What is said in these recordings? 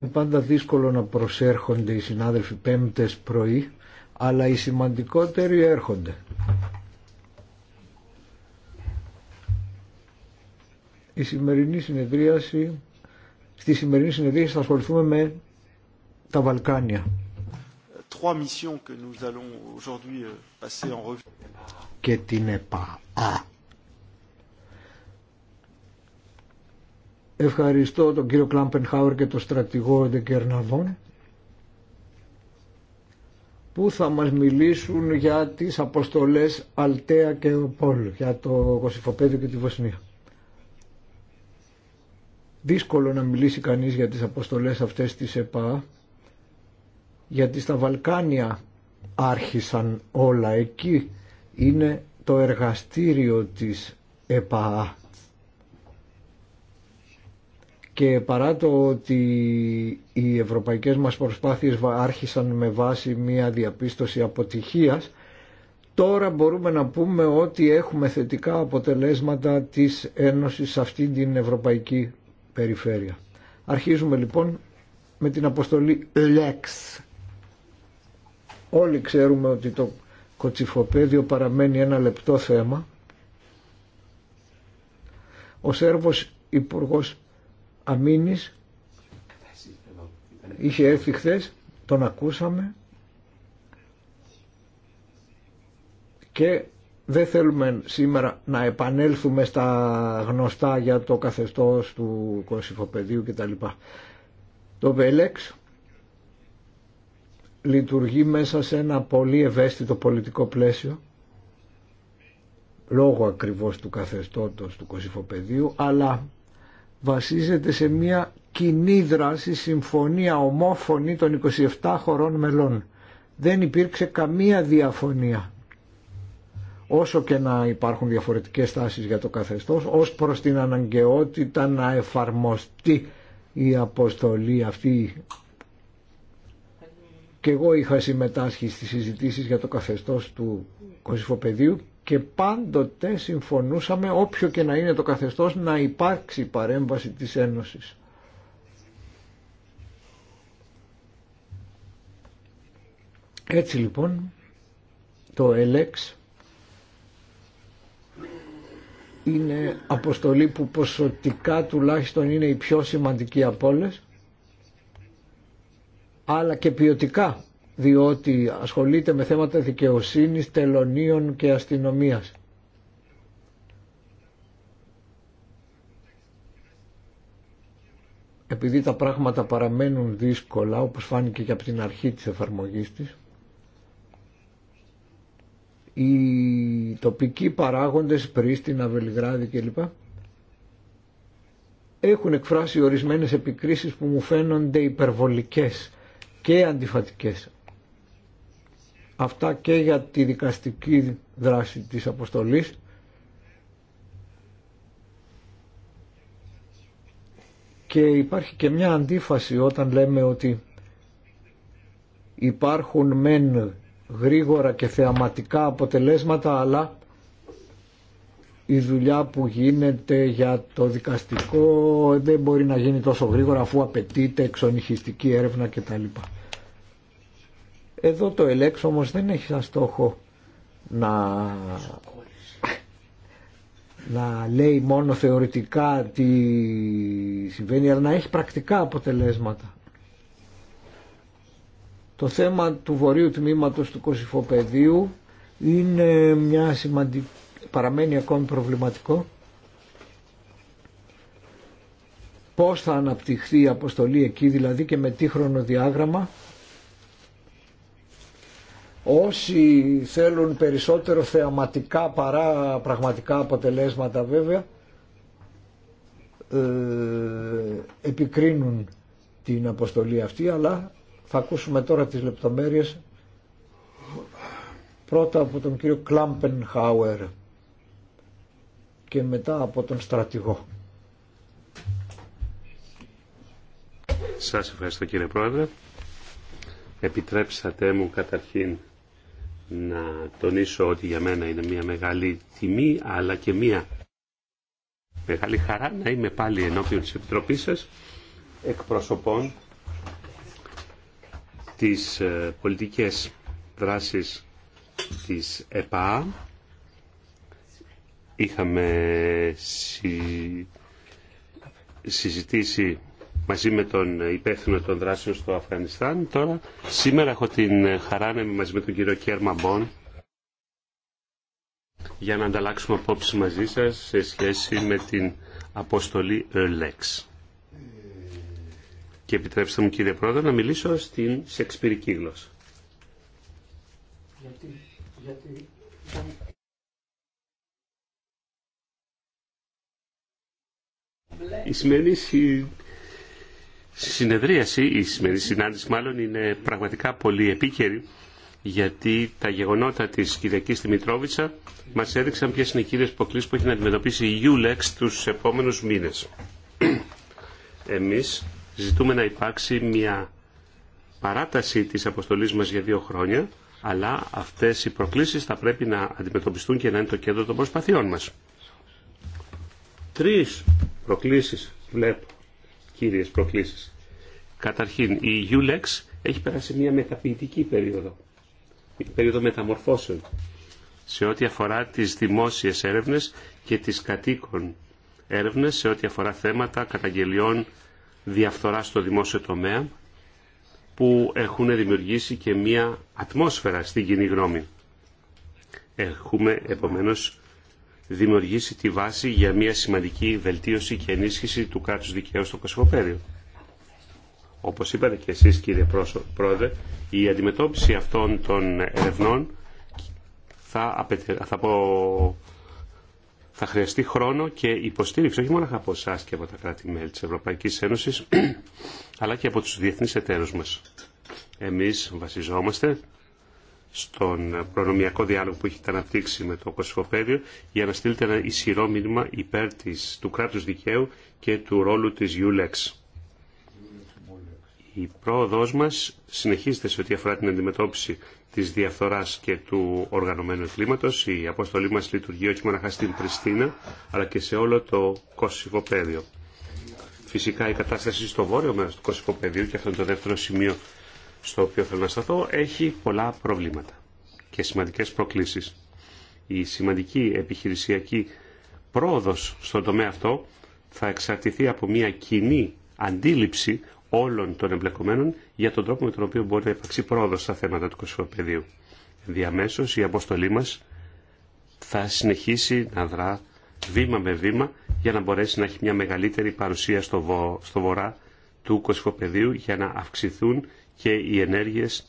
Είναι πάντα δύσκολο να προσέρχονται οι συνάδελφοι πέμπτες πρωί, αλλά οι σημαντικότεροι έρχονται. Η σημερινή συνεδρίαση, στη σημερινή συνεδρίαση θα ασχοληθούμε με τα Βαλκάνια. Euh, Και την ΕΠΑ. Ευχαριστώ τον κύριο Κλάμπενχάουρ και τον στρατηγό Δεκερναβόν που θα μας μιλήσουν για τις αποστολές Αλτέα και Πόλου, για το Κωσυφοπέδιο και τη Βοσνία. Δύσκολο να μιλήσει κανείς για τις αποστολές αυτές της ΕΠΑ, γιατί στα Βαλκάνια άρχισαν όλα εκεί, είναι το εργαστήριο της ΕΠΑ και παρά το ότι οι ευρωπαϊκές μας προσπάθειες άρχισαν με βάση μια διαπίστωση αποτυχίας, τώρα μπορούμε να πούμε ότι έχουμε θετικά αποτελέσματα της Ένωσης σε αυτή την ευρωπαϊκή περιφέρεια. Αρχίζουμε λοιπόν με την αποστολή ΛΕΞ. Όλοι ξέρουμε ότι το κοτσιφοπέδιο παραμένει ένα λεπτό θέμα. Ο Σέρβος Υπουργός Αμήνης είχε έρθει χθε, τον ακούσαμε και δεν θέλουμε σήμερα να επανέλθουμε στα γνωστά για το καθεστώς του κοσυφοπεδίου κτλ. Το Βέλεξ λειτουργεί μέσα σε ένα πολύ ευαίσθητο πολιτικό πλαίσιο λόγω ακριβώς του καθεστώτος του κοσυφοπεδίου αλλά βασίζεται σε μια κοινή δράση, συμφωνία ομόφωνη των 27 χωρών μελών. Δεν υπήρξε καμία διαφωνία. Όσο και να υπάρχουν διαφορετικές τάσεις για το καθεστώς, ως προς την αναγκαιότητα να εφαρμοστεί η αποστολή αυτή. Και εγώ είχα συμμετάσχει στις συζητήσεις για το καθεστώς του Κωσυφοπεδίου και πάντοτε συμφωνούσαμε όποιο και να είναι το καθεστώς να υπάρξει παρέμβαση της Ένωσης. Έτσι λοιπόν το ΕΛΕΞ είναι αποστολή που ποσοτικά τουλάχιστον είναι η πιο σημαντική από όλες αλλά και ποιοτικά διότι ασχολείται με θέματα δικαιοσύνης, τελωνίων και αστυνομίας. Επειδή τα πράγματα παραμένουν δύσκολα, όπως φάνηκε και από την αρχή της εφαρμογής της, οι τοπικοί παράγοντες, Πρίστινα, Βελιγράδη κλπ. έχουν εκφράσει ορισμένες επικρίσεις που μου φαίνονται υπερβολικές και αντιφατικές. Αυτά και για τη δικαστική δράση της αποστολής. Και υπάρχει και μια αντίφαση όταν λέμε ότι υπάρχουν μεν γρήγορα και θεαματικά αποτελέσματα αλλά η δουλειά που γίνεται για το δικαστικό δεν μπορεί να γίνει τόσο γρήγορα αφού απαιτείται εξονυχιστική έρευνα κτλ. Εδώ το ΕΛΕΞ όμως δεν έχει σαν στόχο να, να λέει μόνο θεωρητικά τι συμβαίνει, αλλά να έχει πρακτικά αποτελέσματα. Το θέμα του βορείου τμήματος του Κωσυφοπεδίου είναι μια σημαντική, παραμένει ακόμη προβληματικό. Πώς θα αναπτυχθεί η αποστολή εκεί δηλαδή και με τι χρονοδιάγραμμα Όσοι θέλουν περισσότερο θεαματικά παρά πραγματικά αποτελέσματα βέβαια ε, επικρίνουν την αποστολή αυτή αλλά θα ακούσουμε τώρα τις λεπτομέρειες πρώτα από τον κύριο Κλάμπενχάουερ και μετά από τον στρατηγό. Σας ευχαριστώ κύριε Πρόεδρε. Επιτρέψατε μου καταρχήν να τονίσω ότι για μένα είναι μια μεγάλη τιμή αλλά και μια μεγάλη χαρά να είμαι πάλι ενώπιον της Επιτροπής σας εκπροσωπών της ε, πολιτικές δράσης της ΕΠΑ. Είχαμε συ... συζητήσει μαζί με τον υπεύθυνο των δράσεων στο Αφγανιστάν. Τώρα, σήμερα έχω την χαρά να είμαι μαζί με τον κύριο Κέρμα Μπον για να ανταλλάξουμε απόψεις μαζί σας σε σχέση με την αποστολή ΕΛΕΞ. Και επιτρέψτε μου κύριε Πρόεδρε να μιλήσω στην σεξπυρική γλώσσα. Γιατί, γιατί... Η συνεδρίαση, η σημερινή συνάντηση μάλλον είναι πραγματικά πολύ επίκαιρη γιατί τα γεγονότα τη Κυριακή στη Μητρόβιτσα μας έδειξαν ποιε είναι οι κύριε προκλήσεις που έχει να αντιμετωπίσει η ULEX του επόμενου μήνε. Εμεί ζητούμε να υπάρξει μια παράταση τη αποστολή μα για δύο χρόνια, αλλά αυτέ οι προκλήσει θα πρέπει να αντιμετωπιστούν και να είναι το κέντρο των προσπαθειών μα. Τρει προκλήσει βλέπω κύριες προκλήσεις. Καταρχήν, η ULEX έχει περάσει μια μεταποιητική περίοδο, μια περίοδο μεταμορφώσεων, σε ό,τι αφορά τις δημόσιες έρευνες και τις κατοίκων έρευνες, σε ό,τι αφορά θέματα καταγγελιών διαφθορά στο δημόσιο τομέα, που έχουν δημιουργήσει και μια ατμόσφαιρα στην κοινή γνώμη. Έχουμε επομένως δημιουργήσει τη βάση για μια σημαντική βελτίωση και ενίσχυση του κράτους δικαίου στο Κωσυφοπέδιο. Όπως είπατε και εσείς κύριε Πρόεδρε, η αντιμετώπιση αυτών των ερευνών θα, θα, θα χρειαστεί χρόνο και υποστήριξη όχι μόνο από εσά και από τα κράτη-μέλη της Ευρωπαϊκής Ένωσης αλλά και από τους διεθνείς εταίρους μας. Εμείς βασιζόμαστε στον προνομιακό διάλογο που έχετε αναπτύξει με το Κωσυφοπαίδιο για να στείλετε ένα ισχυρό μήνυμα υπέρ του κράτους δικαίου και του ρόλου της ULEX. Η πρόοδός μας συνεχίζεται σε ό,τι αφορά την αντιμετώπιση της διαφθοράς και του οργανωμένου κλίματος. Η αποστολή μας λειτουργεί όχι μόνο στην Πριστίνα, αλλά και σε όλο το Κωσυφοπαίδιο. Φυσικά η κατάσταση στο βόρειο μέρος του Κωσυφοπαιδίου και αυτό είναι το δεύτερο σημείο στο οποίο θέλω να σταθώ έχει πολλά προβλήματα και σημαντικές προκλήσεις. Η σημαντική επιχειρησιακή πρόοδος στον τομέα αυτό θα εξαρτηθεί από μια κοινή αντίληψη όλων των εμπλεκομένων για τον τρόπο με τον οποίο μπορεί να υπάρξει πρόοδο στα θέματα του κοσμοπεδίου. Διαμέσως η αποστολή μας θα συνεχίσει να δρά βήμα με βήμα για να μπορέσει να έχει μια μεγαλύτερη παρουσία στο, βο... στο βορρά του κοσμοπεδίου για να αυξηθούν και οι ενέργειες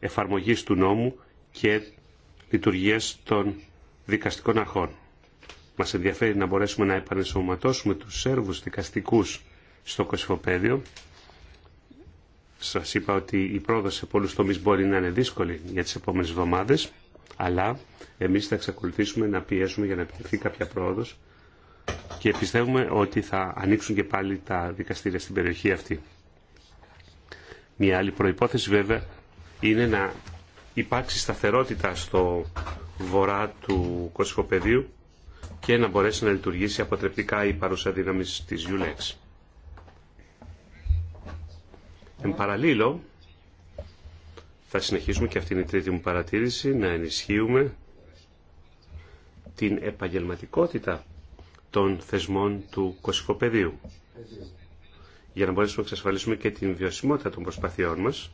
εφαρμογής του νόμου και λειτουργίας των δικαστικών αρχών. Μας ενδιαφέρει να μπορέσουμε να επανεσωματώσουμε τους Σέρβους δικαστικούς στο Κωσυφοπαίδιο. Σας είπα ότι η πρόοδος σε πολλούς τομείς μπορεί να είναι δύσκολη για τις επόμενες εβδομάδε, αλλά εμείς θα εξακολουθήσουμε να πιέσουμε για να επιτευχθεί κάποια πρόοδος και πιστεύουμε ότι θα ανοίξουν και πάλι τα δικαστήρια στην περιοχή αυτή. Μια άλλη προϋπόθεση βέβαια είναι να υπάρξει σταθερότητα στο βορρά του κοσκοπεδίου και να μπορέσει να λειτουργήσει αποτρεπτικά η παρουσία δύναμη της ULEX. Εν παραλίλω, θα συνεχίσουμε και αυτήν την η τρίτη μου παρατήρηση, να ενισχύουμε την επαγγελματικότητα των θεσμών του κοσκοπεδίου για να μπορέσουμε να εξασφαλίσουμε και την βιωσιμότητα των προσπαθειών μας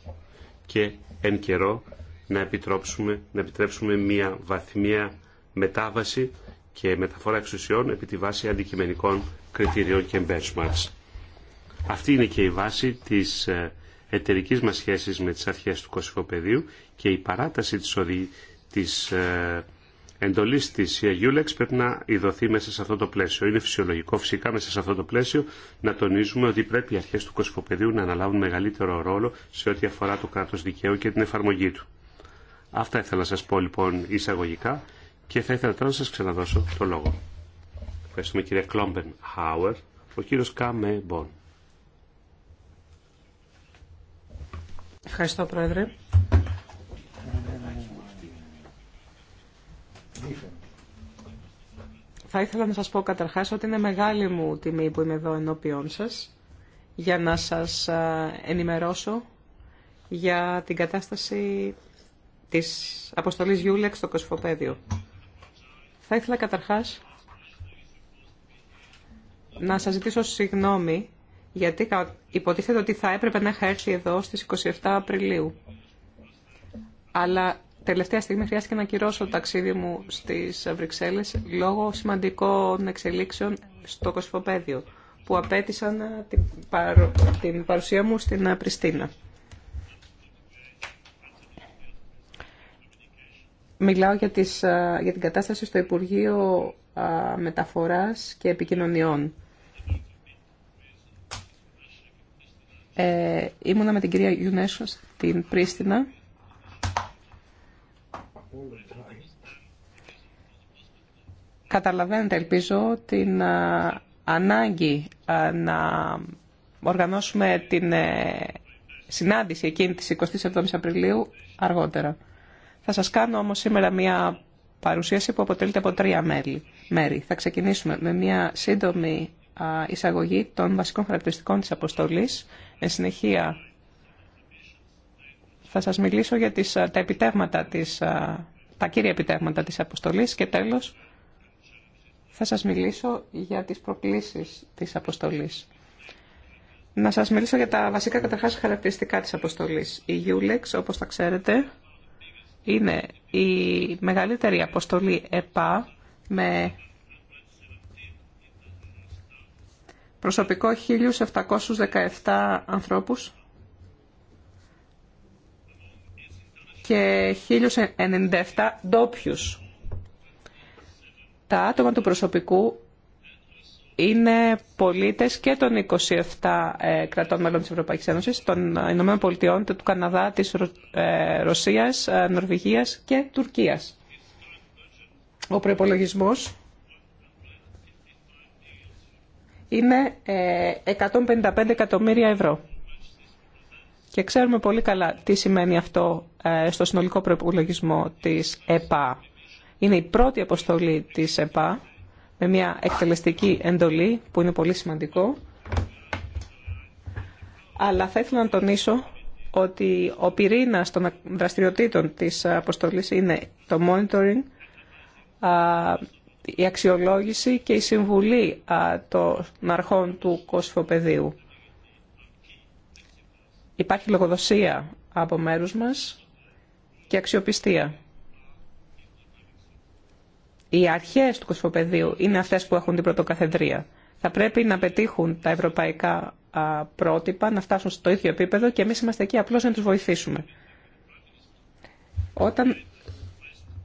και εν καιρό να, επιτρέψουμε, να επιτρέψουμε μια βαθμία μετάβαση και μεταφορά εξουσιών επί τη βάση αντικειμενικών κριτηριών και benchmarks. Αυτή είναι και η βάση της ε, εταιρική μας σχέσης με τις αρχές του Κωσυφοπεδίου και η παράταση της, οδηγίας. της ε, εντολής τη Αγιούλεξ πρέπει να ειδωθεί μέσα σε αυτό το πλαίσιο. Είναι φυσιολογικό φυσικά μέσα σε αυτό το πλαίσιο να τονίζουμε ότι πρέπει οι αρχές του κοσμοπεδίου να αναλάβουν μεγαλύτερο ρόλο σε ό,τι αφορά το κράτο δικαίου και την εφαρμογή του. Αυτά ήθελα να σας πω λοιπόν εισαγωγικά και θα ήθελα τώρα να σα ξαναδώσω το λόγο. Ευχαριστούμε κύριε Κλόμπεν Χάουερ, ο κύριο Κάμε Μπον. Ευχαριστώ πρόεδρε. Θα ήθελα να σας πω καταρχάς ότι είναι μεγάλη μου τιμή που είμαι εδώ ενώπιόν σας για να σας ενημερώσω για την κατάσταση της αποστολής Γιούλεξ στο Κοσφοπέδιο. Θα ήθελα καταρχάς να σας ζητήσω συγγνώμη γιατί υποτίθεται ότι θα έπρεπε να είχα έρθει εδώ στις 27 Απριλίου. Αλλά Τελευταία στιγμή χρειάστηκε να κυρώσω το ταξίδι μου στις Βρυξέλλες λόγω σημαντικών εξελίξεων στο κοσφοπέδιο που απέτησαν την παρουσία μου στην Πριστίνα. Μιλάω για, τις, για την κατάσταση στο Υπουργείο Μεταφοράς και Επικοινωνιών. Ε, ήμουνα με την κυρία Γιουνέσο στην Πρίστινα Καταλαβαίνετε, ελπίζω, την ε, ανάγκη ε, να οργανώσουμε την ε, συνάντηση εκείνη της 27 Απριλίου αργότερα. Θα σας κάνω όμως σήμερα μια παρουσίαση που αποτελείται από τρία μέρη. Θα ξεκινήσουμε με μια σύντομη εισαγωγή των βασικών χαρακτηριστικών της αποστολής, εν συνεχεία θα σας μιλήσω για τις, ε, τα, της, ε, τα κύρια επιτεύγματα της αποστολής και τέλος θα σας μιλήσω για τις προκλήσεις της αποστολής. Να σας μιλήσω για τα βασικά καταρχάς χαρακτηριστικά της αποστολής. Η Ulex, όπως τα ξέρετε, είναι η μεγαλύτερη αποστολή ΕΠΑ με προσωπικό 1.717 ανθρώπους και 1097 ντόπιου. Τα άτομα του προσωπικού είναι πολίτες και των 27 ε, κρατών μελών της Ευρωπαϊκής Ένωσης, των Ηνωμένων Πολιτειών, του Καναδά, της ε, Ρωσίας, ε, Νορβηγίας και Τουρκίας. Ο προϋπολογισμός είναι 155 εκατομμύρια ευρώ. Και ξέρουμε πολύ καλά τι σημαίνει αυτό ε, στο συνολικό προπολογισμό της ΕΠΑ. Είναι η πρώτη αποστολή της ΕΠΑ με μια εκτελεστική εντολή που είναι πολύ σημαντικό. Αλλά θα ήθελα να τονίσω ότι ο πυρήνας των δραστηριοτήτων της αποστολής είναι το monitoring, η αξιολόγηση και η συμβουλή των αρχών του πεδίου. Υπάρχει λογοδοσία από μέρους μας και αξιοπιστία. Οι αρχές του κοσμοπεδίου είναι αυτές που έχουν την πρωτοκαθεδρία. Θα πρέπει να πετύχουν τα ευρωπαϊκά πρότυπα, να φτάσουν στο ίδιο επίπεδο και εμείς είμαστε εκεί απλώς να τους βοηθήσουμε. Όταν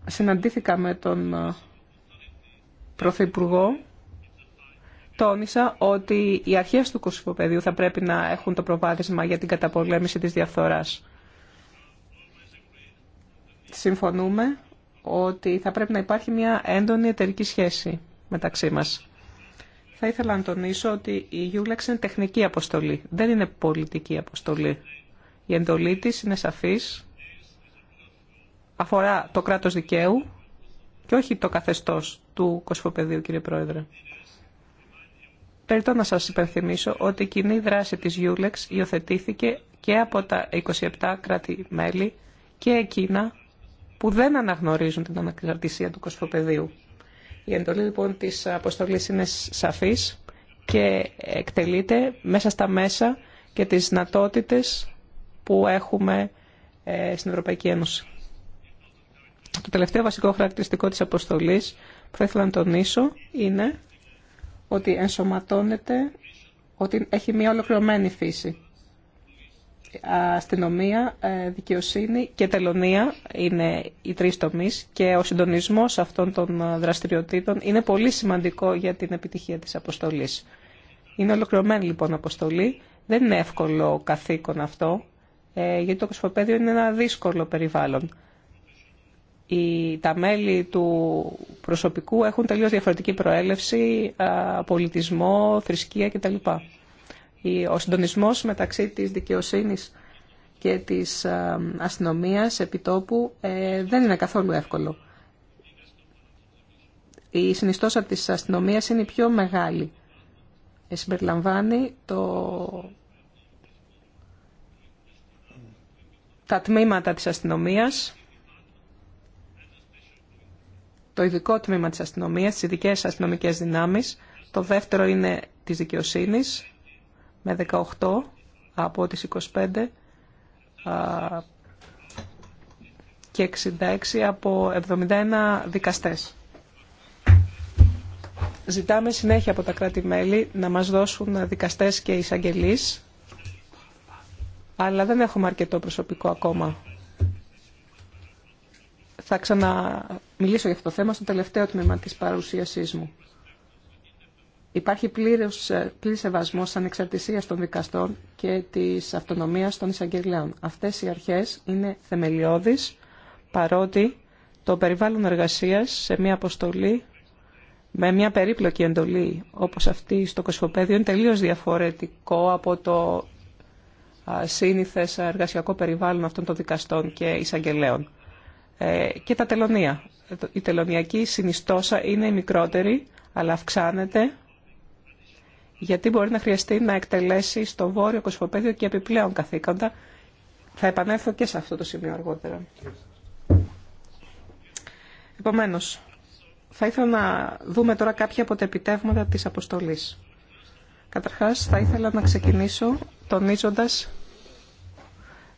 συναντήθηκα με τον Πρωθυπουργό, τόνισα ότι οι αρχές του κοσμοπαιδείου θα πρέπει να έχουν το προβάδισμα για την καταπολέμηση της διαφθοράς. Συμφωνούμε ότι θα πρέπει να υπάρχει μια έντονη εταιρική σχέση μεταξύ μας. Θα ήθελα να τονίσω ότι η Γιούλεξ είναι τεχνική αποστολή, δεν είναι πολιτική αποστολή. Η εντολή της είναι σαφής, αφορά το κράτος δικαίου και όχι το καθεστώς του κοσφοπεδίου, κύριε Πρόεδρε. Περιτώ να σας υπενθυμίσω ότι η κοινή δράση της Ιούλεξ υιοθετήθηκε και από τα 27 κράτη-μέλη και εκείνα που δεν αναγνωρίζουν την ανακρατησία του κοσμοπεδίου. Η εντολή λοιπόν της αποστολής είναι σαφής και εκτελείται μέσα στα μέσα και τις δυνατότητε που έχουμε ε, στην Ευρωπαϊκή Ένωση. Το τελευταίο βασικό χαρακτηριστικό της αποστολής που θα ήθελα να τονίσω είναι ότι ενσωματώνεται, ότι έχει μια ολοκληρωμένη φύση. Αστυνομία, ε, δικαιοσύνη και τελωνία είναι οι τρεις τομείς και ο συντονισμός αυτών των ε, δραστηριοτήτων είναι πολύ σημαντικό για την επιτυχία της αποστολής. Είναι ολοκληρωμένη λοιπόν αποστολή. Δεν είναι εύκολο καθήκον αυτό, ε, γιατί το κοσμοπέδιο είναι ένα δύσκολο περιβάλλον οι, τα μέλη του προσωπικού έχουν τελείως διαφορετική προέλευση, πολιτισμό, θρησκεία κτλ. Ο συντονισμός μεταξύ της δικαιοσύνης και της αστυνομίας επιτόπου ε, δεν είναι καθόλου εύκολο. Η συνιστόσα της αστυνομίας είναι η πιο μεγάλη. Ε, συμπεριλαμβάνει το... τα τμήματα της αστυνομίας, το ειδικό τμήμα της αστυνομίας, τις ειδικέ αστυνομικές δυνάμεις. Το δεύτερο είναι της δικαιοσύνης με 18 από τις 25 και 66 από 71 δικαστές. Ζητάμε συνέχεια από τα κράτη-μέλη να μας δώσουν δικαστές και εισαγγελείς, αλλά δεν έχουμε αρκετό προσωπικό ακόμα θα ξαναμιλήσω για αυτό το θέμα στο τελευταίο τμήμα της παρουσίασής μου. Υπάρχει πλήρως, πλήρης σεβασμός ανεξαρτησίας των δικαστών και της αυτονομίας των εισαγγελέων. Αυτές οι αρχές είναι θεμελιώδεις, παρότι το περιβάλλον εργασίας σε μια αποστολή με μια περίπλοκη εντολή όπως αυτή στο Κοσμοπέδιο είναι τελείως διαφορετικό από το σύνηθες εργασιακό περιβάλλον αυτών των δικαστών και εισαγγελέων. Ε, και τα τελωνία. Η τελωνιακή συνιστόσα είναι η μικρότερη, αλλά αυξάνεται γιατί μπορεί να χρειαστεί να εκτελέσει στο βόρειο κοσμοπέδιο και επιπλέον καθήκοντα. Θα επανέλθω και σε αυτό το σημείο αργότερα. Επομένως, θα ήθελα να δούμε τώρα κάποια από τα επιτεύγματα της αποστολής. Καταρχάς, θα ήθελα να ξεκινήσω τονίζοντας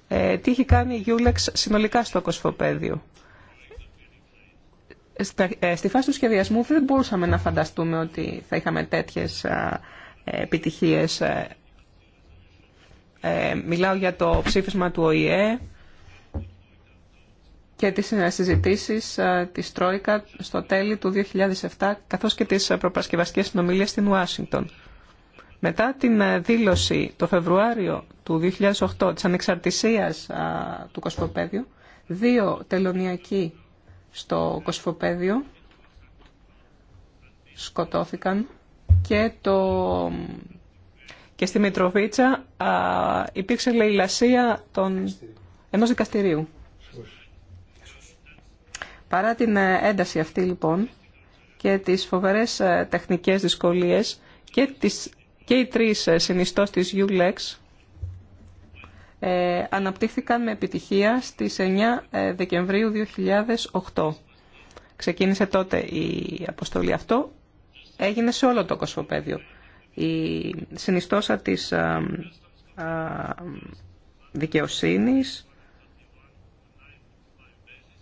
ε, τι έχει κάνει η Γιούλεξ συνολικά στο κοσφοπέδιο. Ε, στη φάση του σχεδιασμού δεν μπορούσαμε να φανταστούμε ότι θα είχαμε τέτοιες ε, επιτυχίες. Μιλάω για το ψήφισμα του ΟΗΕ και τις συζητήσεις της Τρόικα στο τέλη του 2007, καθώς και τις προπασκευαστικές συνομιλίες στην Ουάσιγκτον. Μετά την δήλωση το Φεβρουάριο του 2008 της ανεξαρτησίας του Κοσφοπέδιου, δύο τελωνιακοί στο Κοσφοπέδιο σκοτώθηκαν και, και στη Μητροβίτσα α, υπήρξε λαϊλασία των, ενός δικαστηρίου. Παρά την ε, ένταση αυτή λοιπόν και τις φοβερές ε, τεχνικές δυσκολίες και, τις, και οι τρεις ε, συνιστός της ULEX ε, αναπτύχθηκαν με επιτυχία στις 9 ε, Δεκεμβρίου 2008. Ξεκίνησε τότε η αποστολή αυτό, έγινε σε όλο το κοσμοπέδιο. Η συνιστόσα της α, ε, δικαιοσύνης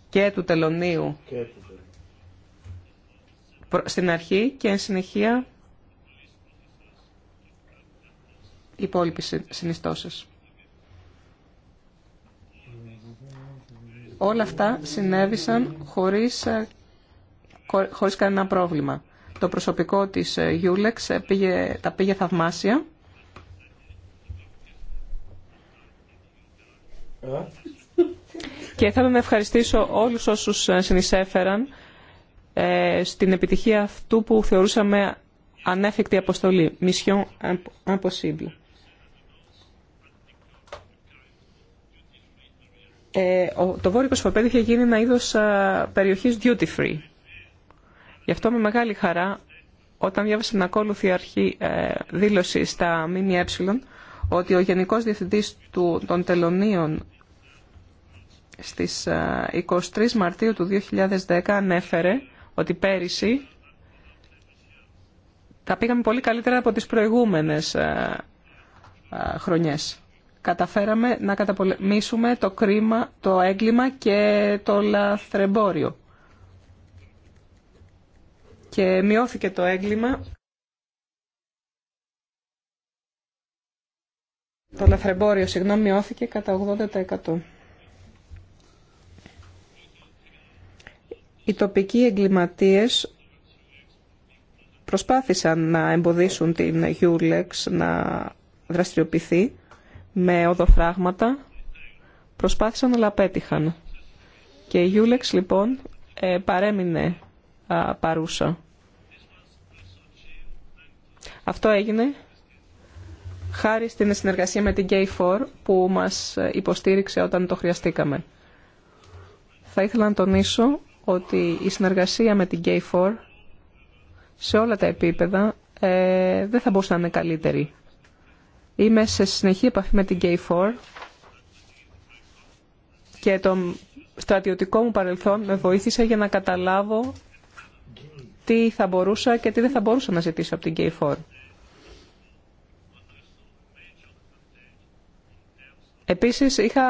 και του τελωνίου στην αρχή και εν συνεχεία οι υπόλοιποι συνιστώσεις. Όλα αυτά συνέβησαν χωρίς, ε, χωρίς κανένα πρόβλημα. Το προσωπικό της ε, Γιούλεξ ε, πήγε, τα πήγε θαυμάσια. Και θα να ευχαριστήσω όλους όσους συνεισέφεραν στην επιτυχία αυτού που θεωρούσαμε ανέφικτη αποστολή. Mission impossible. Ε, το Βόρειο Κοσμοπέδιο είχε γίνει ένα είδος περιοχής duty free. Γι' αυτό με μεγάλη χαρά, όταν διάβασα την ακόλουθη αρχή ε, δήλωση στα ΜΜΕ, ότι ο Γενικός Διευθυντής του, των Τελωνίων στις 23 Μαρτίου του 2010 ανέφερε ότι πέρυσι τα πήγαμε πολύ καλύτερα από τις προηγούμενες χρονιές καταφέραμε να καταπολεμήσουμε το κρίμα, το έγκλημα και το λαθρεμπόριο. Και μειώθηκε το έγκλημα. Το λαθρεμπόριο, συγγνώμη, μειώθηκε κατά 80%. Οι τοπικοί εγκληματίες προσπάθησαν να εμποδίσουν την Γιούλεξ να δραστηριοποιηθεί με οδοφράγματα προσπάθησαν αλλά απέτυχαν. Και η Γιούλεξ λοιπόν ε, παρέμεινε παρούσα. Αυτό έγινε χάρη στην συνεργασία με την K4 που μας υποστήριξε όταν το χρειαστήκαμε. Θα ήθελα να τονίσω ότι η συνεργασία με την K4 σε όλα τα επίπεδα ε, δεν θα μπορούσε να είναι καλύτερη. Είμαι σε συνεχή επαφή με την K4 και το στρατιωτικό μου παρελθόν με βοήθησε για να καταλάβω τι θα μπορούσα και τι δεν θα μπορούσα να ζητήσω από την K4. Επίσης είχα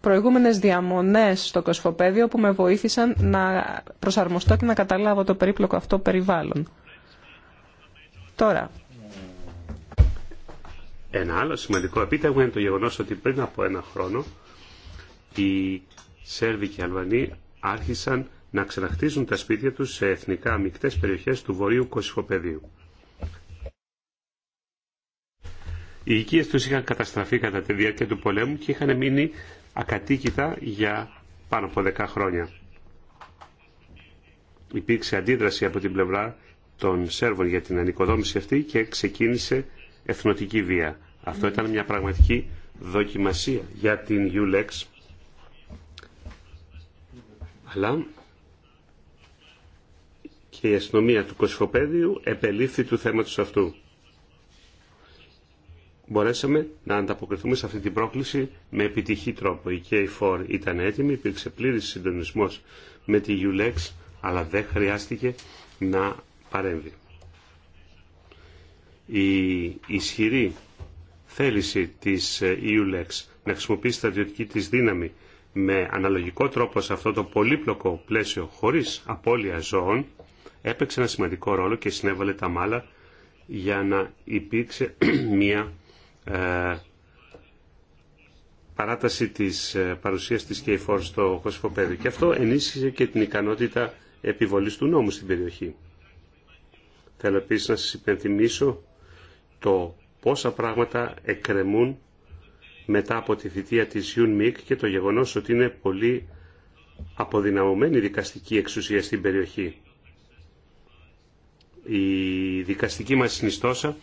προηγούμενες διαμονές στο κοσφοπέδιο που με βοήθησαν να προσαρμοστώ και να καταλάβω το περίπλοκο αυτό περιβάλλον. Τώρα, ένα άλλο σημαντικό επίτευγμα είναι το γεγονό ότι πριν από ένα χρόνο οι Σέρβοι και οι Αλβανοί άρχισαν να ξαναχτίζουν τα σπίτια τους σε εθνικά μεικτές περιοχές του βορείου Κωσυφοπεδίου. Οι οικίες τους είχαν καταστραφεί κατά τη διάρκεια του πολέμου και είχαν μείνει ακατοίκητα για πάνω από 10 χρόνια. Υπήρξε αντίδραση από την πλευρά των Σέρβων για την ανοικοδόμηση αυτή και ξεκίνησε εθνοτική βία. Αυτό ήταν μια πραγματική δοκιμασία για την ULEX. Αλλά και η αστυνομία του Κοσφοπέδιου επελήφθη του θέματος αυτού. Μπορέσαμε να ανταποκριθούμε σε αυτή την πρόκληση με επιτυχή τρόπο. Η K4 ήταν έτοιμη, υπήρξε πλήρης συντονισμός με τη ULEX, αλλά δεν χρειάστηκε να παρέμβει η ισχυρή θέληση της ε, EULEX να χρησιμοποιήσει στρατιωτική της δύναμη με αναλογικό τρόπο σε αυτό το πολύπλοκο πλαίσιο χωρίς απώλεια ζώων έπαιξε ένα σημαντικό ρόλο και συνέβαλε τα μάλα για να υπήρξε μια ε, παράταση της ε, παρουσίας της KFOR στο Κωσυφοπέδιο και αυτό ενίσχυσε και την ικανότητα επιβολής του νόμου στην περιοχή. Θέλω επίσης να σας υπενθυμίσω το πόσα πράγματα εκκρεμούν μετά από τη θητεία της Ιουν και το γεγονός ότι είναι πολύ αποδυναμωμένη δικαστική εξουσία στην περιοχή. Η δικαστική μας συνιστόσα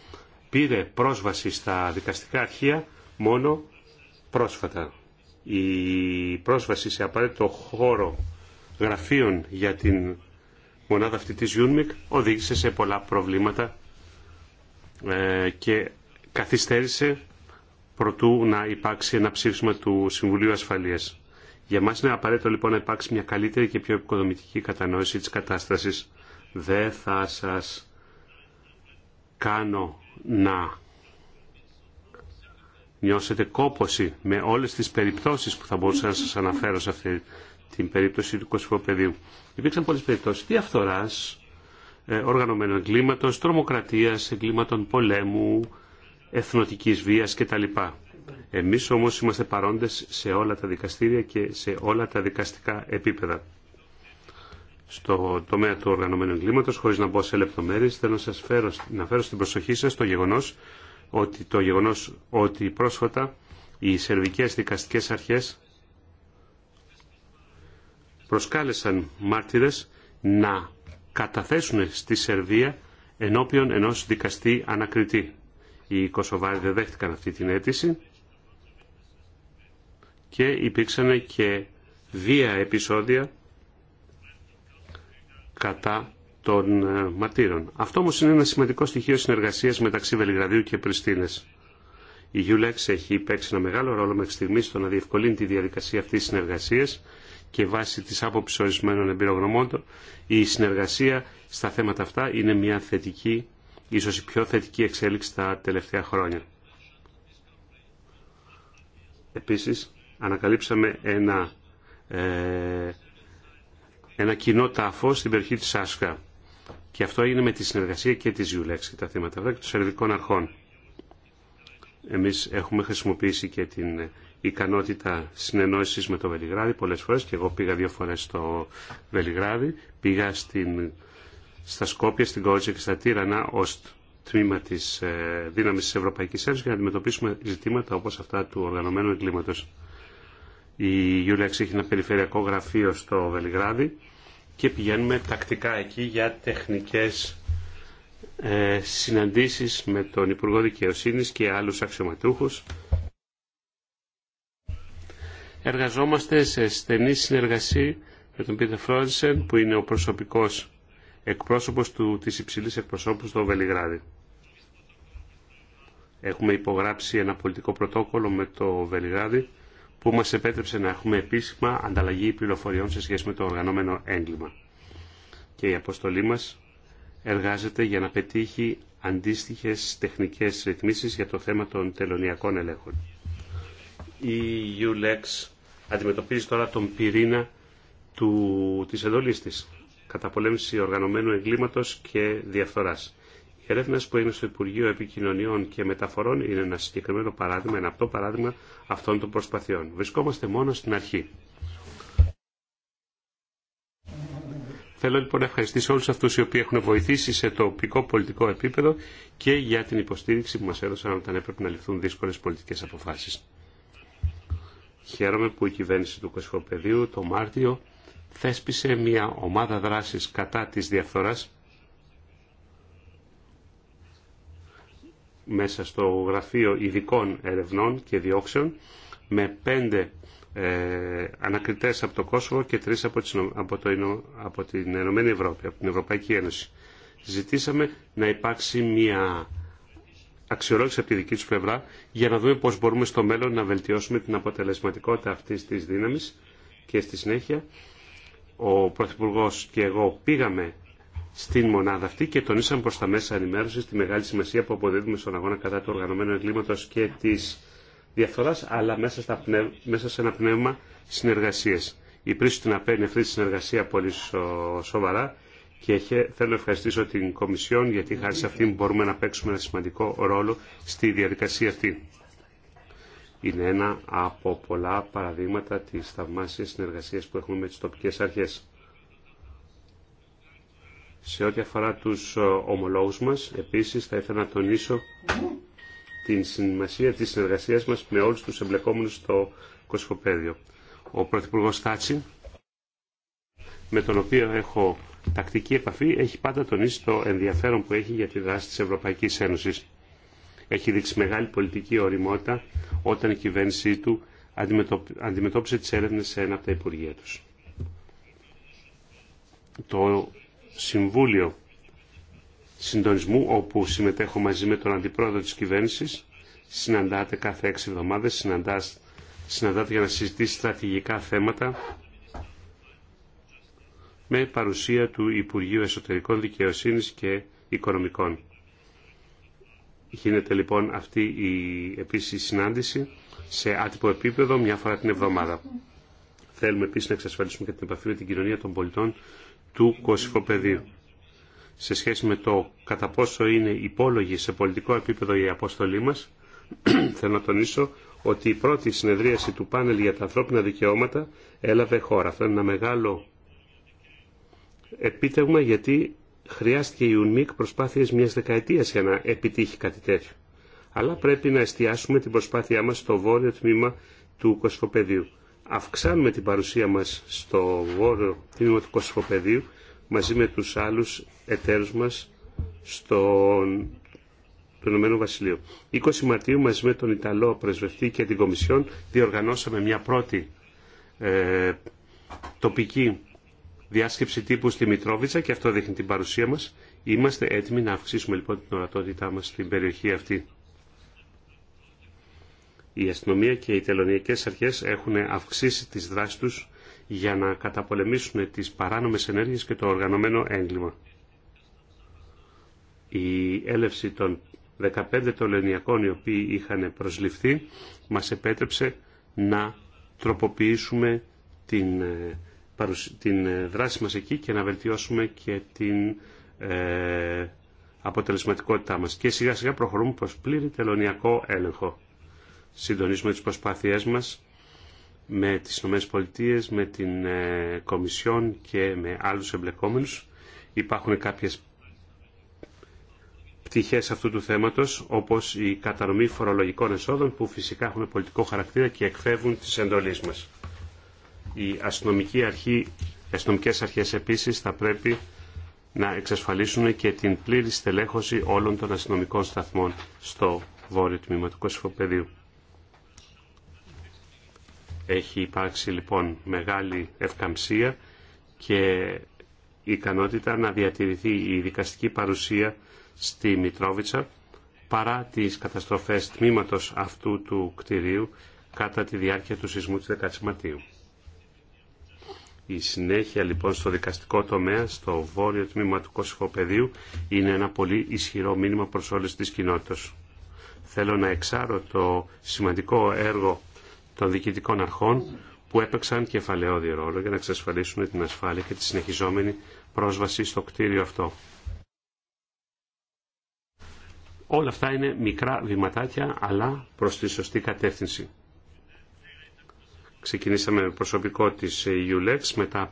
πήρε πρόσβαση στα δικαστικά αρχεία μόνο πρόσφατα. Η πρόσβαση σε απαραίτητο χώρο γραφείων για την μονάδα αυτή της UNMIC οδήγησε σε πολλά προβλήματα ε, και καθυστέρησε προτού να υπάρξει ένα ψήφισμα του Συμβουλίου Ασφαλείας. Για μας είναι απαραίτητο λοιπόν να υπάρξει μια καλύτερη και πιο οικοδομητική κατανόηση της κατάστασης. Δεν θα σας κάνω να νιώσετε κόποση με όλες τις περιπτώσεις που θα μπορούσα να σας αναφέρω σε αυτή την περίπτωση του κοσμοπεδίου. Υπήρξαν πολλές περιπτώσεις διαφθοράς, ε, οργανωμένου εγκλήματος, τρομοκρατίας, εγκλήματων πολέμου, εθνοτικής βίας κτλ. Εμείς όμως είμαστε παρόντες σε όλα τα δικαστήρια και σε όλα τα δικαστικά επίπεδα. Στο τομέα του οργανωμένου εγκλήματος, χωρίς να μπω σε λεπτομέρειες, θέλω να σας φέρω, φέρω στην προσοχή σας το γεγονός ότι, το γεγονός ότι πρόσφατα οι σερβικές δικαστικές αρχές προσκάλεσαν μάρτυρες να καταθέσουν στη Σερβία ενώπιον ενός δικαστή ανακριτή. Οι Κωσοβάροι δεν δέχτηκαν αυτή την αίτηση και υπήρξαν και δύο επεισόδια κατά των ε, μαρτύρων. Αυτό όμως είναι ένα σημαντικό στοιχείο συνεργασίας μεταξύ Βελιγραδίου και Πριστίνες. Η Γιουλέξ έχει παίξει ένα μεγάλο ρόλο μέχρι στιγμή στο να διευκολύνει τη διαδικασία αυτής της συνεργασίας και βάσει της άποψης ορισμένων εμπειρογνωμών η συνεργασία στα θέματα αυτά είναι μια θετική, ίσως η πιο θετική εξέλιξη τα τελευταία χρόνια. Επίσης, ανακαλύψαμε ένα, ε, ένα κοινό τάφο στην περιοχή της Άσκα. Και αυτό έγινε με τη συνεργασία και της Ιουλέξης και τα θέματα αυτά και των σερβικών αρχών. Εμείς έχουμε χρησιμοποιήσει και την ικανότητα συνεννόηση με το Βελιγράδι πολλές φορές και εγώ πήγα δύο φορές στο Βελιγράδι. Πήγα στην, στα Σκόπια, στην Κόρτζα και στα Τύρανα ω τμήμα της ε, δύναμης της Ευρωπαϊκής Ένωσης για να αντιμετωπίσουμε ζητήματα όπως αυτά του οργανωμένου εγκλήματος. Η Γιούλεξ έχει ένα περιφερειακό γραφείο στο Βελιγράδι και πηγαίνουμε τακτικά εκεί για τεχνικές ε, συναντήσεις με τον Υπουργό Δικαιοσύνη και άλλους αξιωματούχους Εργαζόμαστε σε στενή συνεργασία με τον Πίτερ Φρόνσεν που είναι ο προσωπικός εκπρόσωπος του, της υψηλής εκπροσώπου στο Βελιγράδι. Έχουμε υπογράψει ένα πολιτικό πρωτόκολλο με το Βελιγράδι που μας επέτρεψε να έχουμε επίσημα ανταλλαγή πληροφοριών σε σχέση με το οργανωμένο έγκλημα. Και η αποστολή μας εργάζεται για να πετύχει αντίστοιχες τεχνικές ρυθμίσεις για το θέμα των τελωνιακών ελέγχων η Ulex αντιμετωπίζει τώρα τον πυρήνα του, της εντολής της πολέμηση οργανωμένου εγκλήματος και διαφθοράς. Η έρευνε που έγινε στο Υπουργείο Επικοινωνιών και Μεταφορών είναι ένα συγκεκριμένο παράδειγμα, ένα αυτό παράδειγμα αυτών των προσπαθειών. Βρισκόμαστε μόνο στην αρχή. Θέλω λοιπόν να ευχαριστήσω όλους αυτούς οι οποίοι έχουν βοηθήσει σε τοπικό πολιτικό επίπεδο και για την υποστήριξη που μας έδωσαν όταν έπρεπε να ληφθούν δύσκολες πολιτικές αποφάσεις. Χαίρομαι που η κυβέρνηση του Κοσμοπεδίου το Μάρτιο θέσπισε μια ομάδα δράσης κατά της διαφθοράς μέσα στο Γραφείο Ειδικών Ερευνών και Διώξεων με πέντε ε, ανακριτές από το Κόσοβο και τρεις από, από, από την Ευρώπη, από την Ευρωπαϊκή Ένωση. Ζητήσαμε να υπάρξει μια αξιολόγηση από τη δική του πλευρά για να δούμε πώς μπορούμε στο μέλλον να βελτιώσουμε την αποτελεσματικότητα αυτής της δύναμη και στη συνέχεια ο Πρωθυπουργό και εγώ πήγαμε στην μονάδα αυτή και τονίσαμε προ τα μέσα ενημέρωση τη μεγάλη σημασία που αποδίδουμε στον αγώνα κατά του οργανωμένου εγκλήματο και της διαφθοράς αλλά μέσα, στα μέσα σε ένα πνεύμα συνεργασίες. Η να παίρνει αυτή τη συνεργασία πολύ σοβαρά και θέλω να ευχαριστήσω την Κομισιόν γιατί χάρη σε αυτήν μπορούμε να παίξουμε ένα σημαντικό ρόλο στη διαδικασία αυτή. Είναι ένα από πολλά παραδείγματα της θαυμάσιας συνεργασίας που έχουμε με τις τοπικές αρχές. Σε ό,τι αφορά τους ε, ομολόγους μας, επίσης θα ήθελα να τονίσω την σημασία της συνεργασίας μας με όλους τους εμπλεκόμενους στο Κοσμοπέδιο. Ο Πρωθυπουργός με τον οποίο έχω τακτική επαφή έχει πάντα τονίσει το ενδιαφέρον που έχει για τη δράση της Ευρωπαϊκής Ένωσης. Έχει δείξει μεγάλη πολιτική οριμότητα όταν η κυβέρνησή του αντιμετώπισε τις έρευνες σε ένα από τα Υπουργεία τους. Το Συμβούλιο Συντονισμού, όπου συμμετέχω μαζί με τον Αντιπρόεδρο της κυβέρνησης, συναντάται κάθε έξι εβδομάδες, συναντάται για να συζητήσει στρατηγικά θέματα με παρουσία του Υπουργείου Εσωτερικών Δικαιοσύνης και Οικονομικών. Γίνεται λοιπόν αυτή η επίσης συνάντηση σε άτυπο επίπεδο μια φορά την εβδομάδα. Θέλουμε επίσης να εξασφαλίσουμε και την επαφή με την κοινωνία των πολιτών του Κωσυφοπεδίου. Σε σχέση με το κατά πόσο είναι υπόλογη σε πολιτικό επίπεδο η αποστολή μας, θέλω να τονίσω ότι η πρώτη συνεδρίαση του πάνελ για τα ανθρώπινα δικαιώματα έλαβε χώρα. Αυτό είναι ένα μεγάλο επίτευγμα γιατί χρειάστηκε η UNMIC προσπάθειες μιας δεκαετίας για να επιτύχει κάτι τέτοιο. Αλλά πρέπει να εστιάσουμε την προσπάθειά μας στο βόρειο τμήμα του Κοσμοπεδίου. Αυξάνουμε την παρουσία μας στο βόρειο τμήμα του Κοσμοπεδίου μαζί με τους άλλους εταίρους μας στον του Βασιλείο. Βασιλείου. 20 Μαρτίου μαζί με τον Ιταλό πρεσβευτή και την Κομισιόν διοργανώσαμε μια πρώτη ε, τοπική διάσκεψη τύπου στη Μητρόβιτσα και αυτό δείχνει την παρουσία μας. Είμαστε έτοιμοι να αυξήσουμε λοιπόν την ορατότητά μας στην περιοχή αυτή. Η αστυνομία και οι τελωνιακές αρχές έχουν αυξήσει τις δράσεις τους για να καταπολεμήσουν τις παράνομες ενέργειες και το οργανωμένο έγκλημα. Η έλευση των 15 τελωνιακών οι οποίοι είχαν προσληφθεί μας επέτρεψε να τροποποιήσουμε την ε, την ε, δράση μας εκεί και να βελτιώσουμε και την ε, αποτελεσματικότητά μας. Και σιγά σιγά προχωρούμε προς πλήρη τελωνιακό έλεγχο. Συντονίζουμε τις προσπάθειές μας με τις ΗΠΑ, με την ε, Κομισιόν και με άλλους εμπλεκόμενους. Υπάρχουν κάποιες πτυχές αυτού του θέματος, όπως η κατανομή φορολογικών εσόδων, που φυσικά έχουν πολιτικό χαρακτήρα και εκφεύγουν τις εντολίες μας. Η αστυνομική αρχή, οι αστυνομικές αρχές επίσης θα πρέπει να εξασφαλίσουν και την πλήρη στελέχωση όλων των αστυνομικών σταθμών στο βόρειο τμήμα του Κωσυφοπεδίου. Έχει υπάρξει λοιπόν μεγάλη ευκαμψία και ικανότητα να διατηρηθεί η δικαστική παρουσία στη Μητρόβιτσα παρά τις καταστροφές τμήματος αυτού του κτηρίου κατά τη διάρκεια του σεισμού της 10 Μαρτίου. Η συνέχεια λοιπόν στο δικαστικό τομέα, στο βόρειο τμήμα του Κωσυφοπεδίου, είναι ένα πολύ ισχυρό μήνυμα προς όλες τις κοινότητες. Θέλω να εξάρω το σημαντικό έργο των διοικητικών αρχών που έπαιξαν κεφαλαιόδη ρόλο για να εξασφαλίσουν την ασφάλεια και τη συνεχιζόμενη πρόσβαση στο κτίριο αυτό. Όλα αυτά είναι μικρά βηματάκια, αλλά προς τη σωστή κατεύθυνση. Ξεκινήσαμε με προσωπικό της ε, ULEX, μετά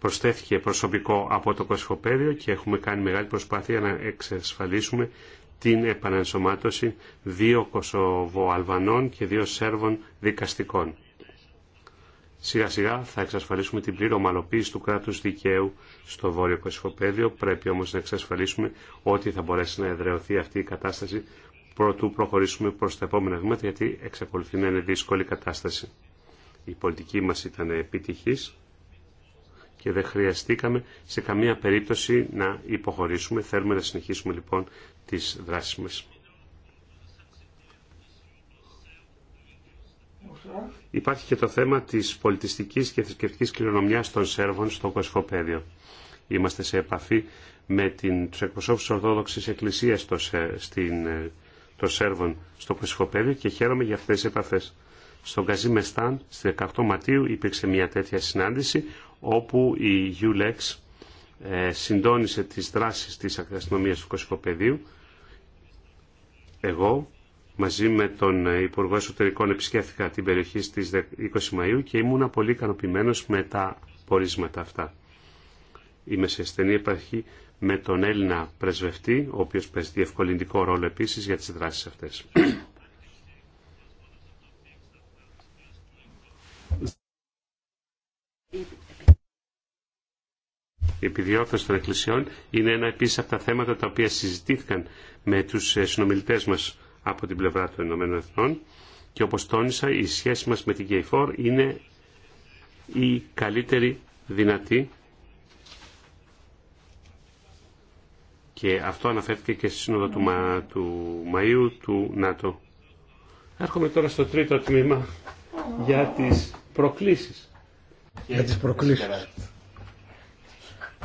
προσθέθηκε προσωπικό από το Κοσφοπέδιο και έχουμε κάνει μεγάλη προσπάθεια να εξασφαλίσουμε την επανενσωμάτωση δύο Κωσοβοαλβανών και δύο Σέρβων δικαστικών. Σιγά σιγά θα εξασφαλίσουμε την πλήρη ομαλοποίηση του κράτους δικαίου στο Βόρειο Κωσφοπέδιο. Πρέπει όμως να εξασφαλίσουμε ότι θα μπορέσει να εδρεωθεί αυτή η κατάσταση πρωτού προχωρήσουμε προς τα επόμενα βήματα γιατί εξακολουθεί να είναι δύσκολη κατάσταση η πολιτική μας ήταν επιτυχής και δεν χρειαστήκαμε σε καμία περίπτωση να υποχωρήσουμε. Θέλουμε να συνεχίσουμε λοιπόν τις δράσεις μας. Υπάρχει και το θέμα της πολιτιστικής και θρησκευτικής κληρονομιάς των Σέρβων στο Κοσφοπέδιο. Είμαστε σε επαφή με την, τους της Ορθόδοξης Εκκλησίας ε, των Σέρβων στο Κοσφοπέδιο και χαίρομαι για αυτές τις επαφές στον Καζί Μεστάν στις 18 Μαρτίου υπήρξε μια τέτοια συνάντηση όπου η ULEX ε, συντόνισε τις δράσεις της αστυνομίας του Κωσικοπεδίου. Εγώ μαζί με τον ε, Υπουργό Εσωτερικών επισκέφθηκα την περιοχή στις 20 Μαΐου και ήμουν πολύ ικανοποιημένο με τα πορίσματα αυτά. Είμαι σε στενή επαρχή με τον Έλληνα πρεσβευτή, ο οποίος παίζει διευκολυντικό ρόλο επίσης για τις δράσεις αυτές. η επιδιώκωση των εκκλησιών είναι ένα επίσης από τα θέματα τα οποία συζητήθηκαν με τους ε, συνομιλητέ μας από την πλευρά των Ηνωμένων Εθνών και όπως τόνισα η σχέση μας με την ΚΕΙΦΟΡ είναι η καλύτερη δυνατή και αυτό αναφέρθηκε και στη σύνοδο του, Μα... του Μαΐου του ΝΑΤΟ. Έρχομαι τώρα στο τρίτο τμήμα για τις προκλήσεις για τις προκλήσεις.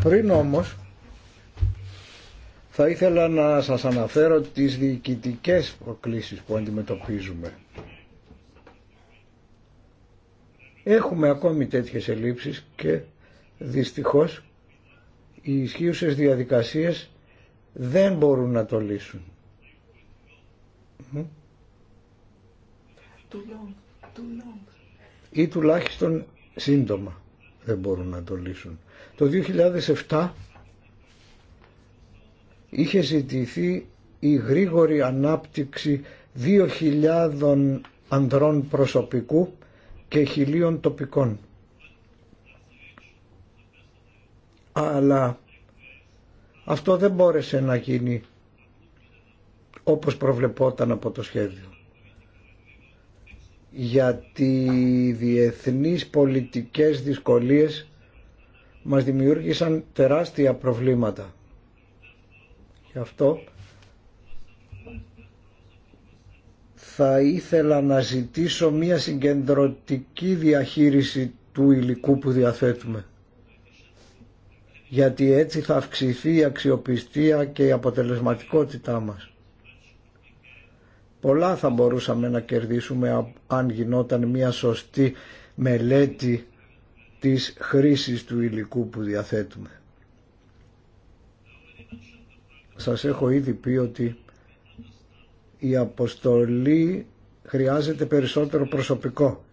Πριν όμως θα ήθελα να σας αναφέρω τις διοικητικές προκλήσεις που αντιμετωπίζουμε. Έχουμε ακόμη τέτοιες ελλείψεις και δυστυχώς οι ισχύουσες διαδικασίες δεν μπορούν να το λύσουν. Ή τουλάχιστον σύντομα δεν μπορούν να το λύσουν. Το 2007 είχε ζητηθεί η γρήγορη ανάπτυξη 2.000 ανδρών προσωπικού και χιλίων τοπικών. Αλλά αυτό δεν μπόρεσε να γίνει όπως προβλεπόταν από το σχέδιο γιατί οι διεθνείς πολιτικές δυσκολίες μας δημιούργησαν τεράστια προβλήματα. Γι' αυτό θα ήθελα να ζητήσω μία συγκεντρωτική διαχείριση του υλικού που διαθέτουμε. Γιατί έτσι θα αυξηθεί η αξιοπιστία και η αποτελεσματικότητά μας. Πολλά θα μπορούσαμε να κερδίσουμε αν γινόταν μια σωστή μελέτη της χρήσης του υλικού που διαθέτουμε. Σας έχω ήδη πει ότι η αποστολή χρειάζεται περισσότερο προσωπικό.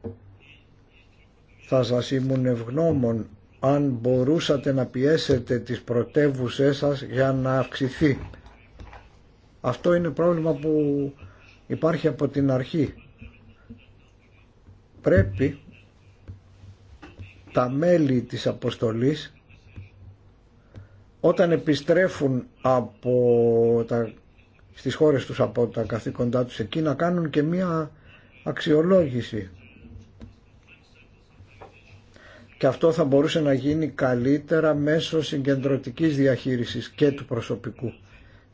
Θα σας ήμουν ευγνώμων αν μπορούσατε να πιέσετε τις πρωτεύουσές σας για να αυξηθεί. Αυτό είναι πρόβλημα που υπάρχει από την αρχή. Πρέπει τα μέλη της αποστολής όταν επιστρέφουν από τα, στις χώρες τους από τα καθήκοντά τους εκεί να κάνουν και μία αξιολόγηση. Και αυτό θα μπορούσε να γίνει καλύτερα μέσω συγκεντρωτικής διαχείρισης και του προσωπικού.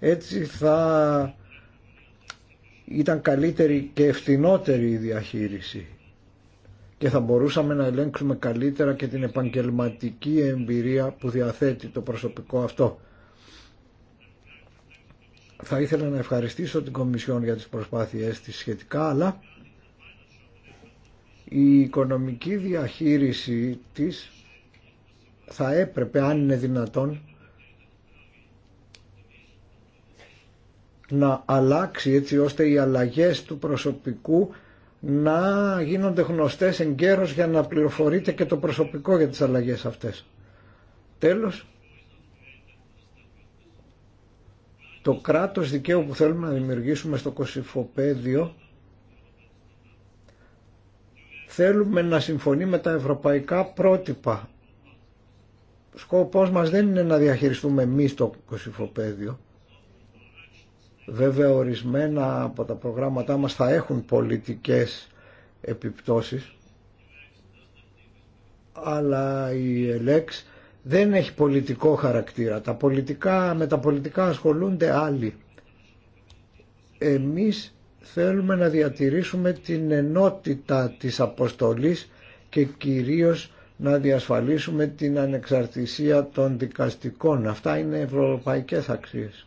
Έτσι θα ήταν καλύτερη και ευθυνότερη η διαχείριση και θα μπορούσαμε να ελέγξουμε καλύτερα και την επαγγελματική εμπειρία που διαθέτει το προσωπικό αυτό. Θα ήθελα να ευχαριστήσω την Κομισιόν για τις προσπάθειές της σχετικά, αλλά η οικονομική διαχείριση της θα έπρεπε, αν είναι δυνατόν, να αλλάξει έτσι ώστε οι αλλαγές του προσωπικού να γίνονται γνωστές εγκαίρως για να πληροφορείται και το προσωπικό για τις αλλαγές αυτές. Τέλος, το κράτος δικαίου που θέλουμε να δημιουργήσουμε στο κοσυφοπέδιο θέλουμε να συμφωνεί με τα ευρωπαϊκά πρότυπα. Σκοπός μας δεν είναι να διαχειριστούμε εμείς το κοσυφοπέδιο, Βέβαια ορισμένα από τα προγράμματά μας θα έχουν πολιτικές επιπτώσεις αλλά η ΕΛΕΞ δεν έχει πολιτικό χαρακτήρα. Τα πολιτικά, με τα πολιτικά ασχολούνται άλλοι. Εμείς θέλουμε να διατηρήσουμε την ενότητα της αποστολής και κυρίως να διασφαλίσουμε την ανεξαρτησία των δικαστικών. Αυτά είναι ευρωπαϊκές αξίες.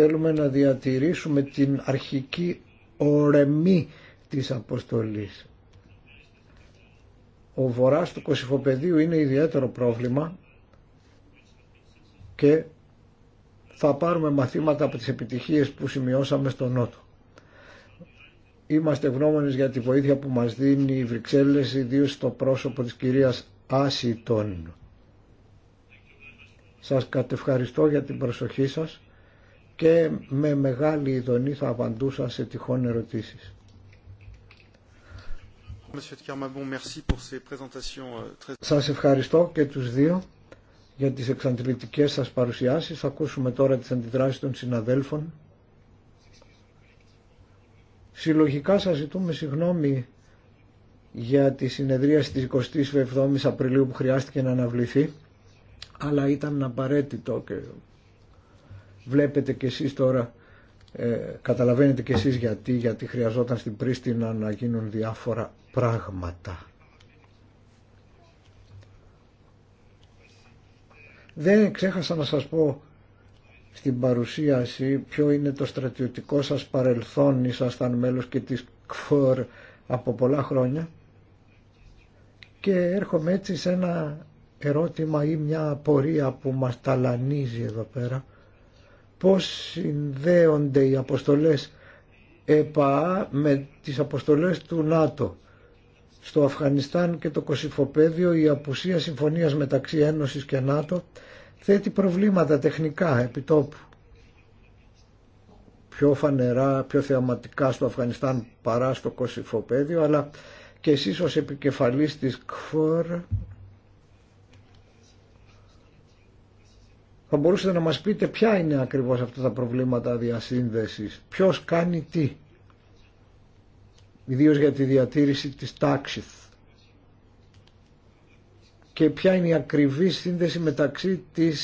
Θέλουμε να διατηρήσουμε την αρχική ορεμή της αποστολής. Ο βοράς του Κωσυφοπεδίου είναι ιδιαίτερο πρόβλημα και θα πάρουμε μαθήματα από τις επιτυχίες που σημειώσαμε στο Νότο. Είμαστε ευγνώμονες για τη βοήθεια που μας δίνει η Βρυξέλλες, ιδίω στο πρόσωπο της κυρίας Άσιτον. Σας κατευχαριστώ για την προσοχή σας και με μεγάλη ειδονή θα απαντούσα σε τυχόν ερωτήσεις. Euh, σας ευχαριστώ και τους δύο για τις εξαντλητικές σας παρουσιάσεις. Θα ακούσουμε τώρα τις αντιδράσεις των συναδέλφων. Συλλογικά σας ζητούμε συγγνώμη για τη συνεδρία της 27ης Απριλίου που χρειάστηκε να αναβληθεί αλλά ήταν απαραίτητο και βλέπετε και εσείς τώρα, ε, καταλαβαίνετε και εσείς γιατί, γιατί χρειαζόταν στην Πρίστινα να γίνουν διάφορα πράγματα. Δεν ξέχασα να σας πω στην παρουσίαση ποιο είναι το στρατιωτικό σας παρελθόν, ήσασταν μέλος και της ΚΦΟΡ από πολλά χρόνια και έρχομαι έτσι σε ένα ερώτημα ή μια απορία που μας ταλανίζει εδώ πέρα πώς συνδέονται οι αποστολές ΕΠΑ με τις αποστολές του ΝΑΤΟ. Στο Αφγανιστάν και το Κωσυφοπέδιο η απουσία συμφωνίας μεταξύ Ένωσης και ΝΑΤΟ θέτει προβλήματα τεχνικά επιτόπου. Πιο φανερά, πιο θεαματικά στο Αφγανιστάν παρά στο Κωσυφοπέδιο, αλλά και εσείς ως επικεφαλής της ΚΦΟΡ Θα μπορούσατε να μας πείτε ποια είναι ακριβώς αυτά τα προβλήματα διασύνδεσης, ποιος κάνει τι, ιδίω για τη διατήρηση της τάξης και ποια είναι η ακριβή σύνδεση μεταξύ της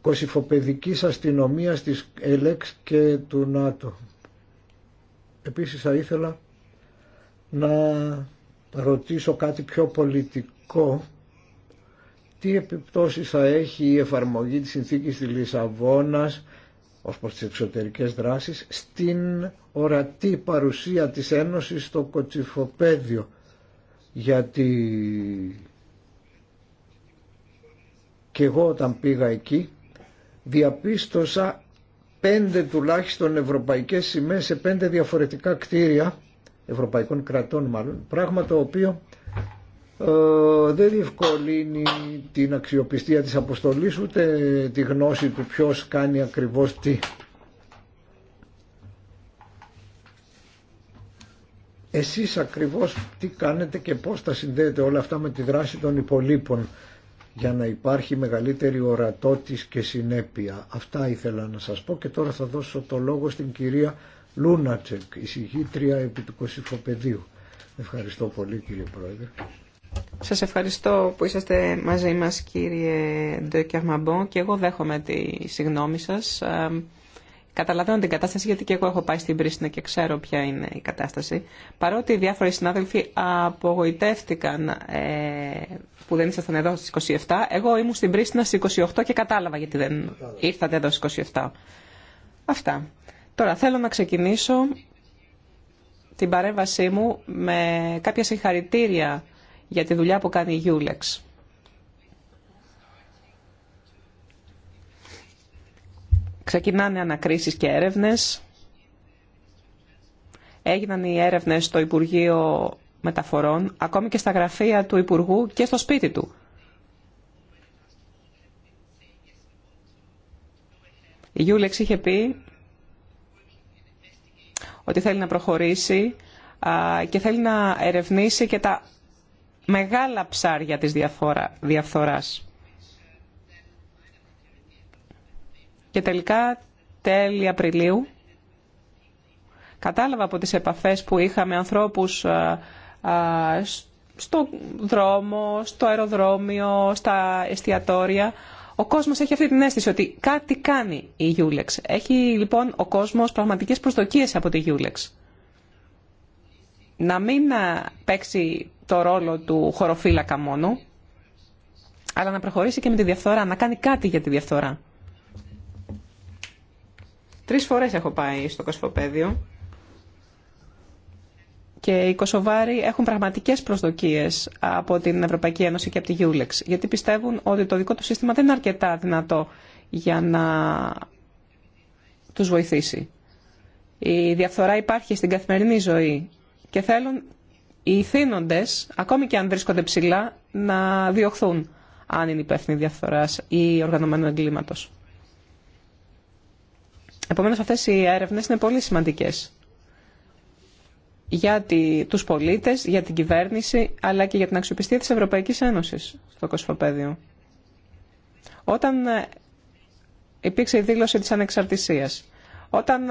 κοσυφοπεδικής αστυνομίας της ΕΛΕΞ και του ΝΑΤΟ. Επίσης θα ήθελα να ρωτήσω κάτι πιο πολιτικό τι επιπτώσεις θα έχει η εφαρμογή της συνθήκης της Λισαβόνας ως προς τις εξωτερικές δράσεις στην ορατή παρουσία της Ένωσης στο κοτσιφοπέδιο γιατί και εγώ όταν πήγα εκεί διαπίστωσα πέντε τουλάχιστον ευρωπαϊκές σημαίες σε πέντε διαφορετικά κτίρια ευρωπαϊκών κρατών μάλλον πράγμα το οποίο ε, δεν διευκολύνει την αξιοπιστία της αποστολής ούτε τη γνώση του ποιος κάνει ακριβώς τι. Εσείς ακριβώς τι κάνετε και πώς τα συνδέετε όλα αυτά με τη δράση των υπολείπων για να υπάρχει μεγαλύτερη ορατότης και συνέπεια. Αυτά ήθελα να σας πω και τώρα θα δώσω το λόγο στην κυρία Λούνατσεκ, εισηγήτρια επί του Κωσυφοπεδίου. Ευχαριστώ πολύ κύριε Πρόεδρε. Σας ευχαριστώ που είσαστε μαζί μας κύριε Ντεκερμαμπό και εγώ δέχομαι τη συγγνώμη σας. Καταλαβαίνω την κατάσταση γιατί και εγώ έχω πάει στην Πρίστινα και ξέρω ποια είναι η κατάσταση. Παρότι οι διάφοροι συνάδελφοι απογοητεύτηκαν ε, που δεν ήσασταν εδώ στις 27, εγώ ήμουν στην Πρίστινα στις 28 και κατάλαβα γιατί δεν ήρθατε εδώ στις 27. Αυτά. Τώρα θέλω να ξεκινήσω την παρέμβασή μου με κάποια συγχαρητήρια για τη δουλειά που κάνει η Γιούλεξ. Ξεκινάνε ανακρίσεις και έρευνες. Έγιναν οι έρευνες στο Υπουργείο Μεταφορών, ακόμη και στα γραφεία του Υπουργού και στο σπίτι του. Η Γιούλεξ είχε πει ότι θέλει να προχωρήσει και θέλει να ερευνήσει και τα μεγάλα ψάρια της διαφθοράς. Και τελικά τέλη Απριλίου κατάλαβα από τις επαφές που είχαμε ανθρώπους στο δρόμο, στο αεροδρόμιο, στα εστιατόρια. Ο κόσμος έχει αυτή την αίσθηση ότι κάτι κάνει η Γιούλεξ. Έχει λοιπόν ο κόσμος πραγματικές προσδοκίες από τη Γιούλεξ. Να μην παίξει το ρόλο του χωροφύλακα μόνο, αλλά να προχωρήσει και με τη διαφθορά, να κάνει κάτι για τη διαφθορά. Τρεις φορές έχω πάει στο Κοσφοπέδιο και οι Κοσοβάροι έχουν πραγματικές προσδοκίες από την Ευρωπαϊκή Ένωση και από τη Γιούλεξ, γιατί πιστεύουν ότι το δικό του σύστημα δεν είναι αρκετά δυνατό για να τους βοηθήσει. Η διαφθορά υπάρχει στην καθημερινή ζωή και θέλουν οι θύνοντες, ακόμη και αν βρίσκονται ψηλά, να διωχθούν, αν είναι υπεύθυνοι διαφθοράς ή οργανωμένου εγκλήματο. Επομένω αυτέ οι έρευνες είναι πολύ σημαντικές για τους πολίτες, για την κυβέρνηση, αλλά και για την αξιοπιστία της Ευρωπαϊκής Ένωσης στο Κοσμοπέδιο. Όταν ε, υπήρξε η δήλωση της ανεξαρτησίας, όταν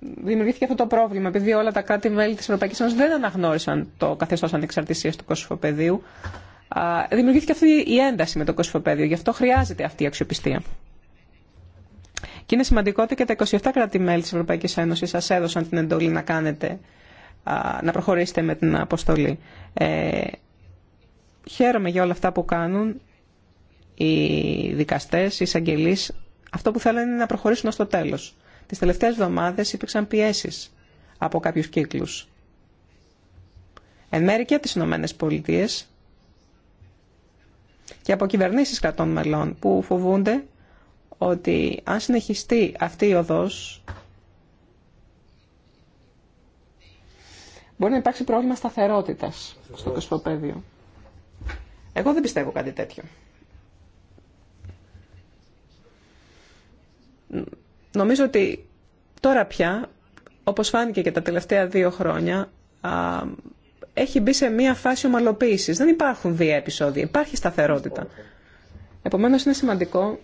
δημιουργήθηκε αυτό το πρόβλημα, επειδή όλα τα κράτη-μέλη τη Ευρωπαϊκή Ένωση δεν αναγνώρισαν το καθεστώ ανεξαρτησία του Κωσυφοπεδίου. δημιουργήθηκε αυτή η ένταση με το Κωσυφοπεδίο. Γι' αυτό χρειάζεται αυτή η αξιοπιστία. Και είναι σημαντικό ότι και τα 27 κράτη-μέλη τη Ευρωπαϊκή Ένωση σα έδωσαν την εντολή να κάνετε, να προχωρήσετε με την αποστολή. Ε, χαίρομαι για όλα αυτά που κάνουν οι δικαστές, οι εισαγγελείς. Αυτό που θέλουν είναι να προχωρήσουν ως το τέλος. Τις τελευταίες εβδομάδες υπήρξαν πιέσεις από κάποιους κύκλους. Εν μέρη και από τις Ηνωμένες Πολιτείες και από κυβερνήσεις κρατών μελών που φοβούνται ότι αν συνεχιστεί αυτή η οδός μπορεί να υπάρξει πρόβλημα σταθερότητας στο κοσμοπέδιο. Εγώ δεν πιστεύω κάτι τέτοιο. Νομίζω ότι τώρα πια, όπως φάνηκε και τα τελευταία δύο χρόνια, έχει μπει σε μία φάση ομαλοποίησης. Δεν υπάρχουν δύο επεισόδια, υπάρχει σταθερότητα. Επομένως είναι σημαντικό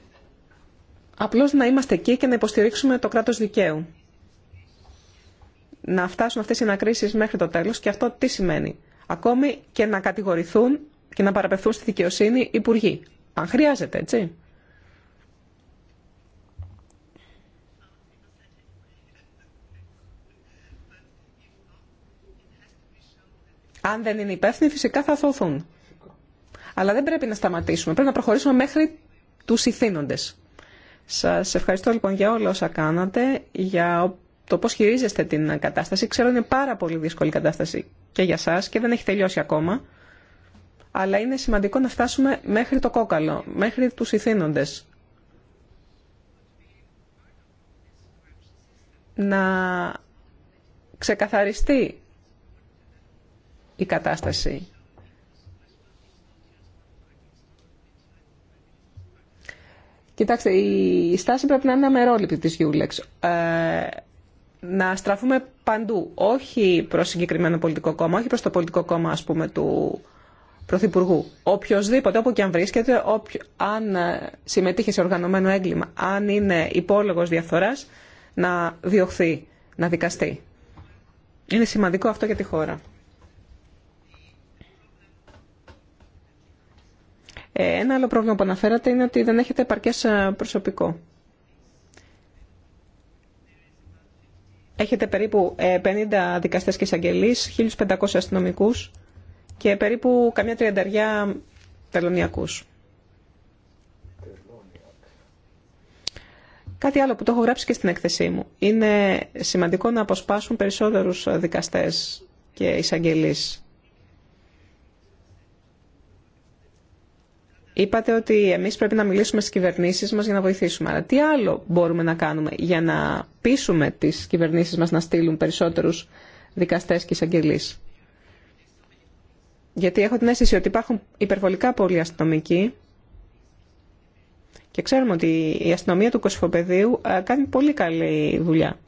απλώς να είμαστε εκεί και να υποστηρίξουμε το κράτος δικαίου. Να φτάσουν αυτές οι ανακρίσεις μέχρι το τέλος και αυτό τι σημαίνει. Ακόμη και να κατηγορηθούν και να παραπευθούν στη δικαιοσύνη υπουργοί. Αν χρειάζεται, έτσι. Αν δεν είναι υπεύθυνοι, φυσικά θα αθωωθούν. Αλλά δεν πρέπει να σταματήσουμε. Πρέπει να προχωρήσουμε μέχρι του ηθήνοντε. Σα ευχαριστώ λοιπόν για όλα όσα κάνατε, για το πώ χειρίζεστε την κατάσταση. Ξέρω είναι πάρα πολύ δύσκολη κατάσταση και για εσά και δεν έχει τελειώσει ακόμα. Αλλά είναι σημαντικό να φτάσουμε μέχρι το κόκαλο, μέχρι του ηθήνοντε. Να ξεκαθαριστεί η κατάσταση. Κοιτάξτε, η στάση πρέπει να είναι αμερόληπτη της Γιούλεξ. Ε, να στραφούμε παντού, όχι προς συγκεκριμένο πολιτικό κόμμα, όχι προς το πολιτικό κόμμα, ας πούμε, του Πρωθυπουργού. Οποιοδήποτε, όπου και αν βρίσκεται, αν ε, συμμετείχε σε οργανωμένο έγκλημα, αν είναι υπόλογος διαφθοράς, να διωχθεί, να δικαστεί. Είναι σημαντικό αυτό για τη χώρα. Ε, ένα άλλο πρόβλημα που αναφέρατε είναι ότι δεν έχετε επαρκές ε, προσωπικό. Έχετε περίπου 50 ε, δικαστές και εισαγγελείς, 1.500 αστυνομικούς και περίπου καμιά τριανταριά τελωνιακούς. Κάτι άλλο που το έχω γράψει και στην έκθεσή μου. Είναι σημαντικό να αποσπάσουν περισσότερους δικαστές και εισαγγελείς Είπατε ότι εμείς πρέπει να μιλήσουμε στις κυβερνήσεις μας για να βοηθήσουμε. Αλλά τι άλλο μπορούμε να κάνουμε για να πείσουμε τις κυβερνήσεις μας να στείλουν περισσότερους δικαστές και εισαγγελείς. Γιατί έχω την αίσθηση ότι υπάρχουν υπερβολικά πολλοί αστυνομικοί και ξέρουμε ότι η αστυνομία του Κωσυφοπεδίου ε, κάνει πολύ καλή δουλειά.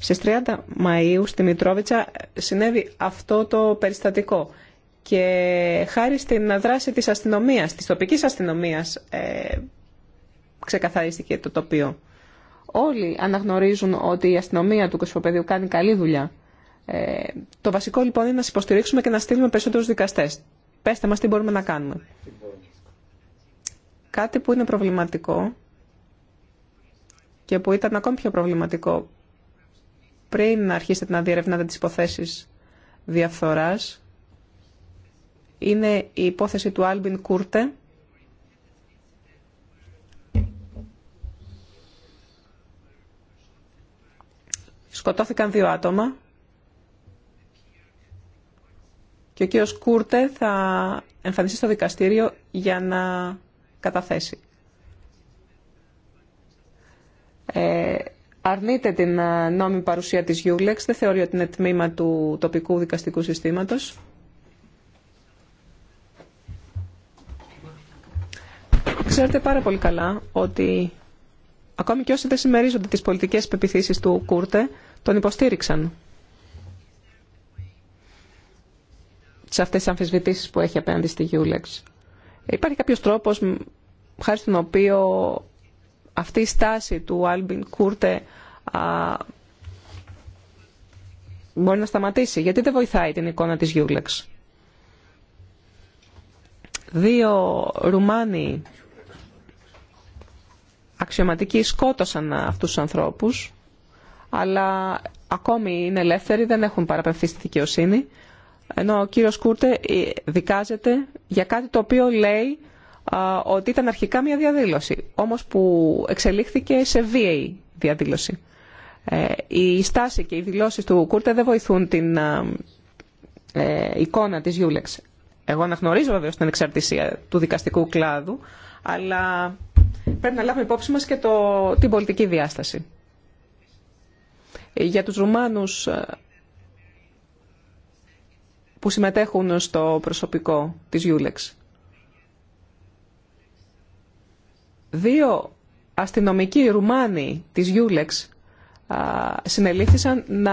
Στις 30 Μαΐου στη Μητρόβιτσα συνέβη αυτό το περιστατικό και χάρη στην δράση της αστυνομίας, της τοπικής αστυνομίας, ε, ξεκαθαρίστηκε το τοπίο. Όλοι αναγνωρίζουν ότι η αστυνομία του Κοσμοπεδίου κάνει καλή δουλειά. Ε, το βασικό λοιπόν είναι να σας και να στείλουμε περισσότερους δικαστές. Πέστε μας τι μπορούμε να κάνουμε. Κάτι που είναι προβληματικό και που ήταν ακόμη πιο προβληματικό πριν να αρχίσετε να διερευνάτε τις υποθέσεις διαφθοράς είναι η υπόθεση του Άλμπιν Κούρτε. Σκοτώθηκαν δύο άτομα και ο κύριος Κούρτε θα εμφανιστεί στο δικαστήριο για να καταθέσει. Ε, αρνείται την ε, νόμιμη παρουσία της Γιούλεξ, δεν θεωρεί ότι είναι τμήμα του τοπικού δικαστικού συστήματος. Ξέρετε πάρα πολύ καλά ότι ακόμη και όσοι δεν συμμερίζονται τις πολιτικές πεπιθήσεις του Κούρτε, τον υποστήριξαν σε αυτές τις αμφισβητήσεις που έχει απέναντι στη Γιούλεξ. Υπάρχει κάποιος τρόπος χάρη στον οποίο αυτή η στάση του Άλμπιν Κούρτε μπορεί να σταματήσει. Γιατί δεν βοηθάει την εικόνα της Γιούλεξ. Δύο Ρουμάνοι αξιωματικοί σκότωσαν αυτούς τους ανθρώπους, αλλά ακόμη είναι ελεύθεροι, δεν έχουν παραπευθεί στη δικαιοσύνη, ενώ ο κύριος Κούρτε ε, δικάζεται για κάτι το οποίο λέει ότι ήταν αρχικά μια διαδήλωση, όμως που εξελίχθηκε σε βίαιη διαδήλωση. Ε, η στάση και οι δηλώσεις του Κούρτε δεν βοηθούν την ε, εικόνα της Γιούλεξ. Εγώ αναγνωρίζω βέβαια την εξαρτησία του δικαστικού κλάδου, αλλά πρέπει να λάβουμε υπόψη μας και το, την πολιτική διάσταση. Για τους Ρουμάνους ε, που συμμετέχουν στο προσωπικό της Γιούλεξ. Δύο αστυνομικοί Ρουμάνοι της Γιούλεξ ε, συνελήφθησαν να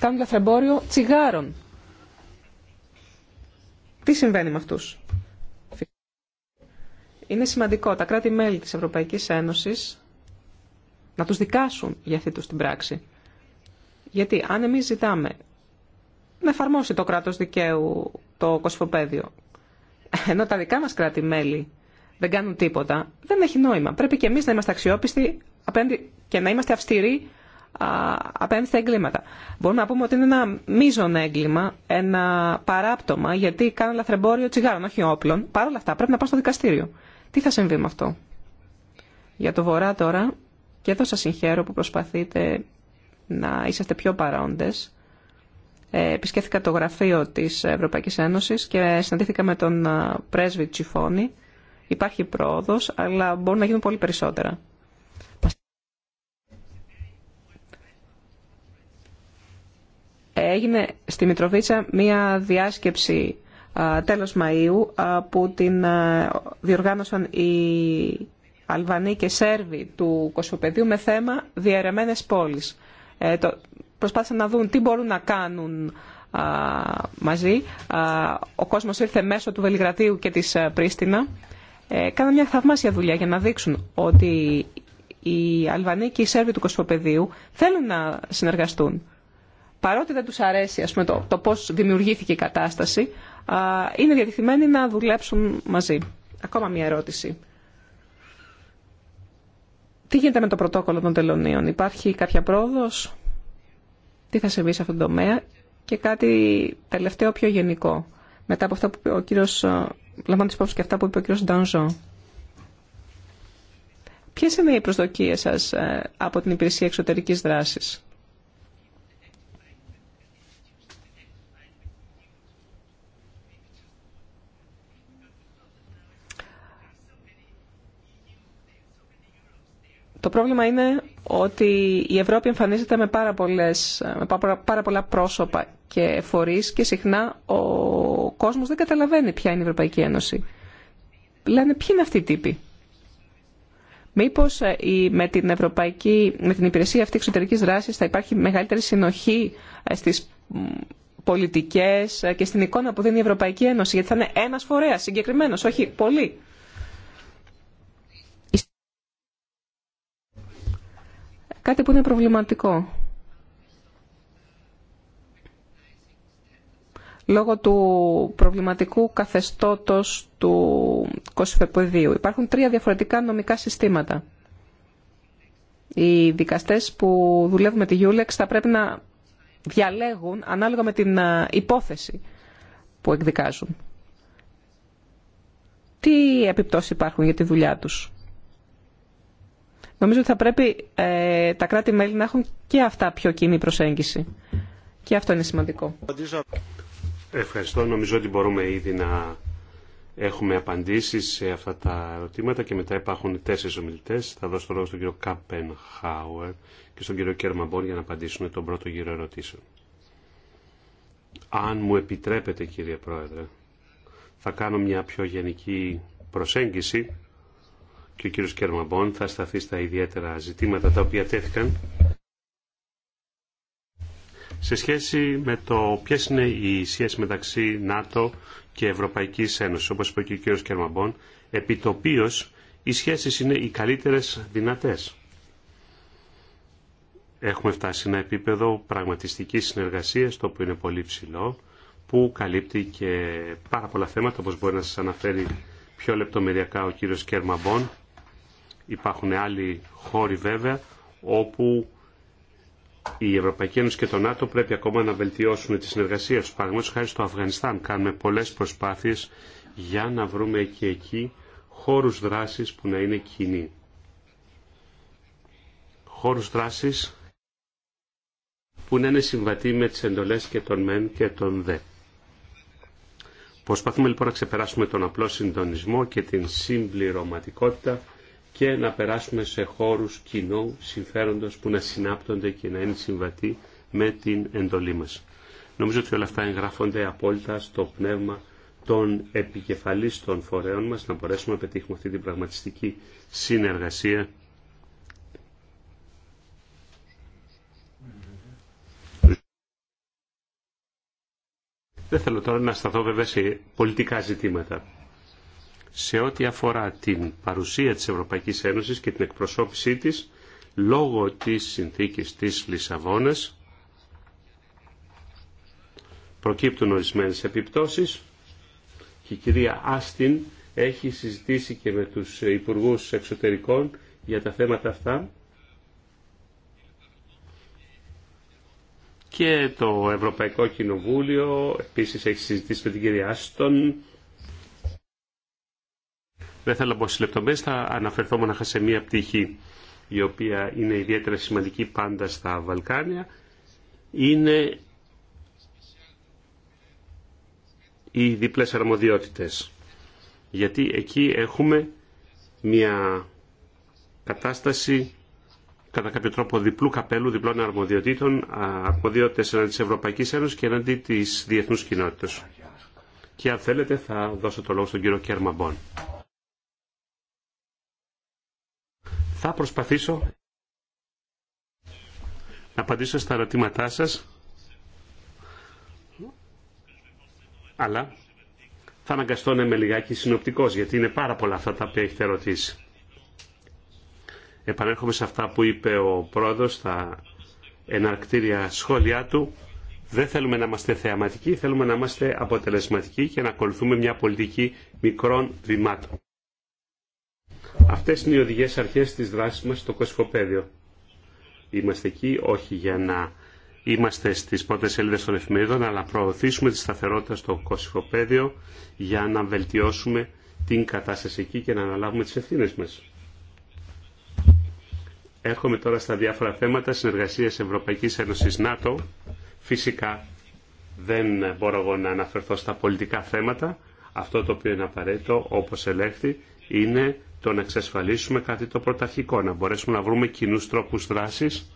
κάνουν λαθρεμπόριο τσιγάρων. Τι συμβαίνει με αυτούς. Είναι σημαντικό τα κράτη-μέλη της Ευρωπαϊκής Ένωσης να τους δικάσουν για αυτή τους την πράξη. Γιατί αν εμείς ζητάμε να εφαρμόσει το κράτος δικαίου το κοσφοπέδιο, ενώ τα δικά μας κράτη-μέλη δεν κάνουν τίποτα, δεν έχει νόημα. Πρέπει και εμείς να είμαστε αξιόπιστοι και να είμαστε αυστηροί απέναντι στα εγκλήματα. Μπορούμε να πούμε ότι είναι ένα μείζον έγκλημα, ένα παράπτωμα, γιατί κάνουν λαθρεμπόριο τσιγάρων, όχι όπλων. Παρ' όλα αυτά πρέπει να πάνε στο δικαστήριο. Τι θα συμβεί με αυτό. Για το Βορρά τώρα, και εδώ σας συγχαίρω που προσπαθείτε να είσαστε πιο παράοντες. Ε, επισκέφθηκα το γραφείο της Ευρωπαϊκής Ένωσης και συναντήθηκα με τον ε, πρέσβη Τσιφώνη. Υπάρχει πρόοδος, αλλά μπορούν να γίνουν πολύ περισσότερα. Έγινε στη Μητροβίτσα μία διάσκεψη τέλος Μαΐου που την διοργάνωσαν οι Αλβανοί και Σέρβοι του Κοσμοπεδίου με θέμα διαιρεμένες πόλεις. Ε, προσπάθησαν να δουν τι μπορούν να κάνουν μαζί. Ο κόσμος ήρθε μέσω του Βελιγραδίου και της Πρίστινα. Ε, κάναν μια θαυμάσια δουλειά για να δείξουν ότι οι Αλβανοί και οι Σέρβοι του Κοσμοπεδίου θέλουν να συνεργαστούν. Παρότι δεν τους αρέσει ας πούμε, το, το πώς δημιουργήθηκε η κατάσταση, είναι διατεθειμένοι να δουλέψουν μαζί. Ακόμα μία ερώτηση. Τι γίνεται με το πρωτόκολλο των τελωνίων. Υπάρχει κάποια πρόοδος. Τι θα συμβεί σε αυτόν τον τομέα. Και κάτι τελευταίο πιο γενικό. Μετά από αυτά που είπε ο κύριος, λαμβάνω και αυτά που είπε ο κύριος Ντανζό. Ποιες είναι οι προσδοκίες σας ε, από την υπηρεσία εξωτερικής δράσης. Το πρόβλημα είναι ότι η Ευρώπη εμφανίζεται με πάρα, πολλές, με πάρα πολλά πρόσωπα και φορείς και συχνά ο κόσμος δεν καταλαβαίνει ποια είναι η Ευρωπαϊκή Ένωση. Λένε ποιοι είναι αυτοί οι τύποι. Μήπως ε, με, την Ευρωπαϊκή, με την υπηρεσία αυτή εξωτερικής δράσης θα υπάρχει μεγαλύτερη συνοχή ε, στις πολιτικές ε, και στην εικόνα που δίνει η Ευρωπαϊκή Ένωση, γιατί θα είναι ένας φορέας συγκεκριμένος, όχι πολλοί. Κάτι που είναι προβληματικό. Λόγω του προβληματικού καθεστώτος του κοσφεποδίου. Υπάρχουν τρία διαφορετικά νομικά συστήματα. Οι δικαστές που δουλεύουν με τη Γιούλεξ θα πρέπει να διαλέγουν ανάλογα με την ε, υπόθεση που εκδικάζουν. Τι επιπτώσεις υπάρχουν για τη δουλειά τους. Νομίζω ότι θα πρέπει ε, τα κράτη-μέλη να έχουν και αυτά πιο κοινή προσέγγιση. Και αυτό είναι σημαντικό. Ευχαριστώ. Νομίζω ότι μπορούμε ήδη να έχουμε απαντήσεις σε αυτά τα ερωτήματα και μετά υπάρχουν τέσσερις ομιλητέ. Θα δώσω το λόγο στον κύριο Χάουερ και στον κύριο Κέρμαμπον για να απαντήσουν τον πρώτο γύρο ερωτήσεων. Αν μου επιτρέπετε κύριε Πρόεδρε, θα κάνω μια πιο γενική προσέγγιση και ο κύριος Κερμαμπών θα σταθεί στα ιδιαίτερα ζητήματα τα οποία τέθηκαν σε σχέση με το ποιε είναι οι σχέση μεταξύ ΝΑΤΟ και Ευρωπαϊκή Ένωση, Όπως είπε και ο κύριος Κερμαμπών, επιτοπίως οι σχέσεις είναι οι καλύτερες δυνατές. Έχουμε φτάσει σε ένα επίπεδο πραγματιστικής συνεργασίας, το οποίο είναι πολύ ψηλό, που καλύπτει και πάρα πολλά θέματα, όπως μπορεί να σας αναφέρει πιο λεπτομεριακά ο κύριος Κέρμαμπον, Υπάρχουν άλλοι χώροι βέβαια όπου η Ευρωπαϊκή Ένωση και το ΝΑΤΟ πρέπει ακόμα να βελτιώσουν τη συνεργασία του Παραδείγματο χάρη στο Αφγανιστάν κάνουμε πολλές προσπάθειες για να βρούμε και εκεί χώρους δράσης που να είναι κοινοί. Χώρους δράσης που να είναι συμβατοί με τι εντολές και των μεν και των δε. Προσπαθούμε λοιπόν να ξεπεράσουμε τον απλό συντονισμό και την συμπληρωματικότητα και να περάσουμε σε χώρους κοινού συμφέροντος που να συνάπτονται και να είναι συμβατοί με την εντολή μας. Νομίζω ότι όλα αυτά εγγράφονται απόλυτα στο πνεύμα των επικεφαλής των φορέων μας να μπορέσουμε να πετύχουμε αυτή την πραγματιστική συνεργασία Δεν θέλω τώρα να σταθώ βέβαια σε πολιτικά ζητήματα σε ό,τι αφορά την παρουσία της Ευρωπαϊκής Ένωσης και την εκπροσώπησή της λόγω της συνθήκης της Λισαβόνας προκύπτουν ορισμένες επιπτώσεις και η κυρία Άστιν έχει συζητήσει και με τους υπουργούς εξωτερικών για τα θέματα αυτά και το Ευρωπαϊκό Κοινοβούλιο επίσης έχει συζητήσει με την κυρία Άστον δεν θέλω να στι λεπτομέρειε, θα αναφερθώ μόνο σε μία πτυχή η οποία είναι ιδιαίτερα σημαντική πάντα στα Βαλκάνια. Είναι οι διπλές αρμοδιότητες. Γιατί εκεί έχουμε μια κατάσταση κατά κάποιο τρόπο διπλού καπέλου, διπλών αρμοδιοτήτων, αρμοδιότητες εναντί της Ευρωπαϊκής Ένωσης και εναντί της διεθνούς κοινότητας. Και αν θέλετε θα δώσω το λόγο στον κύριο Μπον. Θα προσπαθήσω να απαντήσω στα ερωτήματά σας, αλλά θα αναγκαστώ να λιγάκι συνοπτικός, γιατί είναι πάρα πολλά αυτά τα οποία έχετε ρωτήσει. Επανέρχομαι σε αυτά που είπε ο πρόεδρος στα εναρκτήρια σχόλιά του. Δεν θέλουμε να είμαστε θεαματικοί, θέλουμε να είμαστε αποτελεσματικοί και να ακολουθούμε μια πολιτική μικρών βημάτων. Αυτές είναι οι οδηγές αρχές της δράσης μας στο κοσφοπέδιο. Είμαστε εκεί όχι για να είμαστε στις πρώτες σελίδες των εφημερίδων, αλλά προωθήσουμε τη σταθερότητα στο κοσφοπέδιο για να βελτιώσουμε την κατάσταση εκεί και να αναλάβουμε τις ευθύνε μας. Έρχομαι τώρα στα διάφορα θέματα συνεργασίας Ευρωπαϊκής Ένωσης ΝΑΤΟ. Φυσικά δεν μπορώ εγώ να αναφερθώ στα πολιτικά θέματα. Αυτό το οποίο είναι απαραίτητο, όπως ελέγχθη, είναι το να εξασφαλίσουμε κάτι το πρωταρχικό, να μπορέσουμε να βρούμε κοινού τρόπους δράσης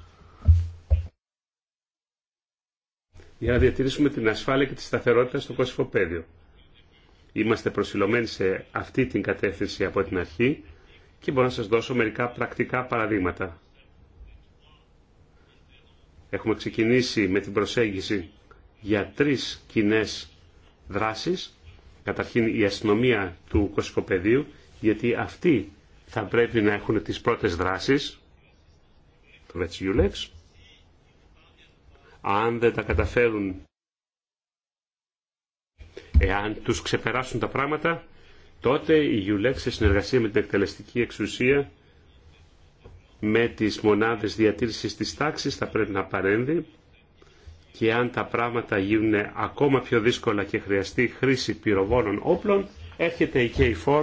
για να διατηρήσουμε την ασφάλεια και τη σταθερότητα στο κοσυφοπαίδιο. Είμαστε προσιλωμένοι σε αυτή την κατεύθυνση από την αρχή και μπορώ να σας δώσω μερικά πρακτικά παραδείγματα. Έχουμε ξεκινήσει με την προσέγγιση για τρεις κοινέ δράσεις. Καταρχήν η αστυνομία του κοσυφοπαιδίου, γιατί αυτοί θα πρέπει να έχουν τις πρώτες δράσεις το τις Αν δεν τα καταφέρουν, εάν τους ξεπεράσουν τα πράγματα, τότε η ULEX σε συνεργασία με την εκτελεστική εξουσία με τις μονάδες διατήρησης της τάξης θα πρέπει να παρέμβει και αν τα πράγματα γίνουν ακόμα πιο δύσκολα και χρειαστεί χρήση πυροβόλων όπλων, έρχεται η K4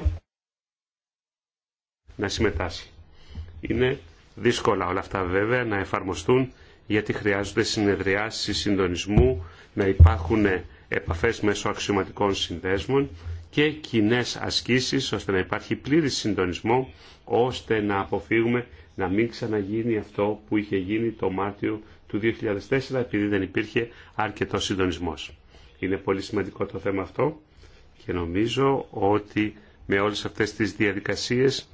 να συμμετάσχει. Είναι δύσκολα όλα αυτά βέβαια να εφαρμοστούν γιατί χρειάζονται συνεδριάσεις συντονισμού, να υπάρχουν επαφές μέσω αξιωματικών συνδέσμων και κοινέ ασκήσεις ώστε να υπάρχει πλήρης συντονισμό ώστε να αποφύγουμε να μην ξαναγίνει αυτό που είχε γίνει το Μάρτιο του 2004 επειδή δεν υπήρχε αρκετό συντονισμός. Είναι πολύ σημαντικό το θέμα αυτό και νομίζω ότι με όλες αυτές τις διαδικασίες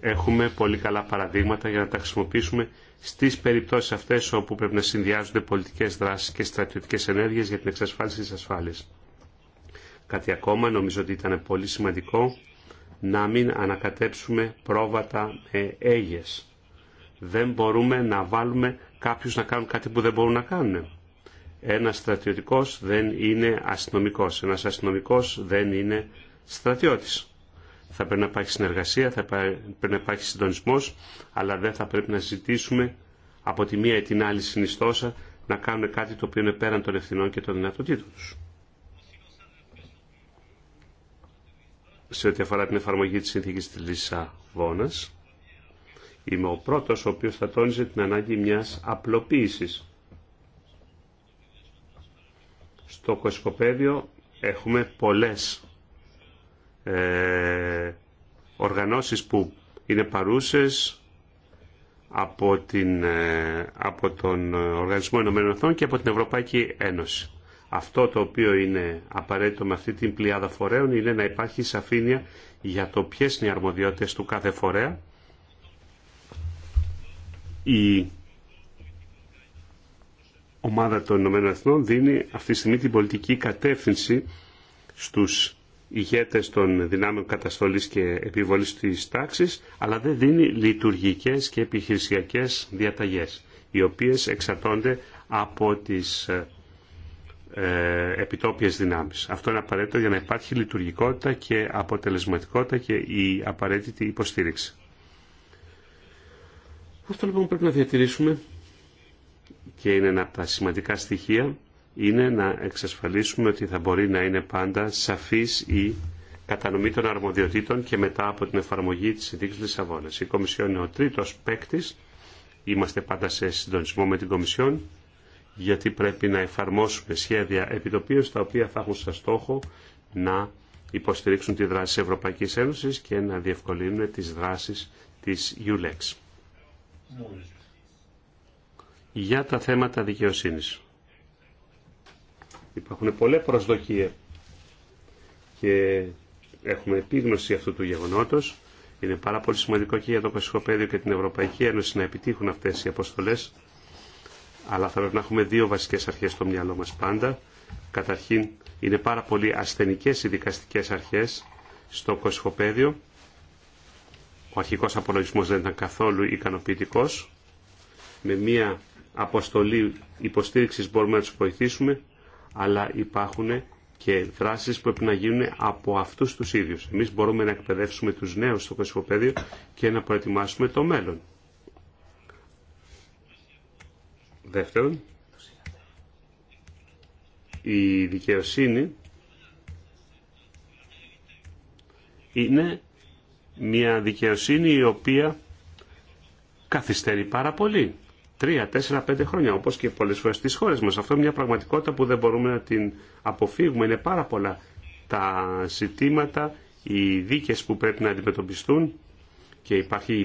έχουμε πολύ καλά παραδείγματα για να τα χρησιμοποιήσουμε στις περιπτώσεις αυτές όπου πρέπει να συνδυάζονται πολιτικές δράσεις και στρατιωτικές ενέργειες για την εξασφάλιση της ασφάλειας. Κάτι ακόμα, νομίζω ότι ήταν πολύ σημαντικό, να μην ανακατέψουμε πρόβατα με έγιες. Δεν μπορούμε να βάλουμε κάποιους να κάνουν κάτι που δεν μπορούν να κάνουν. Ένα στρατιωτικός δεν είναι αστυνομικός. Ένας αστυνομικός δεν είναι στρατιώτης θα πρέπει να υπάρχει συνεργασία, θα πρέπει να υπάρχει συντονισμό, αλλά δεν θα πρέπει να ζητήσουμε από τη μία ή την άλλη συνιστόσα να κάνουν κάτι το οποίο είναι πέραν των ευθυνών και των δυνατοτήτων του. Σε ό,τι αφορά την εφαρμογή της συνθήκης της Λισαβόνα. είμαι ο πρώτος ο οποίος θα τόνιζε την ανάγκη μιας απλοποίηση. Στο κοσκοπέδιο έχουμε πολλές ε, οργανώσεις που είναι παρούσες από, την, ε, από τον Οργανισμό Ηνωμένων Εθνών και από την Ευρωπαϊκή Ένωση. Αυτό το οποίο είναι απαραίτητο με αυτή την πλειάδα φορέων είναι να υπάρχει σαφήνεια για το ποιε είναι οι αρμοδιότητες του κάθε φορέα. Η ομάδα των Ηνωμένων Εθνών δίνει αυτή τη στιγμή την πολιτική κατεύθυνση στους ηγέτες των δυνάμεων καταστολής και επιβολής της τάξης, αλλά δεν δίνει λειτουργικές και επιχειρησιακές διαταγές, οι οποίες εξαρτώνται από τις ε, ε, επιτόπιες δυνάμεις. Αυτό είναι απαραίτητο για να υπάρχει λειτουργικότητα και αποτελεσματικότητα και η απαραίτητη υποστήριξη. Αυτό λοιπόν πρέπει να διατηρήσουμε και είναι ένα από τα σημαντικά στοιχεία είναι να εξασφαλίσουμε ότι θα μπορεί να είναι πάντα σαφής η κατανομή των αρμοδιοτήτων και μετά από την εφαρμογή της συνθήκης Λισαβόνας. Η Κομισιόν είναι ο τρίτος παίκτη. Είμαστε πάντα σε συντονισμό με την Κομισιόν γιατί πρέπει να εφαρμόσουμε σχέδια επιτοπίως τα οποία θα έχουν σαν στόχο να υποστηρίξουν τη δράση της Ευρωπαϊκής Ένωσης και να διευκολύνουν τις δράσεις της ULEX. Για τα θέματα δικαιοσύνης. Υπάρχουν πολλέ προσδοκίες και έχουμε επίγνωση αυτού του γεγονότος. Είναι πάρα πολύ σημαντικό και για το Πασχοπέδιο και την Ευρωπαϊκή Ένωση να επιτύχουν αυτές οι αποστολές. Αλλά θα πρέπει να έχουμε δύο βασικές αρχές στο μυαλό μας πάντα. Καταρχήν είναι πάρα πολύ ασθενικές οι δικαστικές αρχές στο Κωσικοπαίδιο. Ο αρχικός απολογισμός δεν ήταν καθόλου ικανοποιητικός. Με μία αποστολή υποστήριξης μπορούμε να τους βοηθήσουμε αλλά υπάρχουν και δράσεις που πρέπει να γίνουν από αυτούς τους ίδιους. Εμείς μπορούμε να εκπαιδεύσουμε τους νέους στο κοσμοπέδιο και να προετοιμάσουμε το μέλλον. Δεύτερον, η δικαιοσύνη είναι μια δικαιοσύνη η οποία καθυστερεί πάρα πολύ τρία, τέσσερα, πέντε χρόνια, όπως και πολλές φορές στις χώρες μας. Αυτό είναι μια πραγματικότητα που δεν μπορούμε να την αποφύγουμε. Είναι πάρα πολλά τα ζητήματα, οι δίκες που πρέπει να αντιμετωπιστούν και υπάρχει η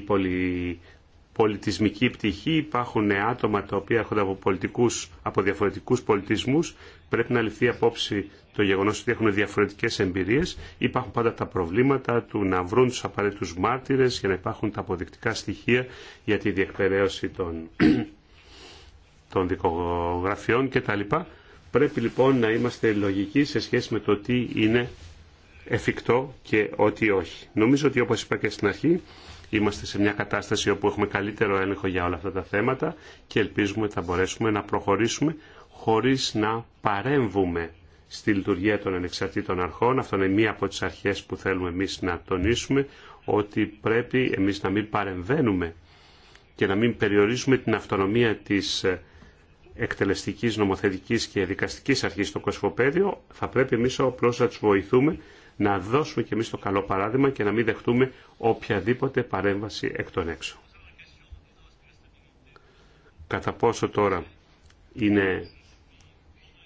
πολιτισμική πτυχή, υπάρχουν άτομα τα οποία έρχονται από, πολιτικούς, από διαφορετικούς πολιτισμούς, πρέπει να ληφθεί απόψη το γεγονό ότι έχουν διαφορετικέ εμπειρίε, υπάρχουν πάντα τα προβλήματα του να βρουν του απαραίτητου μάρτυρες για να υπάρχουν τα αποδεικτικά στοιχεία για τη διεκπαιρέωση των, των δικογραφιών κτλ. Πρέπει λοιπόν να είμαστε λογικοί σε σχέση με το τι είναι εφικτό και ότι όχι. Νομίζω ότι όπως είπα και στην αρχή, είμαστε σε μια κατάσταση όπου έχουμε καλύτερο έλεγχο για όλα αυτά τα θέματα και ελπίζουμε ότι θα μπορέσουμε να προχωρήσουμε χωρίς να παρέμβουμε στη λειτουργία των ανεξαρτήτων αρχών. Αυτό είναι μία από τις αρχές που θέλουμε εμείς να τονίσουμε, ότι πρέπει εμείς να μην παρεμβαίνουμε και να μην περιορίζουμε την αυτονομία της ε, εκτελεστικής, νομοθετικής και δικαστικής αρχής στο κοσμοπέδιο. Θα πρέπει εμείς απλώς να τους βοηθούμε να δώσουμε κι εμείς το καλό παράδειγμα και να μην δεχτούμε οποιαδήποτε παρέμβαση εκ των έξω. Κατά πόσο τώρα είναι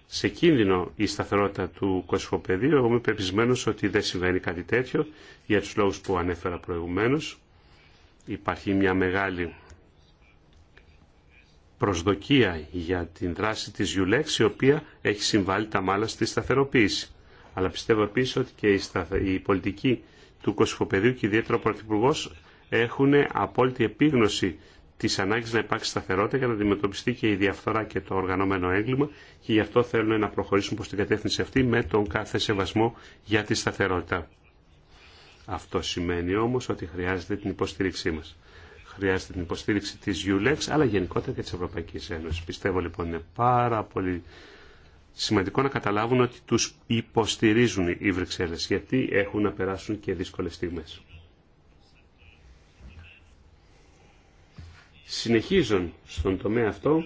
σε κίνδυνο η σταθερότητα του κοσμοπεδίου, εγώ είμαι πεπισμένος ότι δεν συμβαίνει κάτι τέτοιο για τους λόγους που ανέφερα προηγουμένως. Υπάρχει μια μεγάλη προσδοκία για την δράση της Ιουλέξ, η οποία έχει συμβάλει τα μάλα στη σταθεροποίηση. Αλλά πιστεύω επίση ότι και η πολιτική του Κωσυφοπεδίου και ιδιαίτερα ο Πρωθυπουργό έχουν απόλυτη επίγνωση τη ανάγκη να υπάρξει σταθερότητα για να αντιμετωπιστεί και η διαφθορά και το οργανωμένο έγκλημα και γι' αυτό θέλουν να προχωρήσουν προ την κατεύθυνση αυτή με τον κάθε σεβασμό για τη σταθερότητα. Αυτό σημαίνει όμω ότι χρειάζεται την υποστήριξή μα. Χρειάζεται την υποστήριξη τη ULEX αλλά γενικότερα και τη Ευρωπαϊκή Ένωση. Πιστεύω λοιπόν είναι πάρα πολύ σημαντικό να καταλάβουν ότι τους υποστηρίζουν οι Βρυξέλλες, γιατί έχουν να περάσουν και δύσκολες στιγμές. Συνεχίζον στον τομέα αυτό,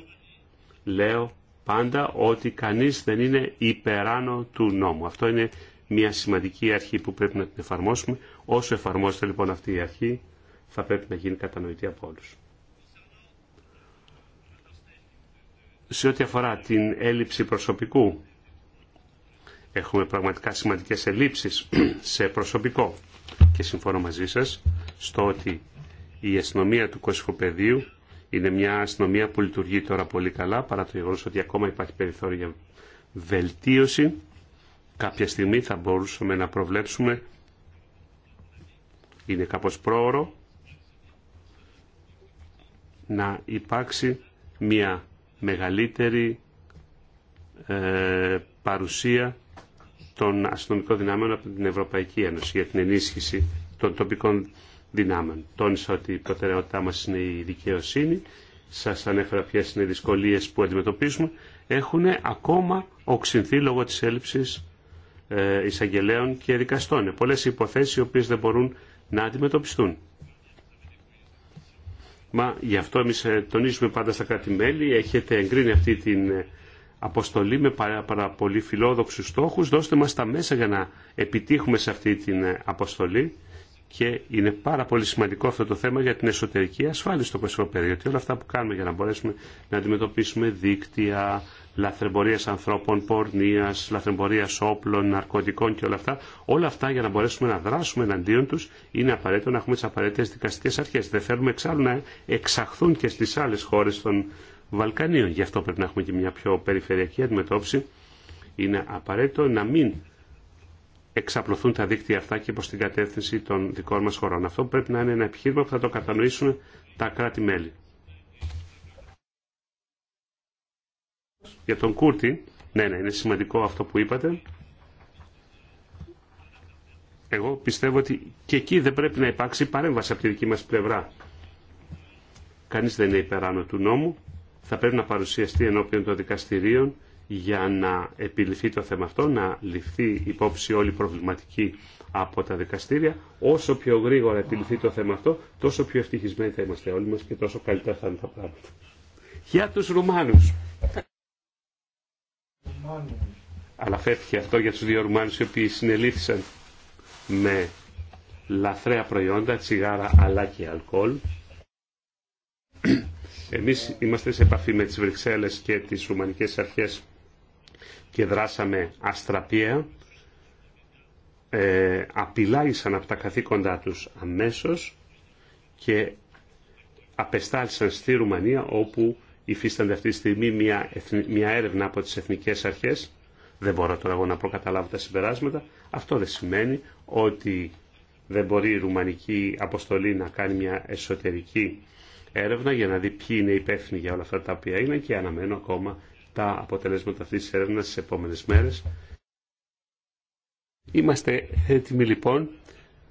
λέω πάντα ότι κανείς δεν είναι υπεράνω του νόμου. Αυτό είναι μια σημαντική αρχή που πρέπει να την εφαρμόσουμε. Όσο εφαρμόζεται λοιπόν αυτή η αρχή, θα πρέπει να γίνει κατανοητή από όλους. σε ό,τι αφορά την έλλειψη προσωπικού, έχουμε πραγματικά σημαντικές ελλείψεις σε προσωπικό και συμφωνώ μαζί σας στο ότι η αστυνομία του Κωσυφοπεδίου είναι μια αστυνομία που λειτουργεί τώρα πολύ καλά παρά το γεγονός ότι ακόμα υπάρχει περιθώριο για βελτίωση. Κάποια στιγμή θα μπορούσαμε να προβλέψουμε είναι κάπως πρόωρο να υπάρξει μια μεγαλύτερη ε, παρουσία των αστυνομικών δυνάμεων από την Ευρωπαϊκή Ένωση για την ενίσχυση των τοπικών δυνάμεων. Τόνισα ότι η προτεραιότητά μας είναι η δικαιοσύνη. Σας ανέφερα ποιε είναι οι δυσκολίες που αντιμετωπίζουμε. Έχουν ακόμα οξυνθεί λόγω της έλλειψης ε, εισαγγελέων και δικαστών. πολλές υποθέσεις οι οποίες δεν μπορούν να αντιμετωπιστούν. Μα γι' αυτό εμείς ε, τονίζουμε πάντα στα κράτη-μέλη, έχετε εγκρίνει αυτή την ε, αποστολή με πάρα, πάρα πολύ φιλόδοξους στόχους, δώστε μας τα μέσα για να επιτύχουμε σε αυτή την ε, αποστολή και είναι πάρα πολύ σημαντικό αυτό το θέμα για την εσωτερική ασφάλεια στο κοσμοπέδιο, όλα αυτά που κάνουμε για να μπορέσουμε να αντιμετωπίσουμε δίκτυα, λαθρεμπορίας ανθρώπων, πορνείας, λαθρεμπορίας όπλων, ναρκωτικών και όλα αυτά. Όλα αυτά για να μπορέσουμε να δράσουμε εναντίον τους είναι απαραίτητο να έχουμε τις απαραίτητες δικαστικές αρχές. Δεν θέλουμε εξάλλου να εξαχθούν και στις άλλες χώρες των Βαλκανίων. Γι' αυτό πρέπει να έχουμε και μια πιο περιφερειακή αντιμετώπιση. Είναι απαραίτητο να μην εξαπλωθούν τα δίκτυα αυτά και προς την κατεύθυνση των δικών μας χωρών. Αυτό πρέπει να είναι ένα επιχείρημα που θα το κατανοήσουν τα κράτη-μέλη. Για τον Κούρτη, ναι, ναι, είναι σημαντικό αυτό που είπατε. Εγώ πιστεύω ότι και εκεί δεν πρέπει να υπάρξει παρέμβαση από τη δική μας πλευρά. Κανείς δεν είναι υπεράνω του νόμου. Θα πρέπει να παρουσιαστεί ενώπιον των δικαστηρίων για να επιληφθεί το θέμα αυτό, να ληφθεί υπόψη όλη η προβληματική από τα δικαστήρια. Όσο πιο γρήγορα επιληφθεί το θέμα αυτό, τόσο πιο ευτυχισμένοι θα είμαστε όλοι μας και τόσο καλύτερα θα είναι τα πράγματα. Για τους Ρουμάνους αλλά Αναφέρθηκε αυτό για τους δύο Ρουμάνους οι οποίοι συνελήφθησαν με λαθρέα προϊόντα, τσιγάρα αλλά και αλκοόλ. Εμείς είμαστε σε επαφή με τις Βρυξέλλες και τις Ρουμανικές Αρχές και δράσαμε αστραπία. Ε, απειλάγησαν από τα καθήκοντά τους αμέσως και απεστάλησαν στη Ρουμανία όπου υφίστανται αυτή τη στιγμή μια, μια έρευνα από τις εθνικές αρχές. Δεν μπορώ τώρα εγώ να προκαταλάβω τα συμπεράσματα. Αυτό δεν σημαίνει ότι δεν μπορεί η ρουμανική αποστολή να κάνει μια εσωτερική έρευνα για να δει ποιοι είναι υπεύθυνοι για όλα αυτά τα οποία είναι και αναμένω ακόμα τα αποτελέσματα αυτής της έρευνας στις επόμενες μέρες. Είμαστε έτοιμοι λοιπόν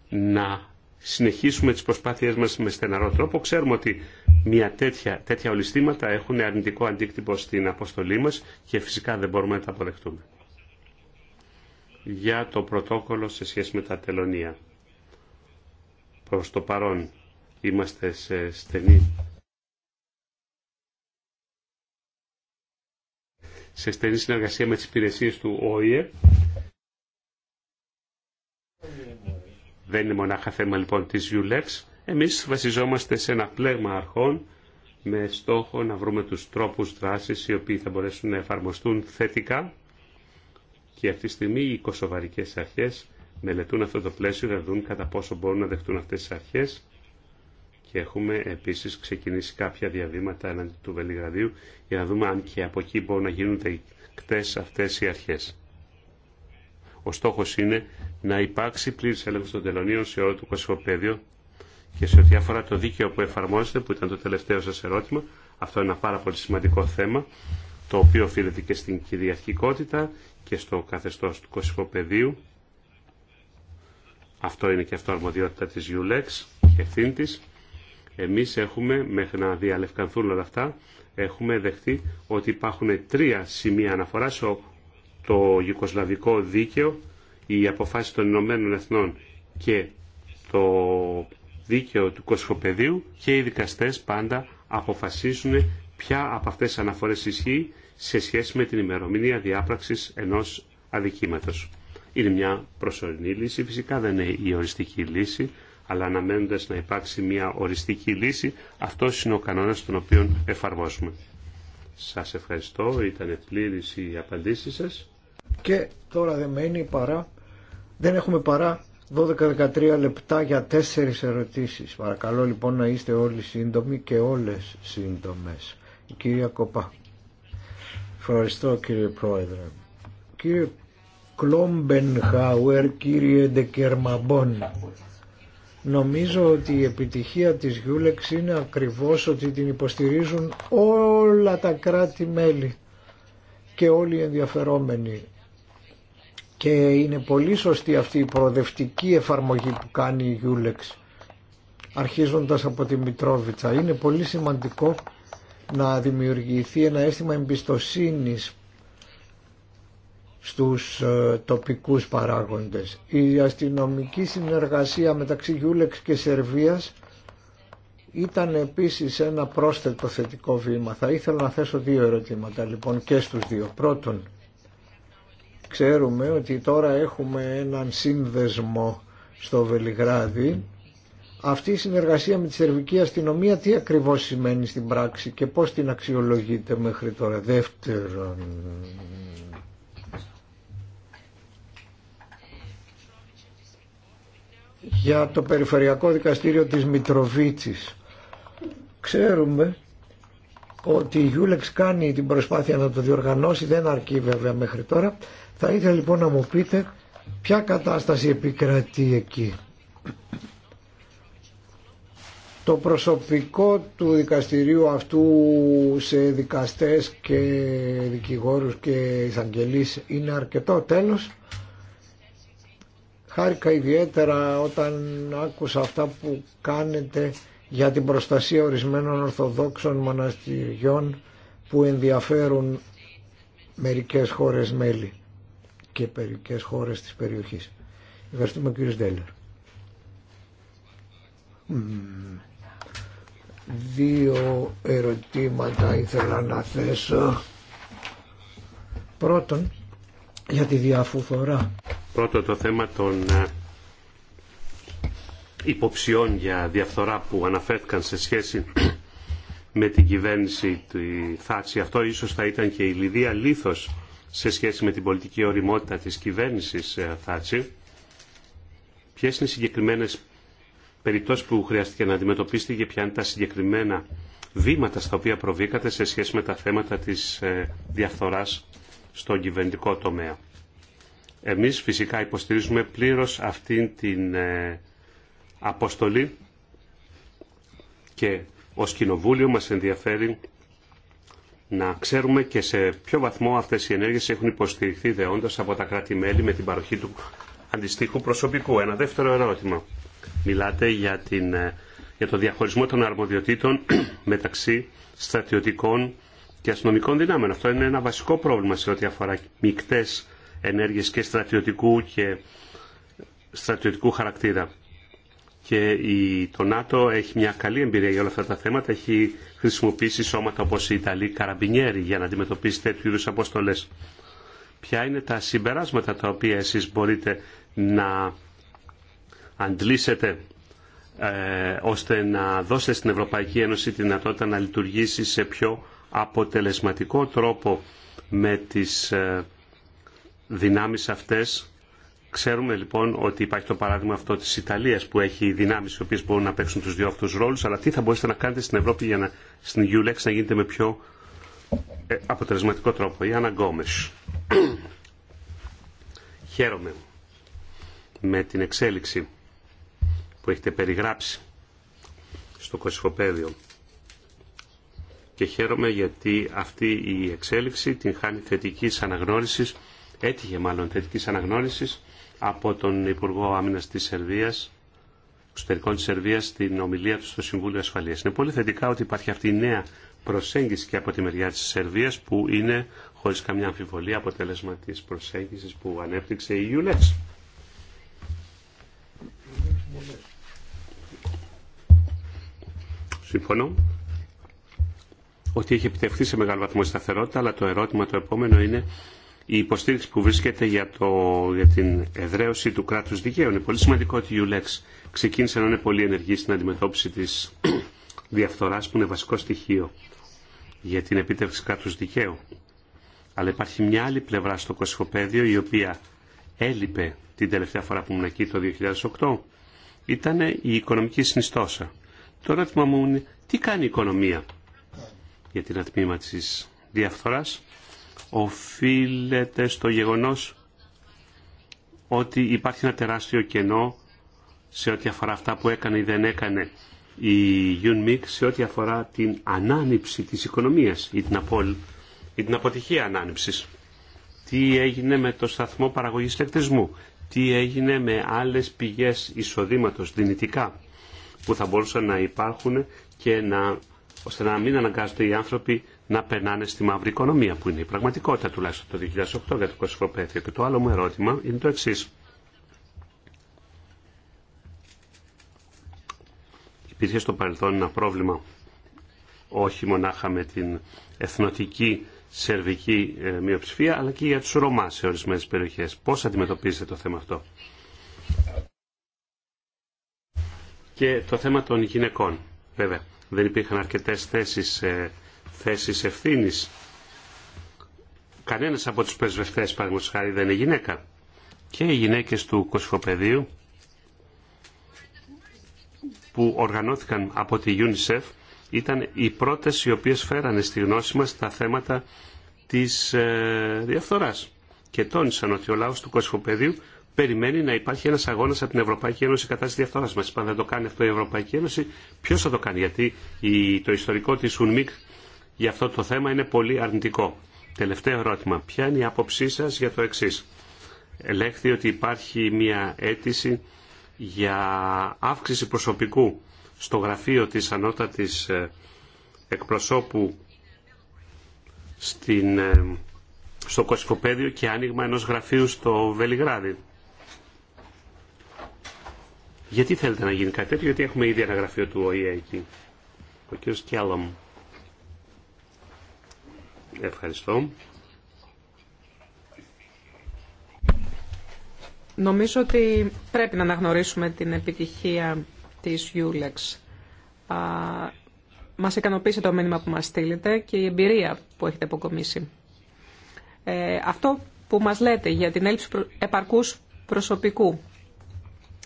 να συνεχίσουμε τις προσπάθειές μας με στεναρό τρόπο. Ξέρουμε ότι μια τέτοια, τέτοια ολιστήματα έχουν αρνητικό αντίκτυπο στην αποστολή μας και φυσικά δεν μπορούμε να τα αποδεχτούμε. Για το πρωτόκολλο σε σχέση με τα τελωνία. Προς το παρόν είμαστε σε στενή σε στενή συνεργασία με τις υπηρεσίες του ΟΗΕ Δεν είναι μονάχα θέμα λοιπόν της ULEX. Εμείς βασιζόμαστε σε ένα πλέγμα αρχών με στόχο να βρούμε τους τρόπους δράσης οι οποίοι θα μπορέσουν να εφαρμοστούν θετικά και αυτή τη στιγμή οι κοσοβαρικές αρχές μελετούν αυτό το πλαίσιο να δουν κατά πόσο μπορούν να δεχτούν αυτές τις αρχές και έχουμε επίσης ξεκινήσει κάποια διαβήματα έναντι του Βελιγραδίου για να δούμε αν και από εκεί μπορούν να γίνονται κτές αυτές οι αρχές. Ο στόχος είναι να υπάρξει πλήρης έλεγχο των τελωνίων σε όλο το κοσμοπέδιο και σε ό,τι αφορά το δίκαιο που εφαρμόζεται, που ήταν το τελευταίο σα ερώτημα, αυτό είναι ένα πάρα πολύ σημαντικό θέμα, το οποίο οφείλεται και στην κυριαρχικότητα και στο καθεστώ του κοσμοπεδίου. Αυτό είναι και αυτό αρμοδιότητα τη ULEX και ευθύνη τη. Εμείς έχουμε, μέχρι να διαλευκανθούν όλα αυτά, έχουμε δεχτεί ότι υπάρχουν τρία σημεία αναφορά στο το δίκαιο οι αποφάσεις των Ηνωμένων Εθνών και το δίκαιο του Κοσμοπεδίου και οι δικαστές πάντα αποφασίζουν ποια από αυτές τις αναφορές ισχύει σε σχέση με την ημερομηνία διάπραξης ενός αδικήματος. Είναι μια προσωρινή λύση, φυσικά δεν είναι η οριστική λύση, αλλά αναμένοντα να υπάρξει μια οριστική λύση, αυτό είναι ο κανόνα τον οποίο εφαρμόσουμε. Σα ευχαριστώ, ήταν πλήρη η απαντήση σα. Και τώρα δεν μένει παρά δεν έχουμε παρά 12-13 λεπτά για τέσσερις ερωτήσεις. Παρακαλώ λοιπόν να είστε όλοι σύντομοι και όλες σύντομες. Η κυρία Κοπά. Ευχαριστώ κύριε Πρόεδρε. Κύριε Κλόμπενχάουερ, κύριε Ντεκερμαμπών. Νομίζω ότι η επιτυχία της Γιούλεξ είναι ακριβώς ότι την υποστηρίζουν όλα τα κράτη-μέλη και όλοι οι ενδιαφερόμενοι. Και είναι πολύ σωστή αυτή η προοδευτική εφαρμογή που κάνει η Γιούλεξ αρχίζοντας από τη Μητρόβιτσα. Είναι πολύ σημαντικό να δημιουργηθεί ένα αίσθημα εμπιστοσύνης στους ε, τοπικούς παράγοντες. Η αστυνομική συνεργασία μεταξύ Γιούλεξ και Σερβίας ήταν επίσης ένα πρόσθετο θετικό βήμα. Θα ήθελα να θέσω δύο ερωτήματα λοιπόν και στους δύο. Πρώτον, Ξέρουμε ότι τώρα έχουμε έναν σύνδεσμο στο Βελιγράδι. Αυτή η συνεργασία με τη Σερβική Αστυνομία τι ακριβώς σημαίνει στην πράξη και πώς την αξιολογείται μέχρι τώρα. Δεύτερον, για το Περιφερειακό Δικαστήριο της Μητροβίτσης. Ξέρουμε ότι η Γιούλεξ κάνει την προσπάθεια να το διοργανώσει, δεν αρκεί βέβαια μέχρι τώρα θα ήθελα λοιπόν να μου πείτε ποια κατάσταση επικρατεί εκεί. Το προσωπικό του δικαστηρίου αυτού σε δικαστές και δικηγόρους και εισαγγελείς είναι αρκετό τέλος. Χάρηκα ιδιαίτερα όταν άκουσα αυτά που κάνετε για την προστασία ορισμένων Ορθοδόξων μοναστηριών που ενδιαφέρουν μερικές χώρες μέλη και μερικές χώρες της περιοχής. Ευχαριστούμε κύριε Στέλλερ. Δύο ερωτήματα ήθελα να θέσω. Πρώτον, για τη διαφθορά. Πρώτο το θέμα των ε, υποψιών για διαφθορά που αναφέρθηκαν σε σχέση με την κυβέρνηση του Θάτση. Αυτό ίσως θα ήταν και η Λιδία Λίθος σε σχέση με την πολιτική οριμότητα της κυβέρνησης ε, Θάτσι, Ποιες είναι οι συγκεκριμένες περιπτώσεις που χρειάστηκε να αντιμετωπίσετε και ποια είναι τα συγκεκριμένα βήματα στα οποία προβήκατε σε σχέση με τα θέματα της ε, διαφθοράς στον κυβερνητικό τομέα. Εμείς φυσικά υποστηρίζουμε πλήρως αυτήν την ε, αποστολή και ως Κοινοβούλιο μας ενδιαφέρει να ξέρουμε και σε ποιο βαθμό αυτές οι ενέργειες έχουν υποστηριχθεί δεόντως από τα κράτη-μέλη με την παροχή του αντιστοίχου προσωπικού. Ένα δεύτερο ερώτημα. Μιλάτε για, την, ε, για το διαχωρισμό των αρμοδιοτήτων μεταξύ στρατιωτικών και αστυνομικών δυνάμεων. Αυτό είναι ένα βασικό πρόβλημα σε ό,τι αφορά μικτές ενέργειε και στρατιωτικού και στρατιωτικού χαρακτήρα. Και η, το ΝΑΤΟ έχει μια καλή εμπειρία για όλα αυτά τα θέματα, έχει χρησιμοποιήσει σώματα όπω η Ιταλοί καραμπινιέροι για να αντιμετωπίσει τέτοιου είδου αποστολέ. Ποια είναι τα συμπεράσματα τα οποία εσείς μπορείτε να αντλήσετε ε, ώστε να δώσετε στην Ευρωπαϊκή Ένωση τη δυνατότητα να λειτουργήσει σε πιο αποτελεσματικό τρόπο με τις ε, δυνάμεις αυτές Ξέρουμε λοιπόν ότι υπάρχει το παράδειγμα αυτό της Ιταλίας που έχει δυνάμεις οι οποίες μπορούν να παίξουν τους δύο αυτούς ρόλους, αλλά τι θα μπορούσατε να κάνετε στην Ευρώπη για να, στην Ulex να γίνεται με πιο ε, αποτελεσματικό τρόπο. Η Άννα Γκόμες. Χαίρομαι με την εξέλιξη που έχετε περιγράψει στο Κωσυφοπαίδιο και χαίρομαι γιατί αυτή η εξέλιξη την χάνει θετικής αναγνώρισης έτυχε μάλλον θετικής αναγνώρισης από τον Υπουργό Άμυνας της Σερβίας, εξωτερικών της Σερβίας, στην ομιλία του στο Συμβούλιο ασφαλεία. Είναι πολύ θετικά ότι υπάρχει αυτή η νέα προσέγγιση και από τη μεριά της Σερβίας που είναι χωρίς καμιά αμφιβολία αποτέλεσμα της προσέγγισης που ανέπτυξε η UNEX. Συμφωνώ ότι έχει επιτευχθεί σε μεγάλο βαθμό σταθερότητα, αλλά το ερώτημα το επόμενο είναι η υποστήριξη που βρίσκεται για, το, για την εδραίωση του κράτους δικαίου. Είναι πολύ σημαντικό ότι η ULEX ξεκίνησε να είναι πολύ ενεργή στην αντιμετώπιση της διαφθοράς που είναι βασικό στοιχείο για την επίτευξη κράτους δικαίου. Αλλά υπάρχει μια άλλη πλευρά στο Κωσυφοπαίδιο η οποία έλειπε την τελευταία φορά που ήμουν εκεί το 2008 ήταν η οικονομική συνιστόσα. Το ερώτημα μου είναι τι κάνει η οικονομία για την ατμήμα της διαφθοράς οφείλεται στο γεγονός ότι υπάρχει ένα τεράστιο κενό σε ό,τι αφορά αυτά που έκανε ή δεν έκανε η UNMIC σε ό,τι αφορά την ανάνυψη της οικονομίας ή την, απο... ή την αποτυχία ανάνυψης. Τι έγινε με το σταθμό παραγωγής ηλεκτρισμού, τι έγινε με άλλες πηγές εισοδήματος δυνητικά που θα μπορούσαν να υπάρχουν και να, ώστε να μην αναγκάζονται οι άνθρωποι να περνάνε στη μαύρη οικονομία, που είναι η πραγματικότητα τουλάχιστον το 2008 για το Και το άλλο μου ερώτημα είναι το εξή. Υπήρχε στο παρελθόν ένα πρόβλημα όχι μονάχα με την εθνοτική σερβική ε, μειοψηφία, αλλά και για τους Ρωμά σε ορισμένες περιοχές. Πώς αντιμετωπίζετε το θέμα αυτό. Και το θέμα των γυναικών, βέβαια. Δεν υπήρχαν αρκετές θέσεις ε, θέσεις ευθύνης. Κανένας από τους πρεσβευτές, παραδείγματος χάρη, δεν είναι γυναίκα. Και οι γυναίκες του Κοσφοπεδίου που οργανώθηκαν από τη UNICEF ήταν οι πρώτες οι οποίες φέρανε στη γνώση μας τα θέματα της ε, διαφθοράς. Και τόνισαν ότι ο λαός του Κοσφοπεδίου περιμένει να υπάρχει ένα αγώνα από την Ευρωπαϊκή Ένωση κατά τη διαφθορά μα. Αν δεν το κάνει αυτό η Ευρωπαϊκή Ένωση, ποιο θα το κάνει. Γιατί το ιστορικό τη UNMIC για αυτό το θέμα είναι πολύ αρνητικό. Τελευταίο ερώτημα. Ποια είναι η άποψή σα για το εξή. Ελέγχθη ότι υπάρχει μια αίτηση για αύξηση προσωπικού στο γραφείο της ανώτατης ε, εκπροσώπου στην, ε, στο Κωσυφοπέδιο και άνοιγμα ενός γραφείου στο Βελιγράδι. Γιατί θέλετε να γίνει κάτι τέτοιο, γιατί έχουμε ήδη ένα γραφείο του ΟΗΕ εκεί. Ο κ. Κέλλομ. Ευχαριστώ. Νομίζω ότι πρέπει να αναγνωρίσουμε την επιτυχία της Ulex. Α, μας ικανοποίησε το μήνυμα που μας στείλετε και η εμπειρία που έχετε αποκομίσει. Ε, αυτό που μας λέτε για την έλλειψη επαρκούς προσωπικού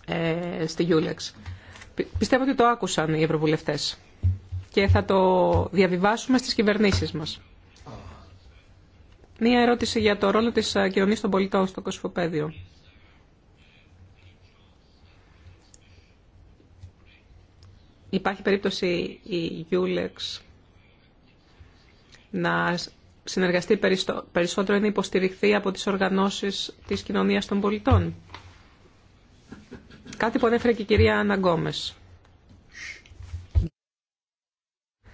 ε, στη Ulex. Πιστεύω ότι το άκουσαν οι ευρωβουλευτές και θα το διαβιβάσουμε στις κυβερνήσεις μας. Μία ερώτηση για το ρόλο της ε, κοινωνίας των πολιτών στο κοσφοπέδιο. Υπάρχει περίπτωση η Γιούλεξ να συνεργαστεί περισσότερο ή να υποστηριχθεί από τις οργανώσεις της κοινωνίας των πολιτών. Κάτι που ανέφερε και η κυρία Αναγκόμες.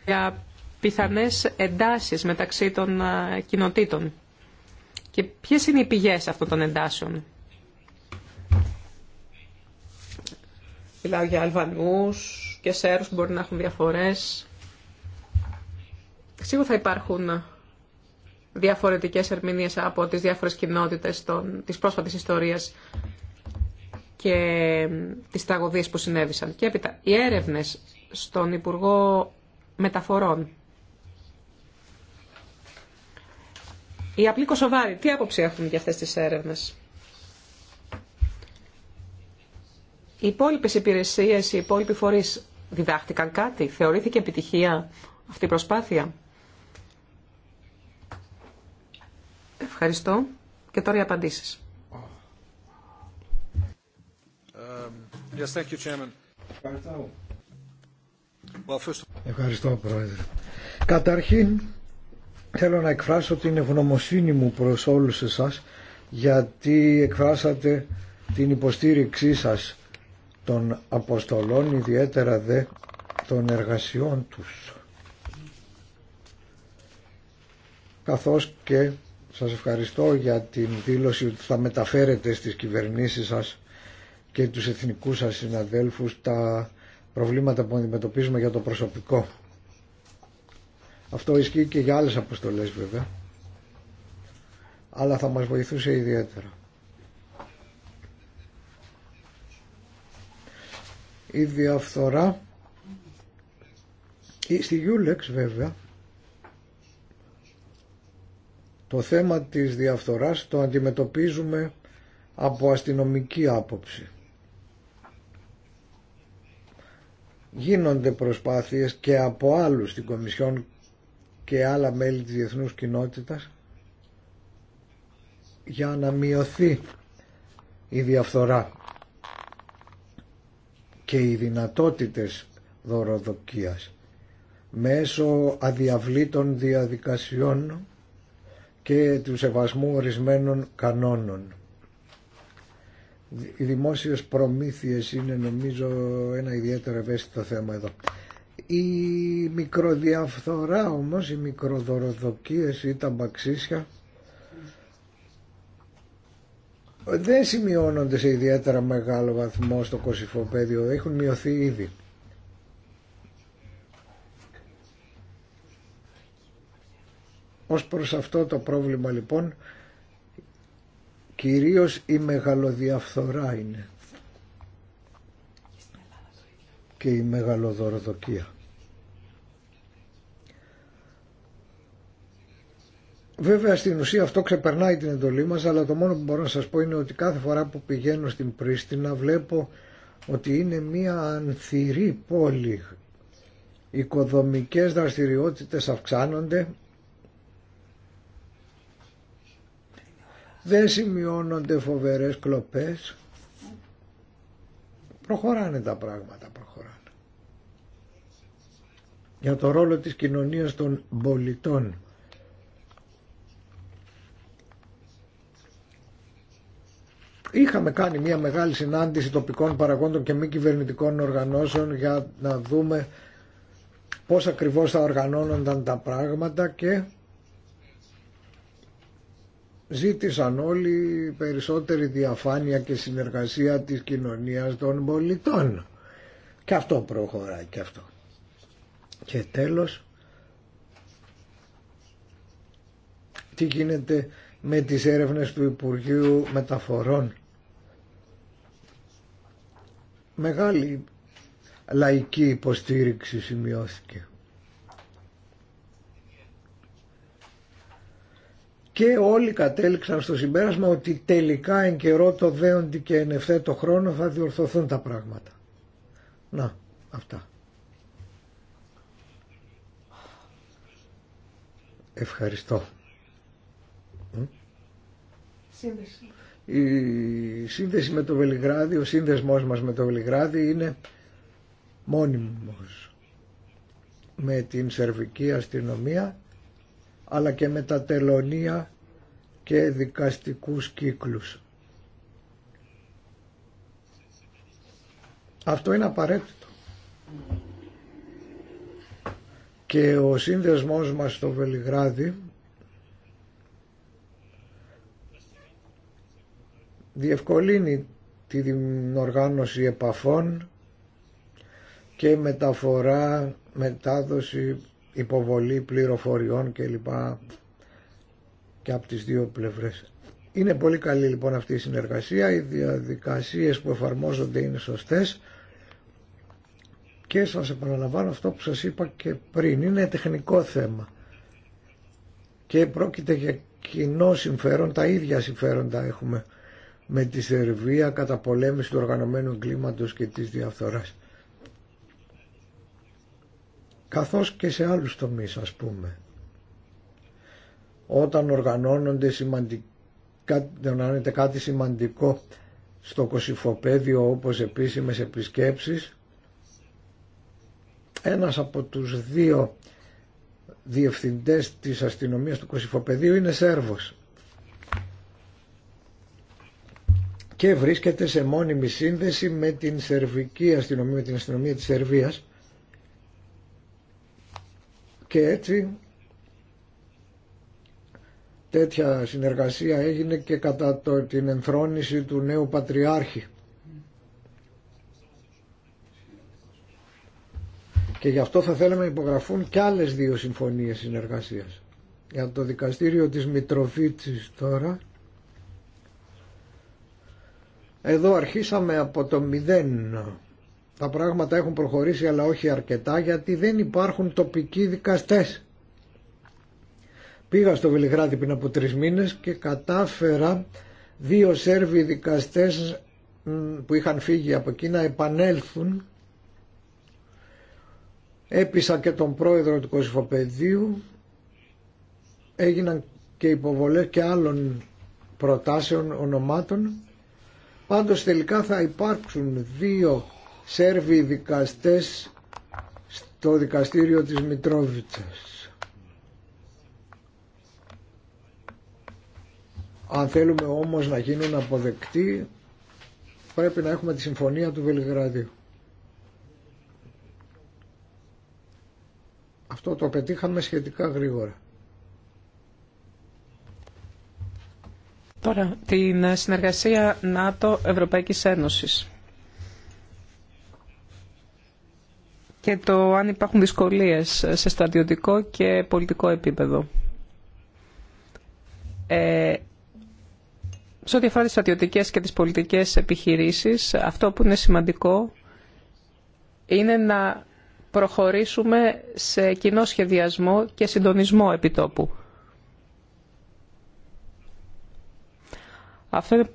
Για πιθανές εντάσεις μεταξύ των ε, κοινοτήτων. Και ποιες είναι οι πηγές αυτών των εντάσεων. Μιλάω για Αλβανούς και Σέρους που μπορεί να έχουν διαφορές. Σίγουρα θα υπάρχουν διαφορετικές ερμηνείες από τις διάφορες κοινότητες των, της πρόσφατης ιστορίας και τις τραγωδίες που συνέβησαν. Και έπειτα, οι έρευνες στον Υπουργό Μεταφορών Οι απλοί Κωσοβάροι, τι άποψη έχουν για αυτές τις έρευνες. Οι υπόλοιπε υπηρεσίε, οι υπόλοιποι φορεί διδάχτηκαν κάτι, θεωρήθηκε επιτυχία αυτή η προσπάθεια. Ευχαριστώ. Και τώρα οι απαντήσεις. Um, yes, thank you, Chairman. Ευχαριστώ. Ευχαριστώ, Πρόεδρε. Καταρχήν, Θέλω να εκφράσω την ευγνωμοσύνη μου προς όλους εσάς γιατί εκφράσατε την υποστήριξή σας των Αποστολών, ιδιαίτερα δε των εργασιών τους. Καθώς και σας ευχαριστώ για την δήλωση ότι θα μεταφέρετε στις κυβερνήσεις σας και τους εθνικούς σας συναδέλφους τα προβλήματα που αντιμετωπίζουμε για το προσωπικό. Αυτό ισχύει και για άλλες αποστολές βέβαια, αλλά θα μας βοηθούσε ιδιαίτερα. Η διαφθορά στη Γιούλεξ βέβαια το θέμα της διαφθοράς το αντιμετωπίζουμε από αστυνομική άποψη. Γίνονται προσπάθειες και από άλλους στην Κομισιόν και άλλα μέλη της διεθνούς κοινότητας για να μειωθεί η διαφθορά και οι δυνατότητες δωροδοκίας μέσω αδιαβλήτων διαδικασιών και του σεβασμού ορισμένων κανόνων. Οι δημόσιες προμήθειες είναι νομίζω ένα ιδιαίτερο ευαίσθητο θέμα εδώ. Η μικροδιαφθορά όμως, οι μικροδοροδοκίες ή τα μπαξίσια δεν σημειώνονται σε ιδιαίτερα μεγάλο βαθμό στο κοσυφοπέδιο, έχουν μειωθεί ήδη. Ως προς αυτό το πρόβλημα λοιπόν, κυρίως η μεγαλοδιαφθορά είναι και η μεγαλοδοροδοκία. Βέβαια στην ουσία αυτό ξεπερνάει την εντολή μας, αλλά το μόνο που μπορώ να σας πω είναι ότι κάθε φορά που πηγαίνω στην Πρίστινα βλέπω ότι είναι μία ανθυρή πόλη. Οι οικοδομικές δραστηριότητες αυξάνονται, δεν σημειώνονται φοβερές κλοπές, προχωράνε τα πράγματα, προχωράνε για το ρόλο της κοινωνίας των πολιτών. Είχαμε κάνει μια μεγάλη συνάντηση τοπικών παραγόντων και μη κυβερνητικών οργανώσεων για να δούμε πώς ακριβώς θα οργανώνονταν τα πράγματα και ζήτησαν όλοι περισσότερη διαφάνεια και συνεργασία της κοινωνίας των πολιτών. Και αυτό προχωράει και αυτό. Και τέλος, τι γίνεται με τις έρευνες του Υπουργείου Μεταφορών. Μεγάλη λαϊκή υποστήριξη σημειώθηκε. Και όλοι κατέληξαν στο συμπέρασμα ότι τελικά εν καιρό το δέοντι και εν ευθέτω χρόνο θα διορθωθούν τα πράγματα. Να, αυτά. Ευχαριστώ. Σύνδεση. Η σύνδεση με το Βελιγράδι, ο σύνδεσμός μας με το Βελιγράδι είναι μόνιμος με την σερβική αστυνομία αλλά και με τα τελωνία και δικαστικούς κύκλους. Αυτό είναι απαραίτητο. Ναι και ο σύνδεσμός μας στο Βελιγράδι διευκολύνει την οργάνωση επαφών και μεταφορά, μετάδοση, υποβολή πληροφοριών κλπ. και από τις δύο πλευρές. Είναι πολύ καλή λοιπόν αυτή η συνεργασία, οι διαδικασίες που εφαρμόζονται είναι σωστές και σας επαναλαμβάνω αυτό που σας είπα και πριν. Είναι τεχνικό θέμα και πρόκειται για κοινό συμφέρον, τα ίδια συμφέροντα έχουμε με τη Σερβία κατά πολέμηση του οργανωμένου τους και της διαφθοράς. Καθώς και σε άλλους τομείς ας πούμε. Όταν οργανώνονται σημαντικά, οργανώνεται κάτι σημαντικό στο κοσυφοπέδιο όπως επίσημες επισκέψεις ένας από τους δύο διευθυντές της αστυνομίας του Κωσυφοπεδίου είναι Σέρβος και βρίσκεται σε μόνιμη σύνδεση με την σερβική αστυνομία, με την αστυνομία της Σερβίας και έτσι τέτοια συνεργασία έγινε και κατά το, την ενθρόνηση του νέου Πατριάρχη Και γι' αυτό θα θέλαμε να υπογραφούν και άλλες δύο συμφωνίες συνεργασίας. Για το δικαστήριο της Μητροβίτσης τώρα, εδώ αρχίσαμε από το μηδέν. Τα πράγματα έχουν προχωρήσει αλλά όχι αρκετά γιατί δεν υπάρχουν τοπικοί δικαστές. Πήγα στο Βελιγράδι πριν από τρεις μήνες και κατάφερα δύο Σέρβοι δικαστές που είχαν φύγει από εκεί να επανέλθουν Έπεισα και τον πρόεδρο του Κωσφοπεδίου, Έγιναν και υποβολές και άλλων προτάσεων ονομάτων. Πάντως τελικά θα υπάρξουν δύο Σέρβοι δικαστές στο δικαστήριο της Μητρόβιτσας. Αν θέλουμε όμως να γίνουν αποδεκτοί πρέπει να έχουμε τη συμφωνία του Βελιγραδίου. Αυτό το πετύχαμε σχετικά γρήγορα. Τώρα, την συνεργασία ΝΑΤΟ-Ευρωπαϊκής Ένωσης. Και το αν υπάρχουν δυσκολίες σε στατιωτικό και πολιτικό επίπεδο. Ε, σε ό,τι αφορά τις στρατιωτικές και τις πολιτικές επιχειρήσεις, αυτό που είναι σημαντικό είναι να προχωρήσουμε σε κοινό σχεδιασμό και συντονισμό επιτόπου. Αυτό είναι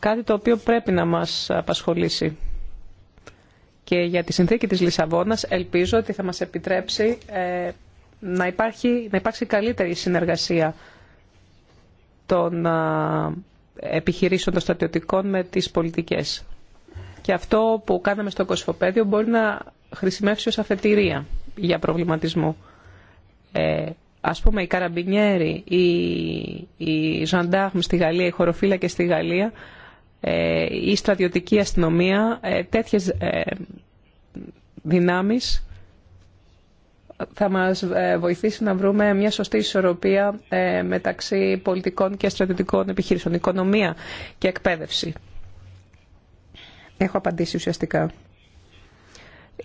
κάτι το οποίο πρέπει να μας απασχολήσει. Και για τη συνθήκη της Λισαβόνας ελπίζω ότι θα μας επιτρέψει ε, να, υπάρχει, να υπάρξει καλύτερη συνεργασία των ε, επιχειρήσεων των στρατιωτικών με τις πολιτικές. Και αυτό που κάναμε στο Κοσφοπέδιο μπορεί να χρησιμεύσει ως αφετηρία για προβληματισμό. Ε, ας πούμε οι καραμπινιέροι, οι, οι στη Γαλλία, οι χωροφύλακες στη Γαλλία, ε, η στρατιωτική αστυνομία, ε, τέτοιες ε, δυνάμεις θα μας ε, βοηθήσει να βρούμε μια σωστή ισορροπία μεταξύ πολιτικών και στρατιωτικών επιχειρήσεων, οικονομία και εκπαίδευση. Έχω απαντήσει ουσιαστικά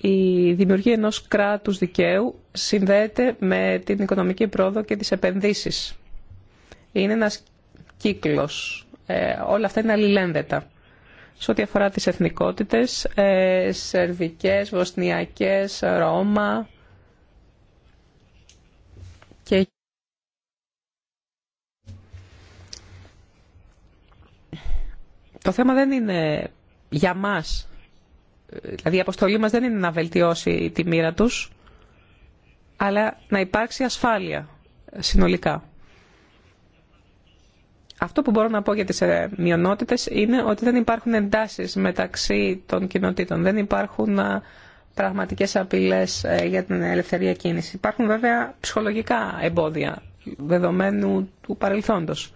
η δημιουργία ενός κράτους δικαίου συνδέεται με την οικονομική πρόοδο και τις επενδύσεις. Είναι ένας κύκλος. Ε, όλα αυτά είναι αλληλένδετα. Σε ό,τι αφορά τις εθνικότητες, ε, σερβικές, βοσνιακές, Ρώμα και Το θέμα δεν είναι για μας Δηλαδή η αποστολή μας δεν είναι να βελτιώσει τη μοίρα τους, αλλά να υπάρξει ασφάλεια συνολικά. Αυτό που μπορώ να πω για τις ε, μειονότητες είναι ότι δεν υπάρχουν εντάσεις μεταξύ των κοινοτήτων. Δεν υπάρχουν ε, πραγματικές απειλές ε, για την ελευθερία κίνηση. Υπάρχουν βέβαια ψυχολογικά εμπόδια δεδομένου του παρελθόντος.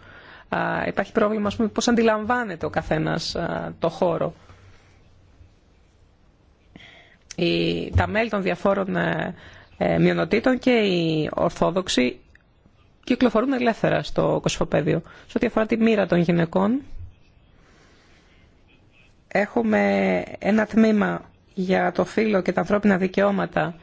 Υπάρχει πρόβλημα, ας πούμε, πώς αντιλαμβάνεται ο καθένας το χώρο οι, τα μέλη των διαφόρων ε, ε, μειονοτήτων και οι Ορθόδοξοι κυκλοφορούν ελεύθερα στο κοσφοπέδιο. Σε ό,τι αφορά τη μοίρα των γυναικών, έχουμε ένα τμήμα για το φύλλο και τα ανθρώπινα δικαιώματα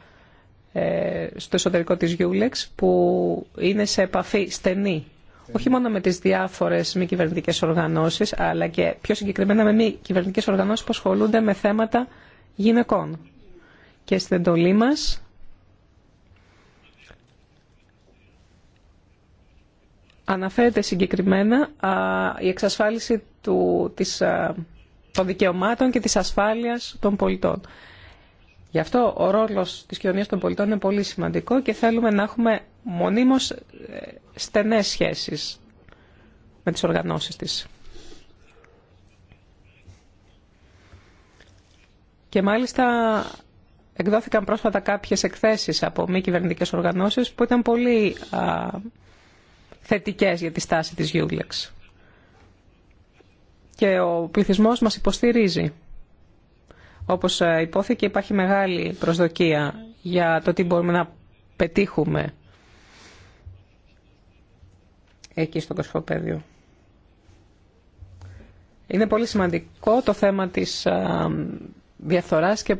ε, στο εσωτερικό της Γιούλεξ που είναι σε επαφή στενή όχι μόνο με τις διάφορες μη κυβερνητικέ οργανώσεις αλλά και πιο συγκεκριμένα με μη κυβερνητικέ οργανώσεις που ασχολούνται με θέματα γυναικών και στην εντολή μας αναφέρεται συγκεκριμένα η εξασφάλιση του, της, των δικαιωμάτων και της ασφάλειας των πολιτών. Γι' αυτό ο ρόλος της κοινωνίας των πολιτών είναι πολύ σημαντικό και θέλουμε να έχουμε μονίμως ε, στενές σχέσεις με τις οργανώσεις της. Και μάλιστα εκδόθηκαν πρόσφατα κάποιες εκθέσεις από μη κυβερνητικές οργανώσεις που ήταν πολύ α, θετικές για τη στάση της Γιούλεξ. Και ο πληθυσμό μας υποστηρίζει. Όπως ε, υπόθηκε υπάρχει μεγάλη προσδοκία για το τι μπορούμε να πετύχουμε εκεί στο κοσμοπέδιο. Είναι πολύ σημαντικό το θέμα της α, διαφθοράς και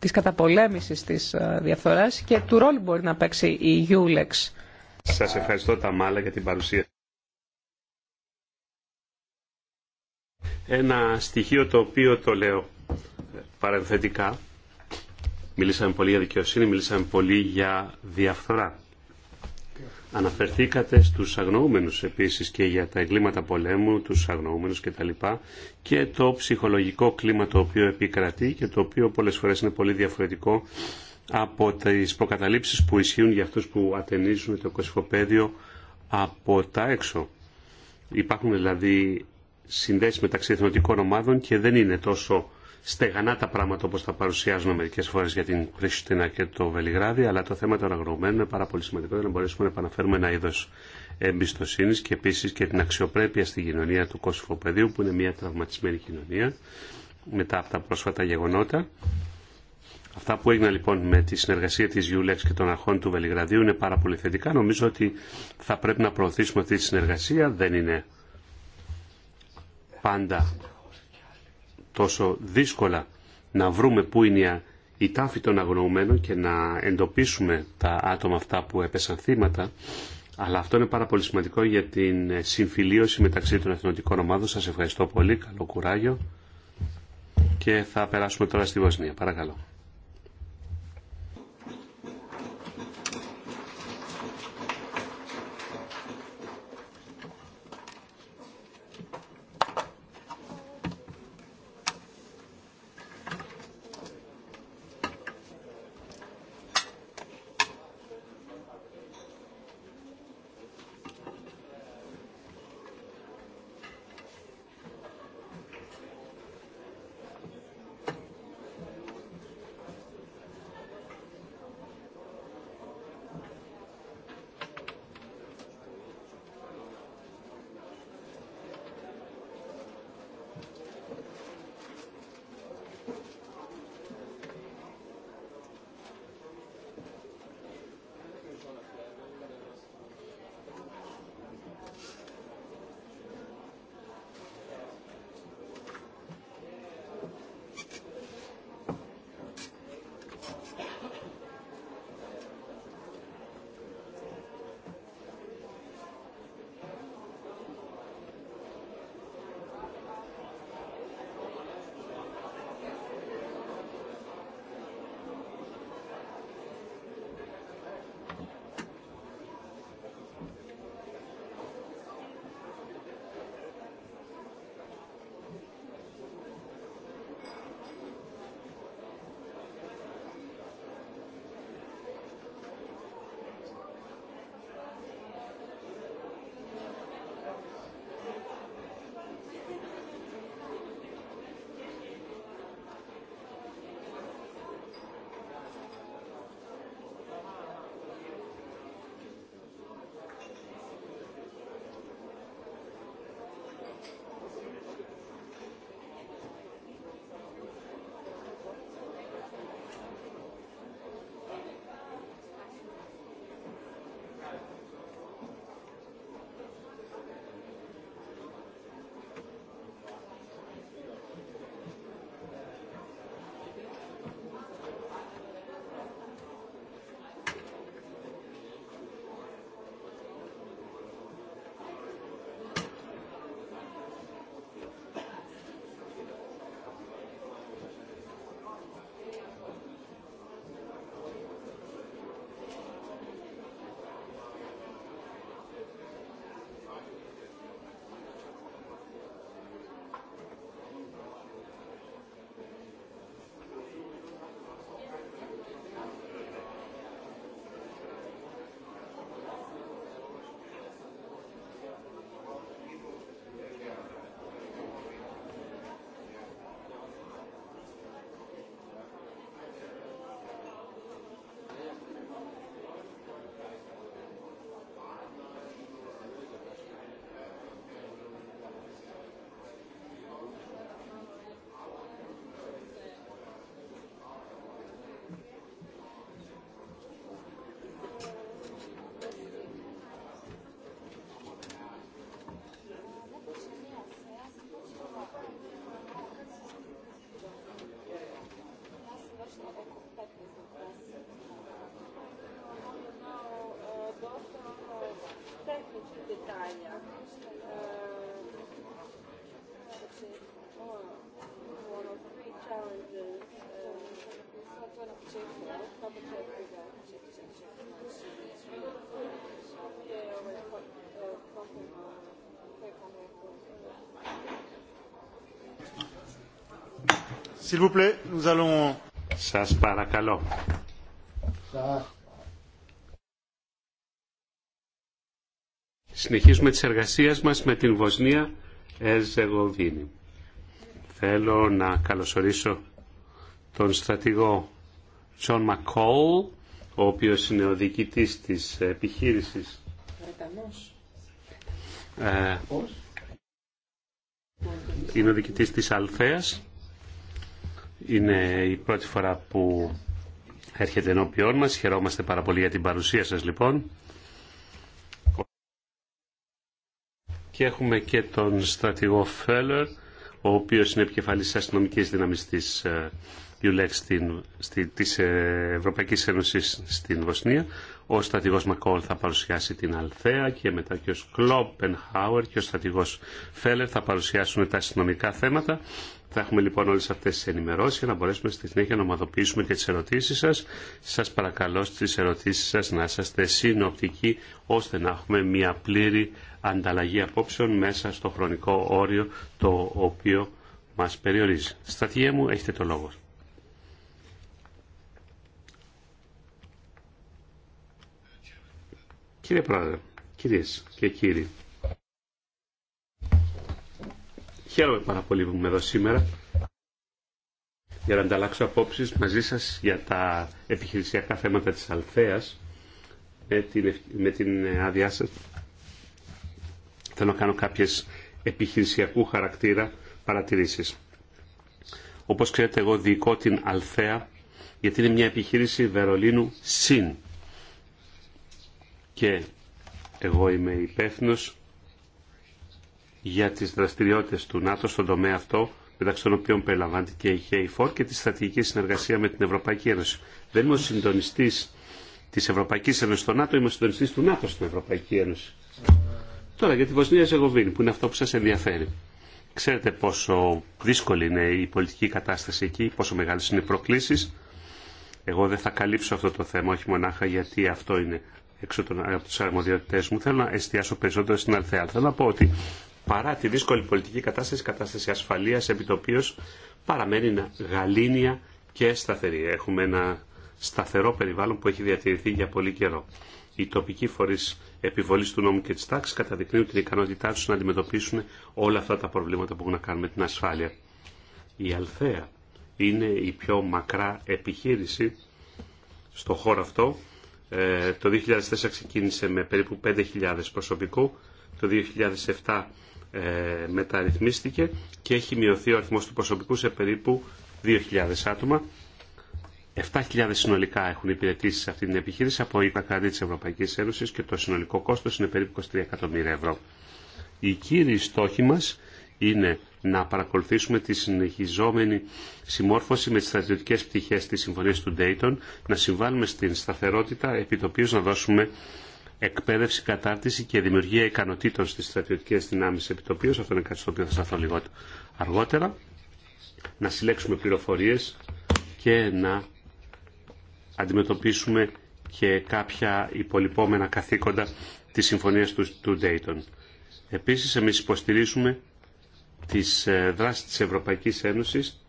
της καταπολέμησης της ε, διαφθοράς και του ρόλου μπορεί να παίξει η Ιούλεξ. Σας ευχαριστώ Ταμάλα για την παρουσία. Ένα στοιχείο το οποίο το λέω παρενθετικά. Μιλήσαμε πολύ για δικαιοσύνη, μιλήσαμε πολύ για διαφθορά. Αναφερθήκατε στους αγνοούμενους επίσης και για τα εγκλήματα πολέμου, τους αγνοούμενους κτλ. Και το ψυχολογικό κλίμα το οποίο επικρατεί και το οποίο πολλές φορές είναι πολύ διαφορετικό από τις προκαταλήψεις που ισχύουν για αυτούς που ατενίζουν το κοσμοπέδιο από τα έξω. Υπάρχουν δηλαδή συνδέσεις μεταξύ εθνοτικών ομάδων και δεν είναι τόσο στεγανά τα πράγματα όπως τα παρουσιάζουν μερικές φορές για την Πρίστινα και το Βελιγράδι, αλλά το θέμα των αγρογμένων είναι πάρα πολύ σημαντικό για να μπορέσουμε να επαναφέρουμε ένα είδος εμπιστοσύνη και επίση και την αξιοπρέπεια στην κοινωνία του Πεδίου, που είναι μια τραυματισμένη κοινωνία μετά από τα πρόσφατα γεγονότα. Αυτά που έγιναν λοιπόν με τη συνεργασία της Γιούλεξ και των αρχών του Βελιγραδίου είναι πάρα πολύ θετικά. Νομίζω ότι θα πρέπει να προωθήσουμε αυτή τη συνεργασία. Δεν είναι πάντα τόσο δύσκολα να βρούμε πού είναι η τάφη των αγνοωμένων και να εντοπίσουμε τα άτομα αυτά που έπεσαν θύματα. Αλλά αυτό είναι πάρα πολύ σημαντικό για την συμφιλίωση μεταξύ των εθνοτικών ομάδων. Σας ευχαριστώ πολύ. Καλό κουράγιο. Και θα περάσουμε τώρα στη Βοσνία. Παρακαλώ. d'Italia. S'il vous plaît, nous allons... Σας Ça. Συνεχίζουμε τις εργασίες μας με την Βοσνία Ερζεγοβίνη. Θέλω να καλωσορίσω τον στρατηγό Τζον Μακκόλ, ο οποίος είναι ο διοικητής της επιχείρησης ε, είναι ο διοικητής της Αλφέας. Είναι η πρώτη φορά που έρχεται ενώπιόν μας. Χαιρόμαστε πάρα πολύ για την παρουσία σας λοιπόν. και έχουμε και τον στρατηγό Φέλλερ, ο οποίος είναι επικεφαλής της αστυνομικής δύναμης της ULEX ε, στην, της ε, Ευρωπαϊκής Ένωσης στην Βοσνία. Ο στρατηγός Μακόλ θα παρουσιάσει την Αλθέα και μετά και ο Χάουερ και ο στρατηγός Φέλερ θα παρουσιάσουν τα αστυνομικά θέματα. Θα έχουμε λοιπόν όλες αυτές τις ενημερώσεις για να μπορέσουμε στη συνέχεια να ομαδοποιήσουμε και τις ερωτήσεις σας. Σας παρακαλώ στις ερωτήσεις σας να είσαστε συνοπτικοί ώστε να έχουμε μια πλήρη ανταλλαγή απόψεων μέσα στο χρονικό όριο το οποίο μας περιορίζει. Στρατηγέ μου, έχετε το λόγο. Κύριε Πρόεδρε, κυρίες και κύριοι, χαίρομαι πάρα πολύ που είμαι εδώ σήμερα για να ανταλλάξω απόψεις μαζί σας για τα επιχειρησιακά θέματα της Αλθέας με την, με την άδειά σας Θέλω να κάνω κάποιες επιχειρησιακού χαρακτήρα παρατηρήσεις. Όπως ξέρετε εγώ διοικώ την Αλθέα γιατί είναι μια επιχείρηση Βερολίνου ΣΥΝ και εγώ είμαι υπεύθυνο για τις δραστηριότητες του ΝΑΤΟ στον τομέα αυτό μεταξύ των οποίων περιλαμβάνεται και η ΧΕΙΦΟΡ και τη στρατηγική συνεργασία με την Ευρωπαϊκή Ένωση. Δεν είμαι ο συντονιστής της Ευρωπαϊκής Ένωσης στο ΝΑΤΟ, είμαι ο συντονιστής του ΝΑΤΟ στην Ευρωπαϊκή Ένωση. Τώρα για τη Βοσνία Ζεγοβίνη που είναι αυτό που σας ενδιαφέρει. Ξέρετε πόσο δύσκολη είναι η πολιτική κατάσταση εκεί, πόσο μεγάλες είναι οι προκλήσεις. Εγώ δεν θα καλύψω αυτό το θέμα, όχι μονάχα γιατί αυτό είναι έξω των, από τους αρμοδιότητές μου. Θέλω να εστιάσω περισσότερο στην Αλθέα. Θέλω να πω ότι παρά τη δύσκολη πολιτική κατάσταση, η κατάσταση ασφαλείας οποίο παραμένει γαλήνια και σταθερή. Έχουμε ένα σταθερό περιβάλλον που έχει διατηρηθεί για πολύ καιρό οι τοπικοί φορεί επιβολή του νόμου και τη τάξη καταδεικνύουν την ικανότητά του να αντιμετωπίσουν όλα αυτά τα προβλήματα που έχουν να κάνουν με την ασφάλεια. Η Αλθέα είναι η πιο μακρά επιχείρηση στο χώρο αυτό. Ε, το 2004 ξεκίνησε με περίπου 5.000 προσωπικού, το 2007 ε, μεταρρυθμίστηκε και έχει μειωθεί ο αριθμός του προσωπικού σε περίπου 2.000 άτομα 7.000 συνολικά έχουν υπηρετήσει σε αυτή την επιχείρηση από τα κράτη της Ευρωπαϊκής Ένωσης και το συνολικό κόστος είναι περίπου 23 εκατομμύρια ευρώ. Οι κύριοι στόχοι μας είναι να παρακολουθήσουμε τη συνεχιζόμενη συμμόρφωση με τις στρατιωτικές πτυχές της Συμφωνία του Dayton, να συμβάλλουμε στην σταθερότητα, επί το οποίο να δώσουμε εκπαίδευση, κατάρτιση και δημιουργία ικανοτήτων στις στρατιωτικές δυνάμεις επί το οποίο, αυτό είναι κάτι στο οποίο θα σταθώ λιγότερο αργότερα, να συλλέξουμε πληροφορίες και να αντιμετωπίσουμε και κάποια υπολοιπόμενα καθήκοντα της συμφωνίας του, του Dayton. Επίσης, εμείς υποστηρίζουμε τις ε, δράσεις της Ευρωπαϊκής Ένωσης,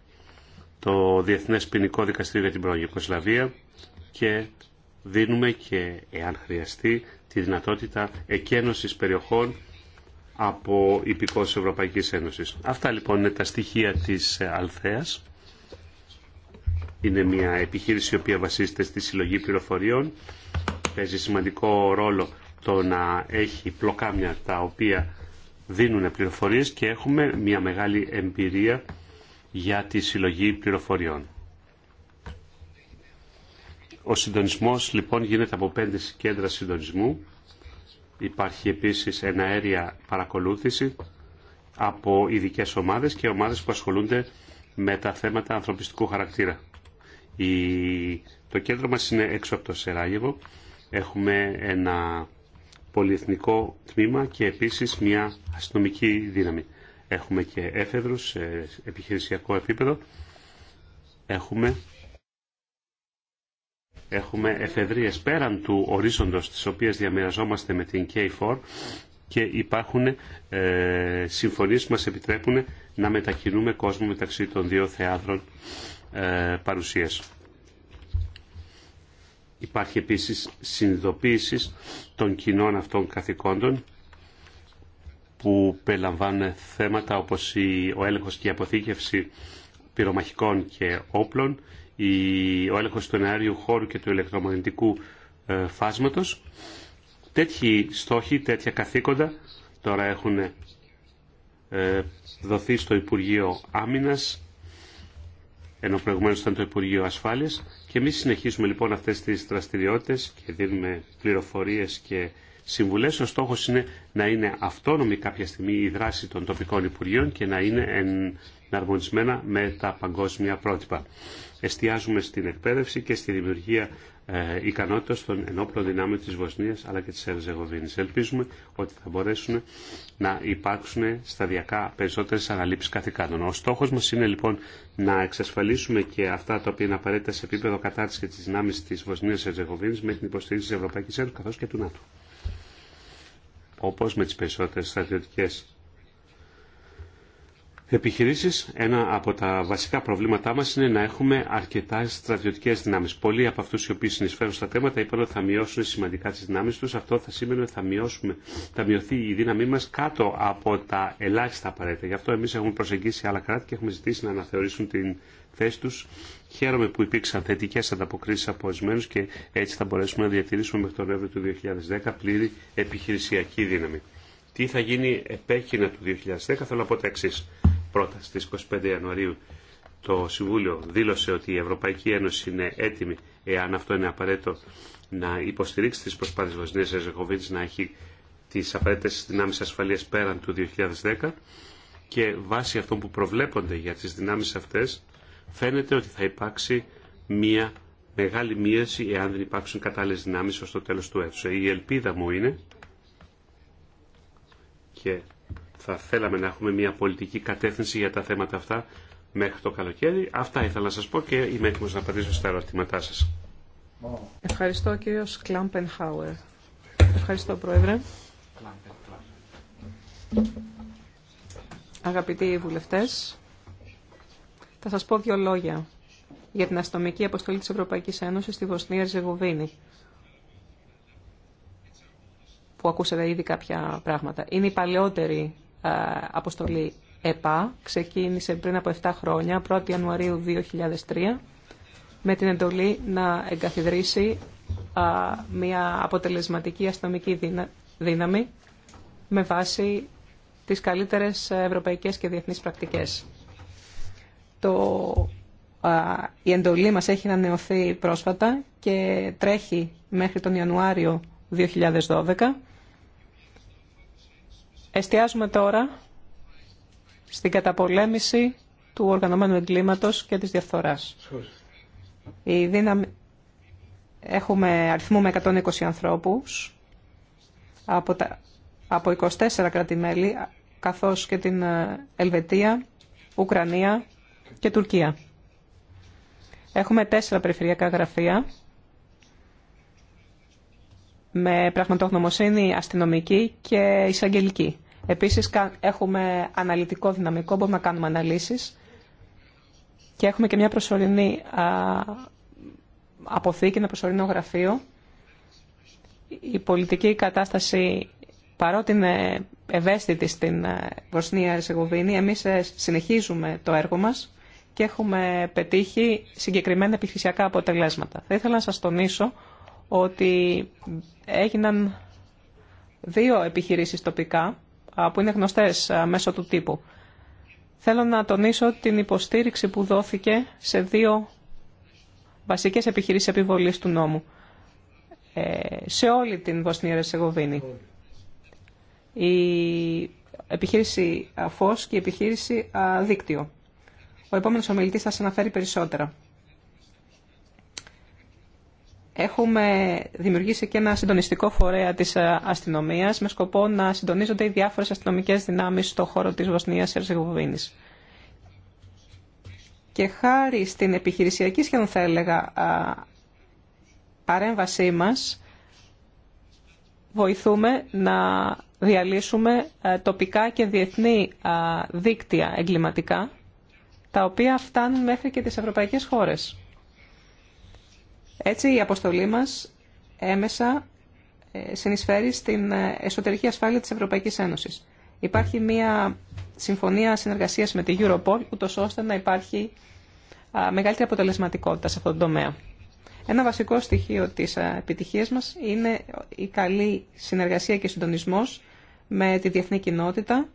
το Διεθνές Ποινικό Δικαστήριο για την Πρώην και δίνουμε και, εάν χρειαστεί, τη δυνατότητα εκένωσης περιοχών από υπηκός Ευρωπαϊκής Ένωσης. Αυτά λοιπόν είναι τα στοιχεία της ε, Αλθέας. Είναι μια επιχείρηση η οποία βασίζεται στη συλλογή πληροφοριών. Παίζει σημαντικό ρόλο το να έχει πλοκάμια τα οποία δίνουν πληροφορίες και έχουμε μια μεγάλη εμπειρία για τη συλλογή πληροφοριών. Ο συντονισμός λοιπόν γίνεται από πέντε κέντρα συντονισμού. Υπάρχει επίσης ένα αέρια παρακολούθηση από ειδικέ ομάδες και ομάδες που ασχολούνται με τα θέματα ανθρωπιστικού χαρακτήρα. Το κέντρο μας είναι έξω από το Σεράγεβο. Έχουμε ένα πολυεθνικό τμήμα και επίσης μια αστυνομική δύναμη. Έχουμε και έφεδρους σε επιχειρησιακό επίπεδο. Έχουμε, έχουμε εφεδρίες πέραν του ορίζοντος τις οποίες διαμοιραζόμαστε με την K4 και υπάρχουν ε, συμφωνίες που μας επιτρέπουν να μετακινούμε κόσμο μεταξύ των δύο θεάτρων ε, παρουσίας. Υπάρχει επίσης συνειδητοποίηση των κοινών αυτών καθηκόντων που περιλαμβάνουν θέματα όπως ο έλεγχος και η αποθήκευση πυρομαχικών και όπλων, ο έλεγχος του εναέριου χώρου και του ηλεκτρομαγνητικού ε, φάσματος. Τέτοιοι στόχοι, τέτοια καθήκοντα τώρα έχουν ε, δοθεί στο Υπουργείο Άμυνας ενώ προηγουμένω ήταν το Υπουργείο Ασφάλεια. Και εμεί συνεχίζουμε λοιπόν αυτέ τι δραστηριότητε και δίνουμε πληροφορίε και συμβουλέ, Ο στόχο είναι να είναι αυτόνομη κάποια στιγμή η δράση των τοπικών Υπουργείων και να είναι εναρμονισμένα με τα παγκόσμια πρότυπα εστιάζουμε στην εκπαίδευση και στη δημιουργία ε, ικανότητα των ενόπλων δυνάμεων της Βοσνίας αλλά και της Ερζεγοβίνης. Ελπίζουμε ότι θα μπορέσουν να υπάρξουν σταδιακά περισσότερες αναλήψεις καθηκάντων. Ο στόχος μας είναι λοιπόν να εξασφαλίσουμε και αυτά τα οποία είναι απαραίτητα σε επίπεδο κατάρτισης και της δυνάμεις της Βοσνίας Ερζεγοβίνης με την υποστήριξη της Ευρωπαϊκής Ένωσης καθώς και του ΝΑΤΟ. Όπως με τις περισσότερες στρατιωτικές επιχειρήσεις, ένα από τα βασικά προβλήματά μας είναι να έχουμε αρκετά στρατιωτικές δυνάμεις. Πολλοί από αυτούς οι οποίοι συνεισφέρουν στα θέματα είπαν ότι θα μειώσουν σημαντικά τις δυνάμεις τους. Αυτό θα σημαίνει ότι θα, μειώσουμε, θα μειωθεί η δύναμή μας κάτω από τα ελάχιστα απαραίτητα. Γι' αυτό εμείς έχουμε προσεγγίσει άλλα κράτη και έχουμε ζητήσει να αναθεωρήσουν την θέση τους. Χαίρομαι που υπήρξαν θετικές ανταποκρίσεις από ορισμένους και έτσι θα μπορέσουμε να διατηρήσουμε μέχρι τον Νοέμβριο του 2010 πλήρη επιχειρησιακή δύναμη. Τι θα γίνει επέκεινα του 2010, θέλω να πω τα εξής πρώτα στις 25 Ιανουαρίου το Συμβούλιο δήλωσε ότι η Ευρωπαϊκή Ένωση είναι έτοιμη, εάν αυτό είναι απαραίτητο, να υποστηρίξει τις προσπάθειες Βοσνίας Ζεχοβίτης να έχει τις απαραίτητες δυνάμεις ασφαλείας πέραν του 2010 και βάσει αυτών που προβλέπονται για τις δυνάμεις αυτές φαίνεται ότι θα υπάρξει μια μεγάλη μείωση εάν δεν υπάρξουν κατάλληλε δυνάμεις ως το τέλος του έτους. Η ελπίδα μου είναι και θα θέλαμε να έχουμε μια πολιτική κατεύθυνση για τα θέματα αυτά μέχρι το καλοκαίρι. Αυτά ήθελα να σας πω και είμαι έτοιμος να απαντήσω στα ερωτήματά σας. Ευχαριστώ κύριος Κλάμπενχάουερ. Ευχαριστώ Πρόεδρε. Αγαπητοί βουλευτές, θα σας πω δύο λόγια για την αστομική αποστολή της Ευρωπαϊκής Ένωσης στη Βοσνία Ζεγοβίνη που ακούσατε ήδη κάποια πράγματα. Είναι η παλαιότερη αποστολή ΕΠΑ. Ξεκίνησε πριν από 7 χρόνια, 1η Ιανουαρίου 2003, με την εντολή να εγκαθιδρύσει μια αποτελεσματική αστυνομική δύναμη με βάση τις καλύτερες ευρωπαϊκές και διεθνείς πρακτικές. Το, η εντολή μας έχει ανανεωθεί πρόσφατα και τρέχει μέχρι τον Ιανουάριο 2012 Εστιάζουμε τώρα στην καταπολέμηση του οργανωμένου εγκλήματος και της διαφθοράς. Η δύναμη... Έχουμε αριθμού με 120 ανθρώπους από, τα... από 24 κράτη-μέλη, καθώς και την ε, Ελβετία, Ουκρανία και Τουρκία. Έχουμε τέσσερα περιφερειακά γραφεία με πραγματογνωμοσύνη αστυνομική και εισαγγελική. Επίσης έχουμε αναλυτικό δυναμικό, μπορούμε να κάνουμε αναλύσεις και έχουμε και μια προσωρινή αποθήκη, ένα προσωρινό γραφείο. Η πολιτική κατάσταση, παρότι είναι ευαίσθητη στην ε, Βοσνία Ερσεγοβίνη. εμείς ε, συνεχίζουμε το έργο μας και έχουμε πετύχει συγκεκριμένα επιχειρησιακά αποτελέσματα. Θα ήθελα να σας τονίσω ότι έγιναν δύο επιχειρήσεις τοπικά που είναι γνωστές μέσω του τύπου. Θέλω να τονίσω την υποστήριξη που δόθηκε σε δύο βασικές επιχειρήσεις επιβολής του νόμου ε, σε όλη την Βοσνία Ρεσεγοβίνη. Η επιχείρηση ΑΦΟΣ και η επιχείρηση Δίκτυο. Ο επόμενος ομιλητής θα σας αναφέρει περισσότερα. Έχουμε δημιουργήσει και ένα συντονιστικό φορέα της ε, αστυνομίας με σκοπό να συντονίζονται οι διάφορες αστυνομικές δυνάμεις στον χώρο της Βοσνίας Ερζεγοβίνη. Και χάρη στην επιχειρησιακή σχεδόν θα έλεγα παρέμβασή μας βοηθούμε να διαλύσουμε ε, τοπικά και διεθνή δίκτυα εγκληματικά τα οποία φτάνουν μέχρι και τις ευρωπαϊκές χώρες. Έτσι η αποστολή μας έμεσα ε, συνεισφέρει στην ε, εσωτερική ασφάλεια της Ευρωπαϊκής Ένωσης. Υπάρχει μια συμφωνία συνεργασίας με τη Europol, ούτως ώστε να υπάρχει μεγαλύτερη αποτελεσματικότητα σε αυτόν τον τομέα. Ένα βασικό στοιχείο της επιτυχίας μας είναι η καλή συνεργασία και συντονισμός με τη διεθνή κοινότητα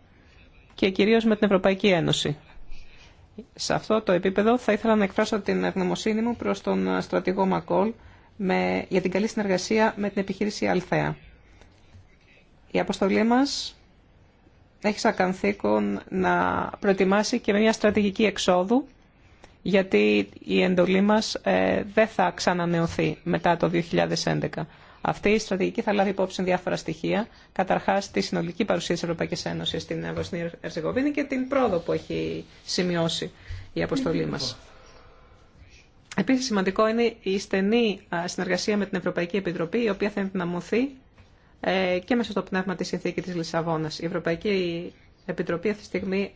και κυρίως με την Ευρωπαϊκή Ένωση. Σε αυτό το επίπεδο θα ήθελα να εκφράσω την ευγνωμοσύνη μου προς τον στρατηγό Μακόλ με, για την καλή συνεργασία με την επιχείρηση Αλθέα. Η αποστολή μας έχει σαν να προετοιμάσει και με μια στρατηγική εξόδου γιατί η εντολή μας ε, δεν θα ξανανεωθεί μετά το 2011. Αυτή η στρατηγική θα λάβει υπόψη διάφορα στοιχεία. Καταρχά, τη συνολική παρουσία τη Ευρωπαϊκή Ένωση στην Βοσνία Ερζεγοβίνη και την πρόοδο που έχει σημειώσει η αποστολή μα. Επίση, σημαντικό είναι η στενή συνεργασία με την Ευρωπαϊκή Επιτροπή, η οποία θα ενδυναμωθεί ε, και μέσα στο πνεύμα τη συνθήκη τη Λισαβόνα. Η Ευρωπαϊκή Επιτροπή αυτή τη στιγμή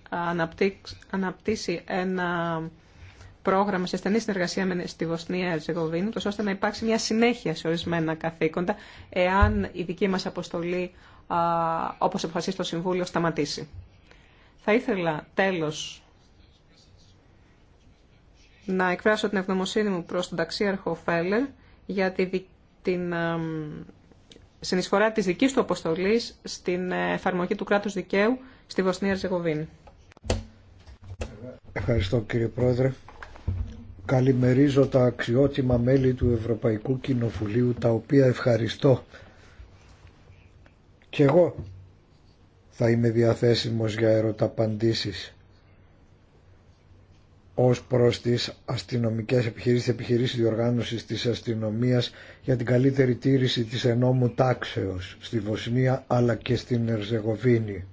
αναπτύσσει ένα πρόγραμμα σε στενή συνεργασία με στη Βοσνία Ερζεγοβίνη, ώστε να υπάρξει μια συνέχεια σε ορισμένα καθήκοντα, εάν η δική μας αποστολή, όπως αποφασίσει το Συμβούλιο, σταματήσει. Θα ήθελα τέλος να εκφράσω την ευγνωμοσύνη μου προς τον ταξίαρχο Φέλερ για τη, την συνεισφορά της δικής του αποστολής στην ε, εφαρμογή του κράτους δικαίου στη Βοσνία Ερζεγοβίνη. Ευχαριστώ κύριε Πρόεδρε. Καλημερίζω τα αξιότιμα μέλη του Ευρωπαϊκού Κοινοβουλίου τα οποία ευχαριστώ. Και εγώ θα είμαι διαθέσιμος για ερωταπαντήσεις ως προς τις αστυνομικές επιχειρήσεις, επιχειρήσεις διοργάνωσης της αστυνομίας για την καλύτερη τήρηση της ενόμου τάξεως στη Βοσνία αλλά και στην Ερζεγοβίνη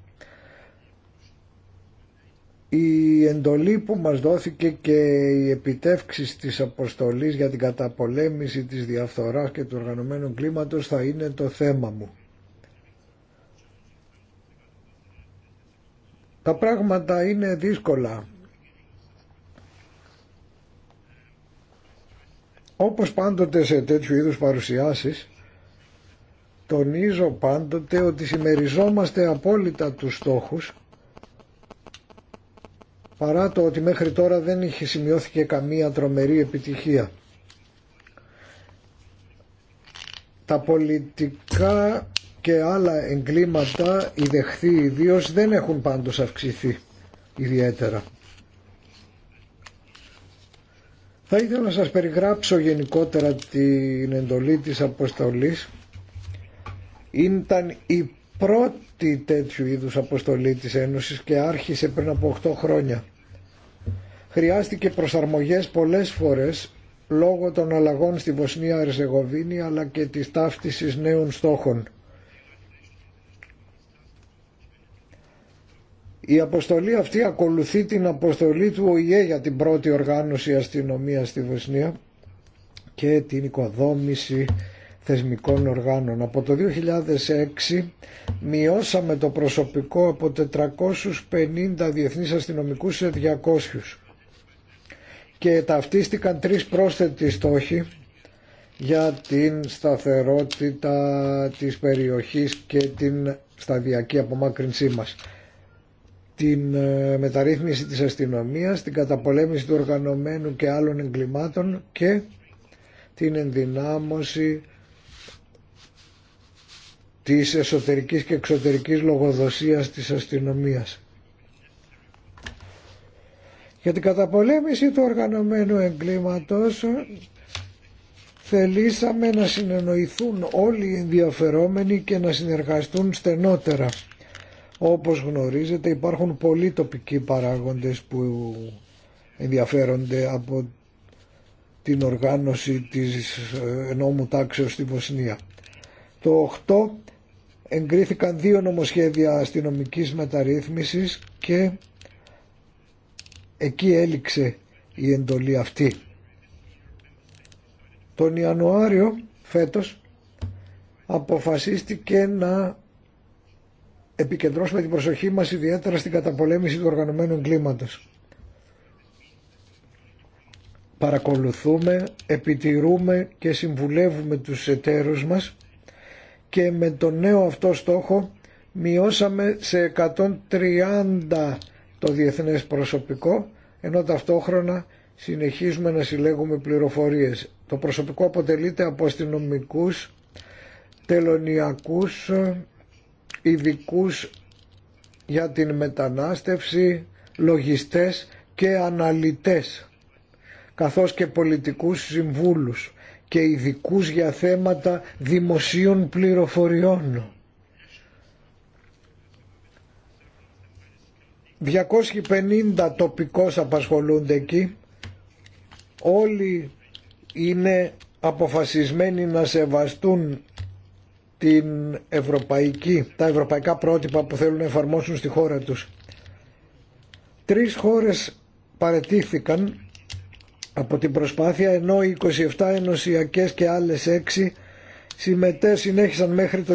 η εντολή που μας δόθηκε και οι επιτεύξεις της αποστολής για την καταπολέμηση της διαφθοράς και του οργανωμένου κλίματος θα είναι το θέμα μου. Τα πράγματα είναι δύσκολα. Όπως πάντοτε σε τέτοιου είδους παρουσιάσεις, τονίζω πάντοτε ότι συμμεριζόμαστε απόλυτα τους στόχους παρά το ότι μέχρι τώρα δεν είχε σημειώθηκε καμία τρομερή επιτυχία. Τα πολιτικά και άλλα εγκλήματα, οι δεχθεί ιδίω δεν έχουν πάντως αυξηθεί ιδιαίτερα. Θα ήθελα να σας περιγράψω γενικότερα την εντολή της αποστολής. Ήταν η πρώτη αυτή τέτοιου είδους αποστολή της Ένωσης και άρχισε πριν από 8 χρόνια. Χρειάστηκε προσαρμογές πολλές φορές λόγω των αλλαγών στη Βοσνία Ερζεγοβίνη αλλά και της ταύτισης νέων στόχων. Η αποστολή αυτή ακολουθεί την αποστολή του ΟΗΕ για την πρώτη οργάνωση αστυνομία στη Βοσνία και την οικοδόμηση θεσμικών οργάνων. Από το 2006 μειώσαμε το προσωπικό από 450 διεθνείς αστυνομικούς σε 200 και ταυτίστηκαν τρεις πρόσθετοι στόχοι για την σταθερότητα της περιοχής και την σταδιακή απομάκρυνσή μας. Την ε, μεταρρύθμιση της αστυνομίας, την καταπολέμηση του οργανωμένου και άλλων εγκλημάτων και την ενδυνάμωση της εσωτερικής και εξωτερικής λογοδοσίας της αστυνομίας. Για την καταπολέμηση του οργανωμένου εγκλήματος θελήσαμε να συνεννοηθούν όλοι οι ενδιαφερόμενοι και να συνεργαστούν στενότερα. Όπως γνωρίζετε υπάρχουν πολλοί τοπικοί παράγοντες που ενδιαφέρονται από την οργάνωση της ε, νόμου τάξεως στη Βοσνία. Το 8 εγκρίθηκαν δύο νομοσχέδια αστυνομικής μεταρρύθμισης και εκεί έληξε η εντολή αυτή. Τον Ιανουάριο φέτος αποφασίστηκε να επικεντρώσουμε την προσοχή μας ιδιαίτερα στην καταπολέμηση του οργανωμένου εγκλήματος. Παρακολουθούμε, επιτηρούμε και συμβουλεύουμε τους εταίρους μας και με τον νέο αυτό στόχο μειώσαμε σε 130 το διεθνές προσωπικό ενώ ταυτόχρονα συνεχίζουμε να συλλέγουμε πληροφορίες. Το προσωπικό αποτελείται από αστυνομικού, τελωνιακούς, ειδικού για την μετανάστευση, λογιστές και αναλυτές καθώς και πολιτικούς συμβούλους και ειδικού για θέματα δημοσίων πληροφοριών. 250 τοπικός απασχολούνται εκεί. Όλοι είναι αποφασισμένοι να σεβαστούν την ευρωπαϊκή, τα ευρωπαϊκά πρότυπα που θέλουν να εφαρμόσουν στη χώρα τους. Τρεις χώρες παρετήθηκαν από την προσπάθεια ενώ οι 27 ενωσιακές και άλλες 6 συμμετέ συνέχισαν μέχρι το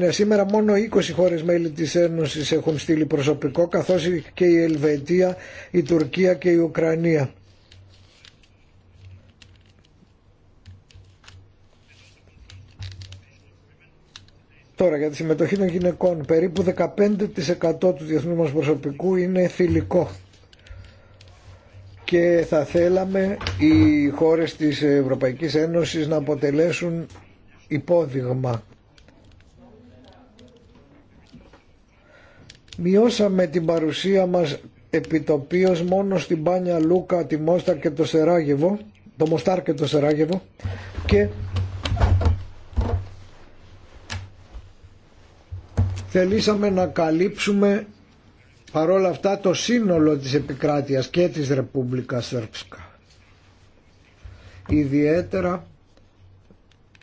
2009. Σήμερα μόνο 20 χώρες μέλη της Ένωσης έχουν στείλει προσωπικό καθώς και η Ελβετία, η Τουρκία και η Ουκρανία. Τώρα για τη συμμετοχή των γυναικών περίπου 15% του διεθνού μας προσωπικού είναι θηλυκό και θα θέλαμε οι χώρες της Ευρωπαϊκής Ένωσης να αποτελέσουν υπόδειγμα. Μειώσαμε την παρουσία μας επιτοπίως μόνο στην Πάνια Λούκα, τη Μόσταρ και το Σεράγεβο, το Μοστάρ και το Σεράγεβο και θελήσαμε να καλύψουμε παρόλα αυτά το σύνολο της επικράτειας και της Ρεπούμπλικα Σέρψκα. Ιδιαίτερα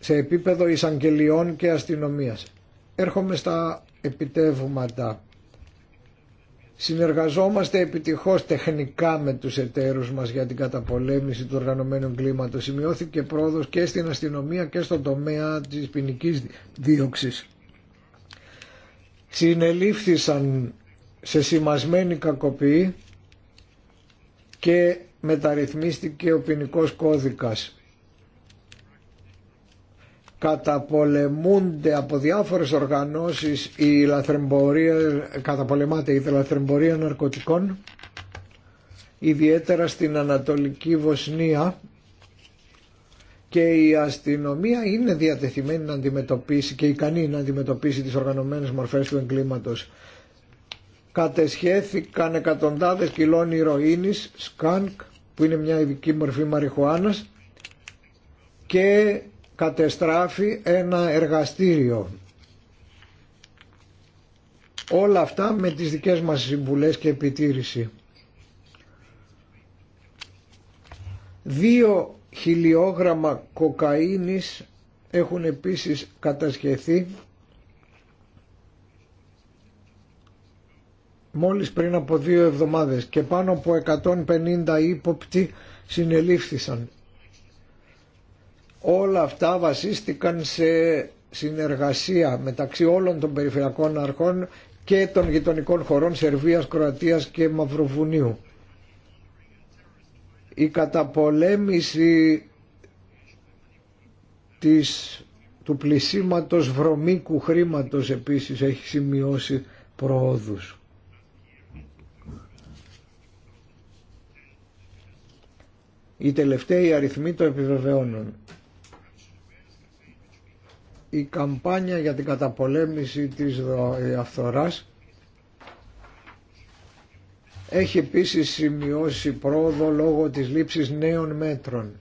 σε επίπεδο εισαγγελιών και αστυνομίας. Έρχομαι στα επιτεύγματα. Συνεργαζόμαστε επιτυχώς τεχνικά με τους εταίρους μας για την καταπολέμηση του οργανωμένου κλίματος. Σημειώθηκε πρόοδος και στην αστυνομία και στον τομέα της ποινική δίωξης. Συνελήφθησαν σε σημασμένη κακοποιή και μεταρρυθμίστηκε ο ποινικό κώδικας. Καταπολεμούνται από διάφορες οργανώσεις η λαθρεμπορία, καταπολεμάται η λαθρεμπορία ναρκωτικών, ιδιαίτερα στην Ανατολική Βοσνία και η αστυνομία είναι διατεθειμένη να αντιμετωπίσει και ικανή να αντιμετωπίσει τις οργανωμένες μορφές του εγκλήματος κατεσχέθηκαν εκατοντάδες κιλών ηρωίνης, σκάνκ, που είναι μια ειδική μορφή μαριχουάνας, και κατεστράφει ένα εργαστήριο. Όλα αυτά με τις δικές μας συμβουλές και επιτήρηση. Δύο χιλιόγραμμα κοκαίνης έχουν επίσης κατασχεθεί μόλις πριν από δύο εβδομάδες και πάνω από 150 ύποπτοι συνελήφθησαν. Όλα αυτά βασίστηκαν σε συνεργασία μεταξύ όλων των περιφερειακών αρχών και των γειτονικών χωρών Σερβίας, Κροατίας και Μαυροβουνίου. Η καταπολέμηση της, του πλησίματος βρωμίκου χρήματος επίσης έχει σημειώσει προόδους. Οι τελευταίοι αριθμοί το επιβεβαιώνουν. Η καμπάνια για την καταπολέμηση της ε, αυθοράς έχει επίσης σημειώσει πρόοδο λόγω της λήψης νέων μέτρων.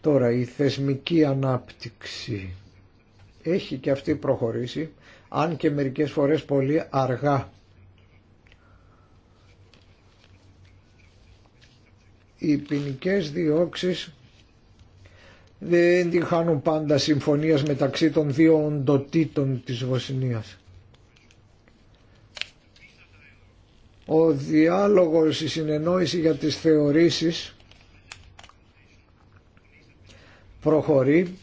Τώρα η θεσμική ανάπτυξη έχει και αυτή προχωρήσει, αν και μερικές φορές πολύ αργά. οι ποινικέ διώξει δεν διχάνουν πάντα συμφωνίας μεταξύ των δύο οντοτήτων της Βοσινίας. Ο διάλογος, η συνεννόηση για τις θεωρήσεις προχωρεί.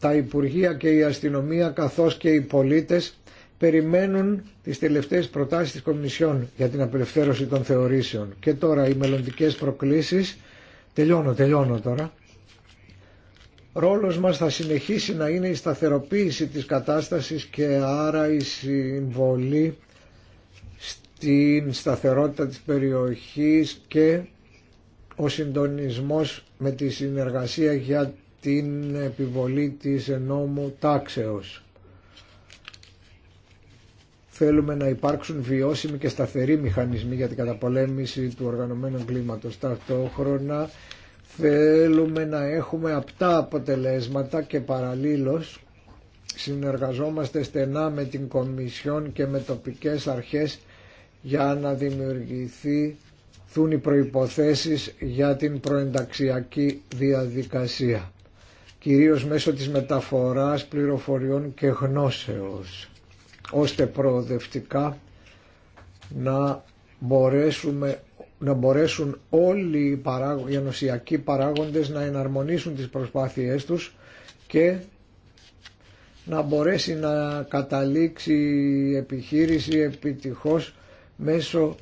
Τα Υπουργεία και η αστυνομία καθώς και οι πολίτες περιμένουν τις τελευταίες προτάσεις της Κομισιόν για την απελευθέρωση των θεωρήσεων. Και τώρα οι μελλοντικές προκλήσεις, τελειώνω, τελειώνω τώρα, ρόλος μας θα συνεχίσει να είναι η σταθεροποίηση της κατάστασης και άρα η συμβολή στην σταθερότητα της περιοχής και ο συντονισμός με τη συνεργασία για την επιβολή της ενόμου τάξεως. Θέλουμε να υπάρξουν βιώσιμοι και σταθεροί μηχανισμοί για την καταπολέμηση του οργανωμένου κλίματος. Ταυτόχρονα θέλουμε να έχουμε απτά αποτελέσματα και παραλλήλως συνεργαζόμαστε στενά με την Κομισιόν και με τοπικές αρχές για να δημιουργηθούν οι προϋποθέσεις για την προενταξιακή διαδικασία κυρίως μέσω της μεταφοράς πληροφοριών και γνώσεως ώστε προοδευτικά να, μπορέσουμε, να μπορέσουν όλοι οι, παράγον, οι ενωσιακοί παράγοντες να εναρμονίσουν τις προσπάθειές τους και να μπορέσει να καταλήξει η επιχείρηση επιτυχώς μέσω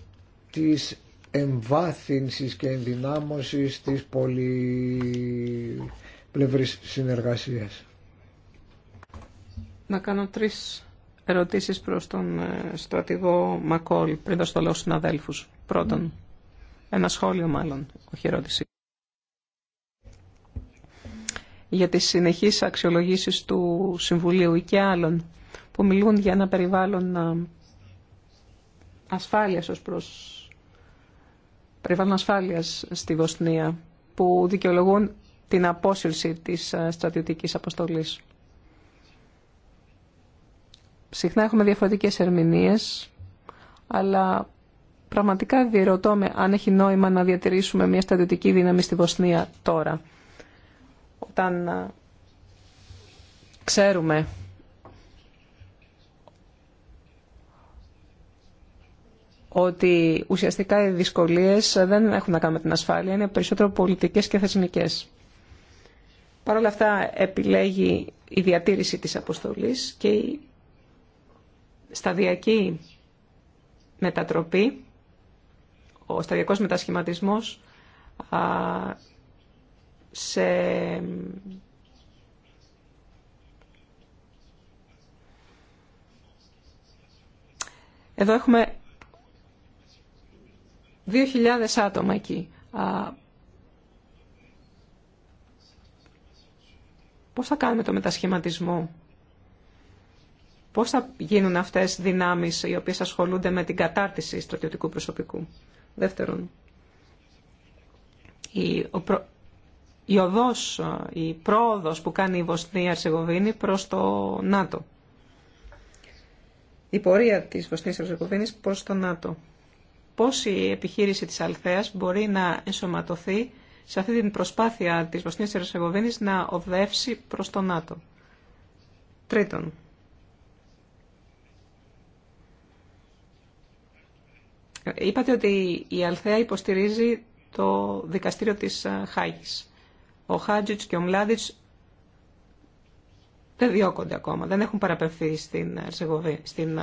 της εμβάθυνσης και ενδυνάμωσης της πολυπλευρής συνεργασίας. Να κάνω τρεις ερωτήσεις προς τον ε, στρατηγό Μακόλ πριν δώσω το λόγο στους αδέλφους. Πρώτον, ένα σχόλιο μάλλον, όχι ερώτηση. Για τις συνεχείς αξιολογήσεις του Συμβουλίου ή και άλλων που μιλούν για ένα περιβάλλον ε, ασφάλειας ως προς περιβάλλον ασφάλειας στη Βοσνία που δικαιολογούν την απόσυρση της ε, στρατιωτικής αποστολής. Συχνά έχουμε διαφορετικές ερμηνείες, αλλά πραγματικά διερωτώ αν έχει νόημα να διατηρήσουμε μια στρατιωτική δύναμη στη Βοσνία τώρα. Όταν ξέρουμε ότι ουσιαστικά οι δυσκολίες δεν έχουν να κάνουν με την ασφάλεια, είναι περισσότερο πολιτικές και θεσμικές. Παρ' όλα αυτά επιλέγει η διατήρηση της αποστολής και η σταδιακή μετατροπή, ο σταδιακός μετασχηματισμός σε Εδώ έχουμε 2.000 άτομα εκεί. Α, πώς θα κάνουμε το μετασχηματισμό Πώς θα γίνουν αυτές δυνάμεις οι οποίες ασχολούνται με την κατάρτιση στρατιωτικού προσωπικού. Δεύτερον, η, οδός, η πρόοδος που κάνει η Βοσνία Ερσεγοβίνη προς το ΝΑΤΟ. Η πορεία της Βοσνίας Ερσεγοβίνης προς το ΝΑΤΟ. Πώς η επιχείρηση της Αλθέας μπορεί να ενσωματωθεί σε αυτή την προσπάθεια της Βοσνίας Ερσεγοβίνης να οδεύσει προς το ΝΑΤΟ. Τρίτον, Είπατε ότι η Αλθέα υποστηρίζει το δικαστήριο της Χάγης. Ο Χάτζιτς και ο Μλάδιτς δεν διώκονται ακόμα, δεν έχουν παραπευθεί στην, στην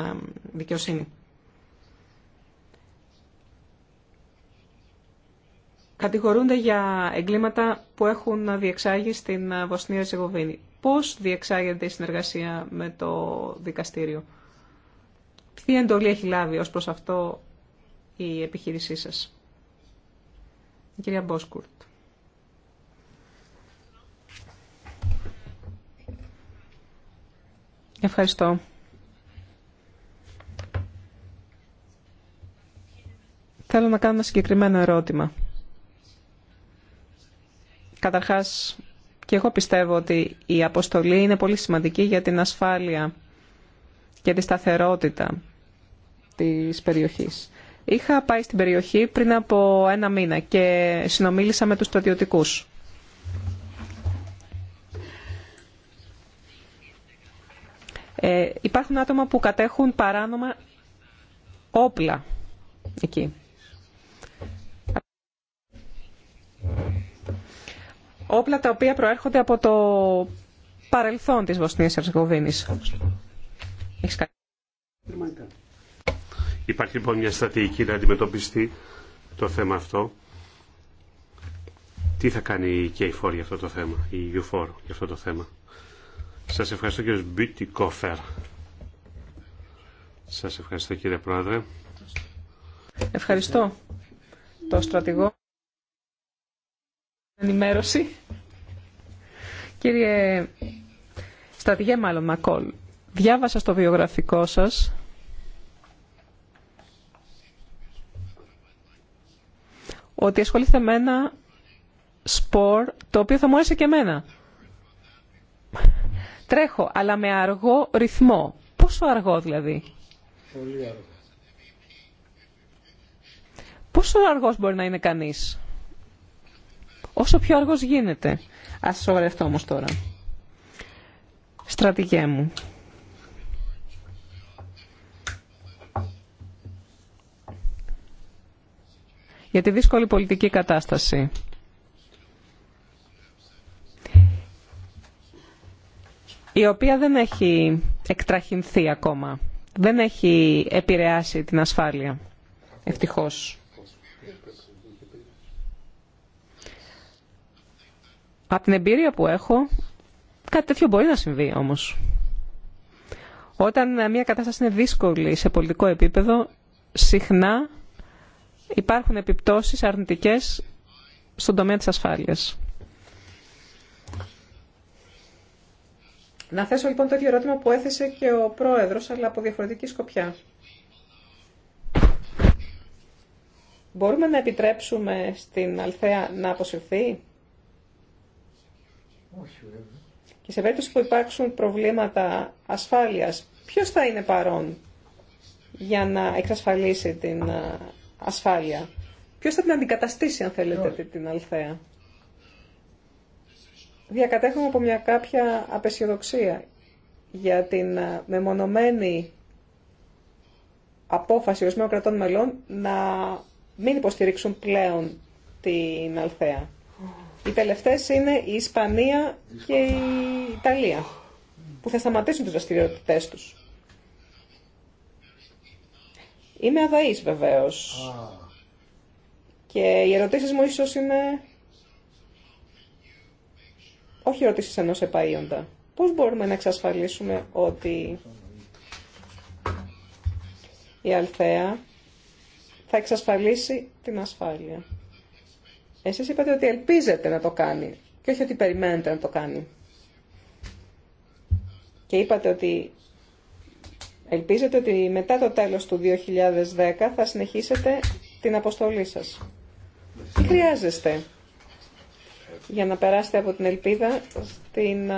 δικαιοσύνη. Κατηγορούνται για εγκλήματα που έχουν διεξάγει στην Βοσνία Ριζεγοβίνη. Πώς διεξάγεται η συνεργασία με το δικαστήριο. Τι εντολή έχει λάβει ως προς αυτό η επιχείρησή σας. Η κυρία Μπόσκουρτ. Ευχαριστώ. Θέλω να κάνω ένα συγκεκριμένο ερώτημα. Καταρχάς, και εγώ πιστεύω ότι η αποστολή είναι πολύ σημαντική για την ασφάλεια και τη σταθερότητα της περιοχής. Είχα πάει στην περιοχή πριν από ένα μήνα και συνομίλησα με τους στρατιωτικούς. Ε, υπάρχουν άτομα που κατέχουν παράνομα όπλα εκεί. Όπλα τα οποία προέρχονται από το παρελθόν της Βοσνίας Ερζεγοβίνης. Έχεις Υπάρχει λοιπόν μια στρατηγική να αντιμετωπιστεί το θέμα αυτό. Τι θα κάνει η K4 για αυτό το θέμα, η U4 για αυτό το θέμα. Σας ευχαριστώ κύριε Μπίτι Κόφερ. Σας ευχαριστώ κύριε Πρόεδρε. Ευχαριστώ το στρατηγό ενημέρωση. Κύριε στρατηγέ μάλλον Μακόλ, διάβασα στο βιογραφικό σας ότι ασχολείται με ένα σπορ το οποίο θα μου άρεσε και εμένα. Τρέχω, αλλά με αργό ρυθμό. Πόσο αργό δηλαδή. Πολύ αργό. Πόσο αργός μπορεί να είναι κανείς. Όσο πιο αργός γίνεται. Ας σοβαρευτώ όμως τώρα. Στρατηγέ μου. για τη δύσκολη πολιτική κατάσταση. η οποία δεν έχει εκτραχυνθεί ακόμα. Δεν έχει επηρεάσει την ασφάλεια. Ευτυχώς. Από την εμπειρία που έχω, κάτι τέτοιο μπορεί να συμβεί όμως. Όταν μια κατάσταση είναι δύσκολη σε πολιτικό επίπεδο, συχνά υπάρχουν επιπτώσεις αρνητικές στον τομέα της ασφάλειας. Να θέσω λοιπόν το ίδιο ερώτημα που έθεσε και ο πρόεδρος, αλλά από διαφορετική σκοπιά. Μπορούμε να επιτρέψουμε στην Αλθέα να αποσυρθεί. Και σε περίπτωση που υπάρξουν προβλήματα ασφάλειας, ποιος θα είναι παρόν για να εξασφαλίσει την ε, ασφάλεια. Ποιος θα την αντικαταστήσει, αν θέλετε, την Αλθέα. Διακατέχουμε από μια κάποια απεσιοδοξία για την ε, μεμονωμένη απόφαση ορισμένων κρατών μελών να μην υποστηρίξουν πλέον την Αλθέα. Οι τελευταίες είναι η Ισπανία και η Ιταλία, που θα σταματήσουν τις δραστηριότητε τους. Είμαι αδαής βεβαίως. Και οι ερωτήσει μου ίσως είναι... Όχι ερωτήσει ενός επαΐοντα. Πώς μπορούμε να εξασφαλίσουμε ότι η Αλθέα θα εξασφαλίσει την ασφάλεια. Εσείς είπατε ότι ελπίζετε να το κάνει και όχι ότι περιμένετε να το κάνει. Και είπατε ότι Ελπίζετε ότι μετά το τέλος του 2010 θα συνεχίσετε την αποστολή σας. Τι χρειάζεστε για να περάσετε από την ελπίδα στην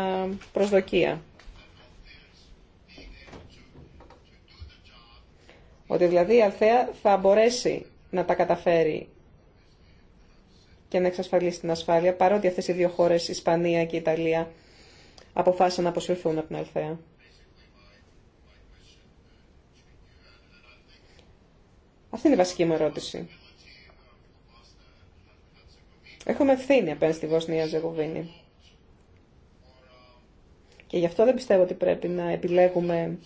προσδοκία. Ότι δηλαδή η Αλθέα θα μπορέσει να τα καταφέρει και να εξασφαλίσει την ασφάλεια, παρότι αυτές οι δύο χώρες, Ισπανία και Ιταλία, αποφάσισαν να αποσυρθούν από την Αλθέα. Αυτή είναι η βασική μου ερώτηση. Έχουμε ευθύνη απέναντι στη Βοσνία Ζεγοβίνη. Και γι' αυτό δεν πιστεύω ότι πρέπει να επιλέγουμε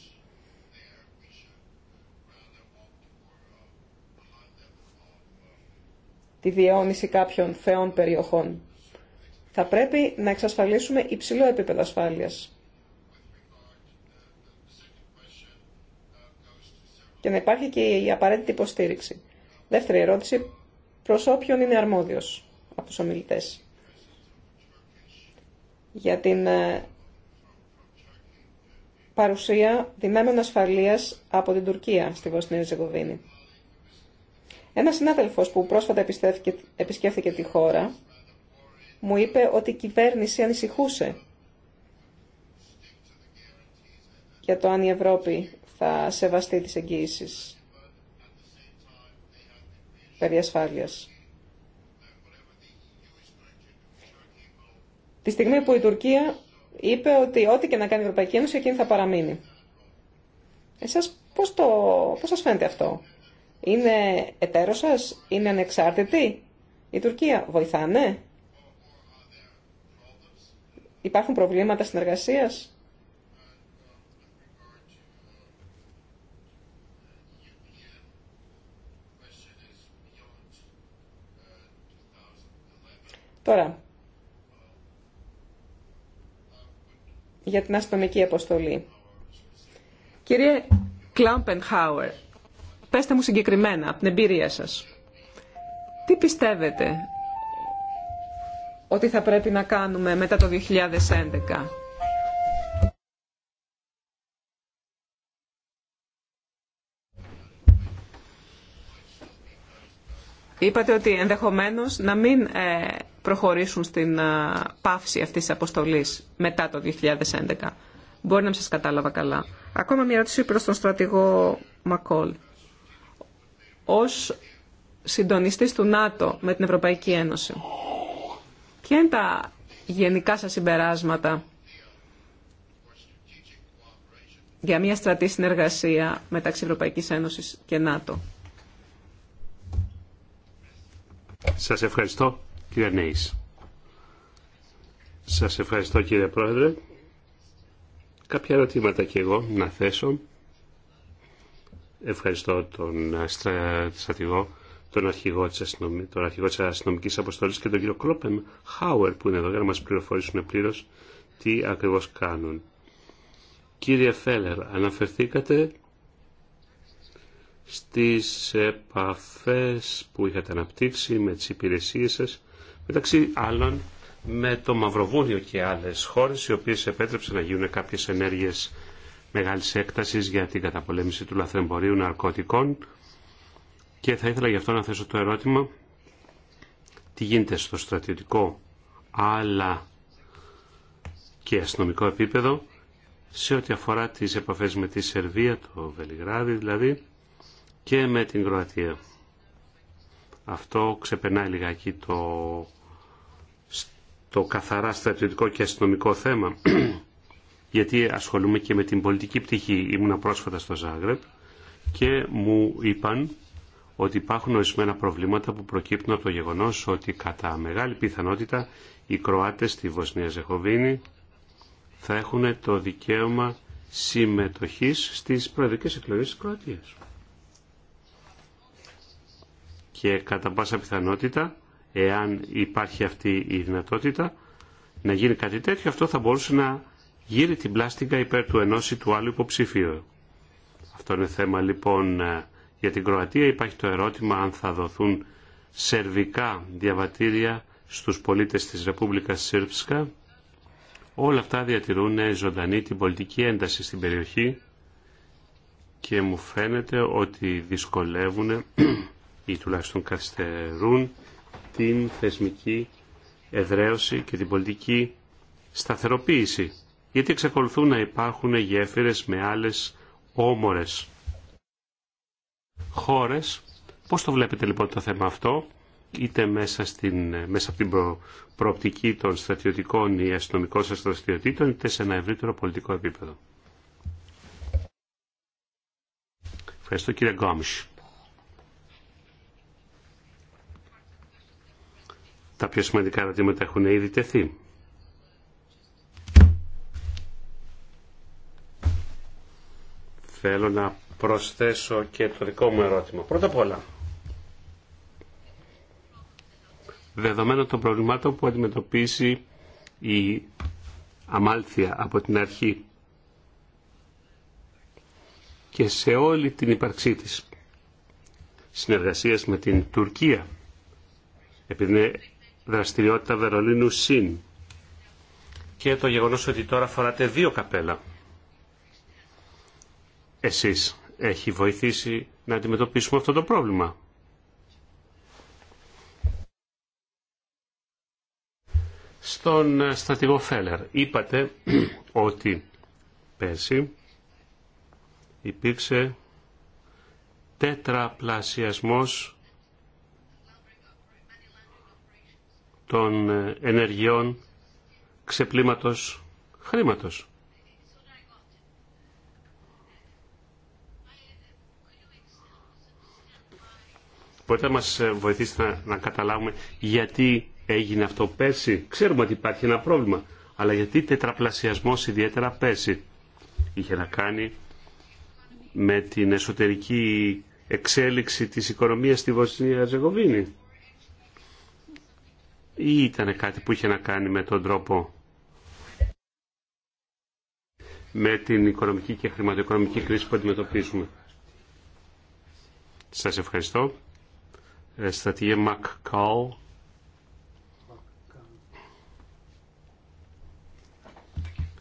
τη διαιώνιση κάποιων θεών περιοχών. Θα πρέπει να εξασφαλίσουμε υψηλό επίπεδο ασφάλειας. και να υπάρχει και η απαραίτητη υποστήριξη. Δεύτερη ερώτηση, προς όποιον είναι αρμόδιος από τους ομιλητές. Για την ε, παρουσία δυνάμεων ασφαλείας από την Τουρκία στη Βοσνία Ζεγοβίνη. Ένας συνάδελφος που πρόσφατα επισκέφθηκε τη χώρα μου είπε ότι η κυβέρνηση ανησυχούσε για το αν η Ευρώπη θα σεβαστεί τις εγγύησεις περί ασφάλειας. Τη στιγμή που η Τουρκία είπε ότι ό,τι και να κάνει η Ευρωπαϊκή Ένωση, εκείνη θα παραμείνει. Εσάς πώς, το, πώς σας φαίνεται αυτό. Είναι εταίρος σας, είναι ανεξάρτητη. Η Τουρκία βοηθάνε. Υπάρχουν προβλήματα συνεργασίας. Τώρα, για την αστυνομική αποστολή. Κύριε Κλάμπενχάουερ, πέστε μου συγκεκριμένα από την εμπειρία σας. Τι πιστεύετε ότι θα πρέπει να κάνουμε μετά το 2011. Είπατε ότι ενδεχομένως να μην ε, προχωρήσουν στην πάυση αυτής της αποστολής μετά το 2011. Μπορεί να μην σας κατάλαβα καλά. Ακόμα μια ερώτηση προς τον στρατηγό Μακόλ. Ως συντονιστής του ΝΑΤΟ με την Ευρωπαϊκή Ένωση, ποια είναι τα γενικά σας συμπεράσματα για μια στρατή συνεργασία μεταξύ Ευρωπαϊκής Ένωσης και ΝΑΤΟ. Σας ευχαριστώ. Κύριε Σας ευχαριστώ κύριε Πρόεδρε. Κάποια ερωτήματα και εγώ να θέσω. Ευχαριστώ τον στρατηγό, τον αρχηγό της, αστυνομι... τον αρχηγό της αστυνομικής αποστολής και τον κύριο Κλόπεν Χάουερ που είναι εδώ για να μας πληροφορήσουν πλήρως τι ακριβώς κάνουν. Κύριε Φέλερ, αναφερθήκατε στις επαφές που είχατε αναπτύξει με τις υπηρεσίες σας μεταξύ άλλων με το Μαυροβούνιο και άλλες χώρες οι οποίες επέτρεψαν να γίνουν κάποιες ενέργειες μεγάλης έκτασης για την καταπολέμηση του λαθρεμπορίου ναρκωτικών και θα ήθελα γι' αυτό να θέσω το ερώτημα τι γίνεται στο στρατιωτικό αλλά και αστυνομικό επίπεδο σε ό,τι αφορά τις επαφές με τη Σερβία, το Βελιγράδι δηλαδή, και με την Κροατία. Αυτό ξεπερνάει λιγάκι το το καθαρά στρατιωτικό και αστυνομικό θέμα, γιατί ασχολούμαι και με την πολιτική πτυχή. Ήμουνα πρόσφατα στο Ζάγκρεπ και μου είπαν ότι υπάρχουν ορισμένα προβλήματα που προκύπτουν από το γεγονός ότι κατά μεγάλη πιθανότητα οι Κροάτες στη Βοσνία Ζεχοβίνη θα έχουν το δικαίωμα συμμετοχής στις προεδρικές εκλογές της Κροατίας. Και κατά πάσα πιθανότητα εάν υπάρχει αυτή η δυνατότητα να γίνει κάτι τέτοιο, αυτό θα μπορούσε να γύρει την πλάστικα υπέρ του ενός ή του άλλου υποψηφίου. Αυτό είναι θέμα λοιπόν ε, για την Κροατία. Υπάρχει το ερώτημα αν θα δοθούν σερβικά διαβατήρια στους πολίτες της Ρεπούμπλικας Σύρψκα. Όλα αυτά διατηρούν ζωντανή την πολιτική ένταση στην περιοχή και μου φαίνεται ότι δυσκολεύουν ή τουλάχιστον καθυστερούν την θεσμική εδραίωση και την πολιτική σταθεροποίηση. Γιατί εξακολουθούν να υπάρχουν γέφυρες με άλλες όμορες χώρες. Πώς το βλέπετε λοιπόν το θέμα αυτό, είτε μέσα, στην, μέσα από την προοπτική των στρατιωτικών ή αστυνομικών σας δραστηριοτήτων, είτε σε ένα ευρύτερο πολιτικό επίπεδο. Ευχαριστώ κύριε Τα πιο σημαντικά ερωτήματα έχουν ήδη τεθεί. Θέλω να προσθέσω και το δικό μου ερώτημα. Πρώτα απ' όλα, δεδομένων των προβλημάτων που αντιμετωπίζει η αμάλθεια από την αρχή και σε όλη την ύπαρξή της συνεργασίας με την Τουρκία επειδή δραστηριότητα Βερολίνου ΣΥΝ και το γεγονός ότι τώρα φοράτε δύο καπέλα. Εσείς έχει βοηθήσει να αντιμετωπίσουμε αυτό το πρόβλημα. Στον ε, στρατηγό Φέλερ είπατε ότι πέρσι υπήρξε τέτραπλασιασμός των ε, ενεργειών ξεπλήματος χρήματος. Μπορείτε να μας ε, βοηθήσετε να, καταλάβουμε γιατί έγινε αυτό πέρσι. Ξέρουμε ότι υπάρχει ένα πρόβλημα, αλλά γιατί τετραπλασιασμός ιδιαίτερα πέρσι. Είχε να κάνει με την εσωτερική εξέλιξη της οικονομίας στη Βοσνία Ζεγοβίνη ή ήταν κάτι που είχε να κάνει με τον τρόπο με την οικονομική και χρηματοοικονομική κρίση που αντιμετωπίζουμε. Σας ευχαριστώ. Ε, Στατιέ Μακ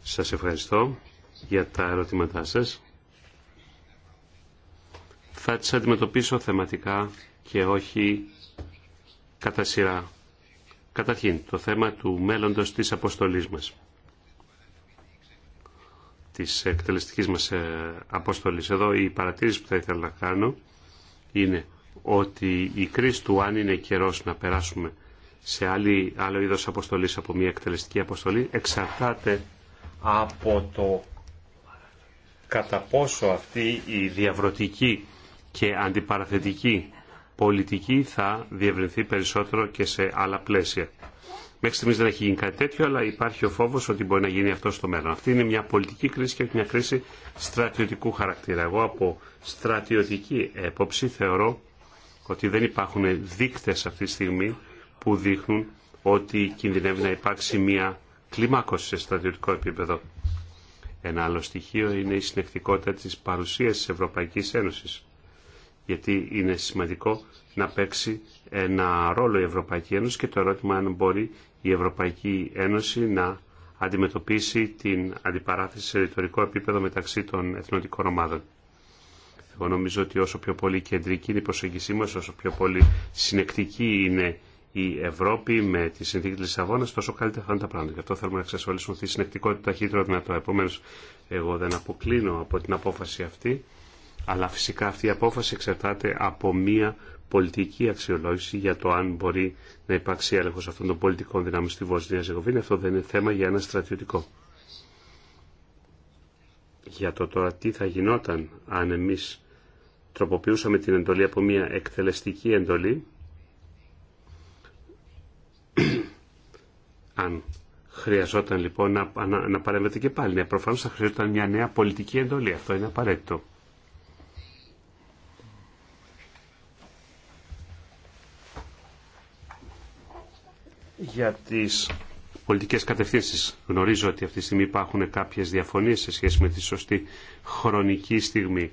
Σας ευχαριστώ για τα ερωτήματά σας. Θα τις αντιμετωπίσω θεματικά και όχι κατά σειρά. Καταρχήν, το θέμα του μέλλοντος της αποστολής μας. Της εκτελεστικής μας ε, αποστολής. Εδώ η παρατήρηση που θα ήθελα να κάνω είναι ότι η κρίση του αν είναι καιρός να περάσουμε σε άλλη, άλλο είδος αποστολής από μια εκτελεστική αποστολή εξαρτάται από το κατά πόσο αυτή η διαβρωτική και αντιπαραθετική πολιτική θα διευρυνθεί περισσότερο και σε άλλα πλαίσια. Μέχρι στιγμής δεν έχει γίνει κάτι τέτοιο, αλλά υπάρχει ο φόβος ότι μπορεί να γίνει αυτό στο μέλλον. Αυτή είναι μια πολιτική κρίση και μια κρίση στρατιωτικού χαρακτήρα. Εγώ από στρατιωτική έποψη θεωρώ ότι δεν υπάρχουν δείκτες αυτή τη στιγμή που δείχνουν ότι κινδυνεύει να υπάρξει μια κλιμάκωση σε στρατιωτικό επίπεδο. Ένα άλλο στοιχείο είναι η συνεκτικότητα της παρουσίας της Ευρωπαϊκής Ένωσης γιατί είναι σημαντικό να παίξει ένα ρόλο η Ευρωπαϊκή Ένωση και το ερώτημα αν μπορεί η Ευρωπαϊκή Ένωση να αντιμετωπίσει την αντιπαράθεση σε ρητορικό επίπεδο μεταξύ των εθνωτικών ομάδων. Εγώ νομίζω ότι όσο πιο πολύ κεντρική είναι η προσέγγιση μας, όσο πιο πολύ συνεκτική είναι η Ευρώπη με τη συνθήκη τη Λισαβόνα, τόσο καλύτερα θα είναι τα πράγματα. Γι' αυτό θέλουμε να εξασφαλίσουμε τη συνεκτικότητα ταχύτερα δυνατό. Επομένω, εγώ δεν αποκλίνω από την απόφαση αυτή αλλά φυσικά αυτή η απόφαση εξαρτάται από μία πολιτική αξιολόγηση για το αν μπορεί να υπάρξει έλεγχος αυτών των πολιτικών δυνάμεων στη Βοσνία Ζεγοβίνη. Αυτό δεν είναι θέμα για ένα στρατιωτικό. Για το τώρα τι θα γινόταν αν εμείς τροποποιούσαμε την εντολή από μια εκτελεστική εντολή, αν χρειαζόταν λοιπόν να, να, και πάλι. Ναι, προφανώς θα χρειαζόταν μια νέα πολιτική εντολή. Αυτό είναι απαραίτητο. για τις πολιτικές κατευθύνσεις. Γνωρίζω ότι αυτή τη στιγμή υπάρχουν κάποιες διαφωνίες σε σχέση με τη σωστή χρονική στιγμή.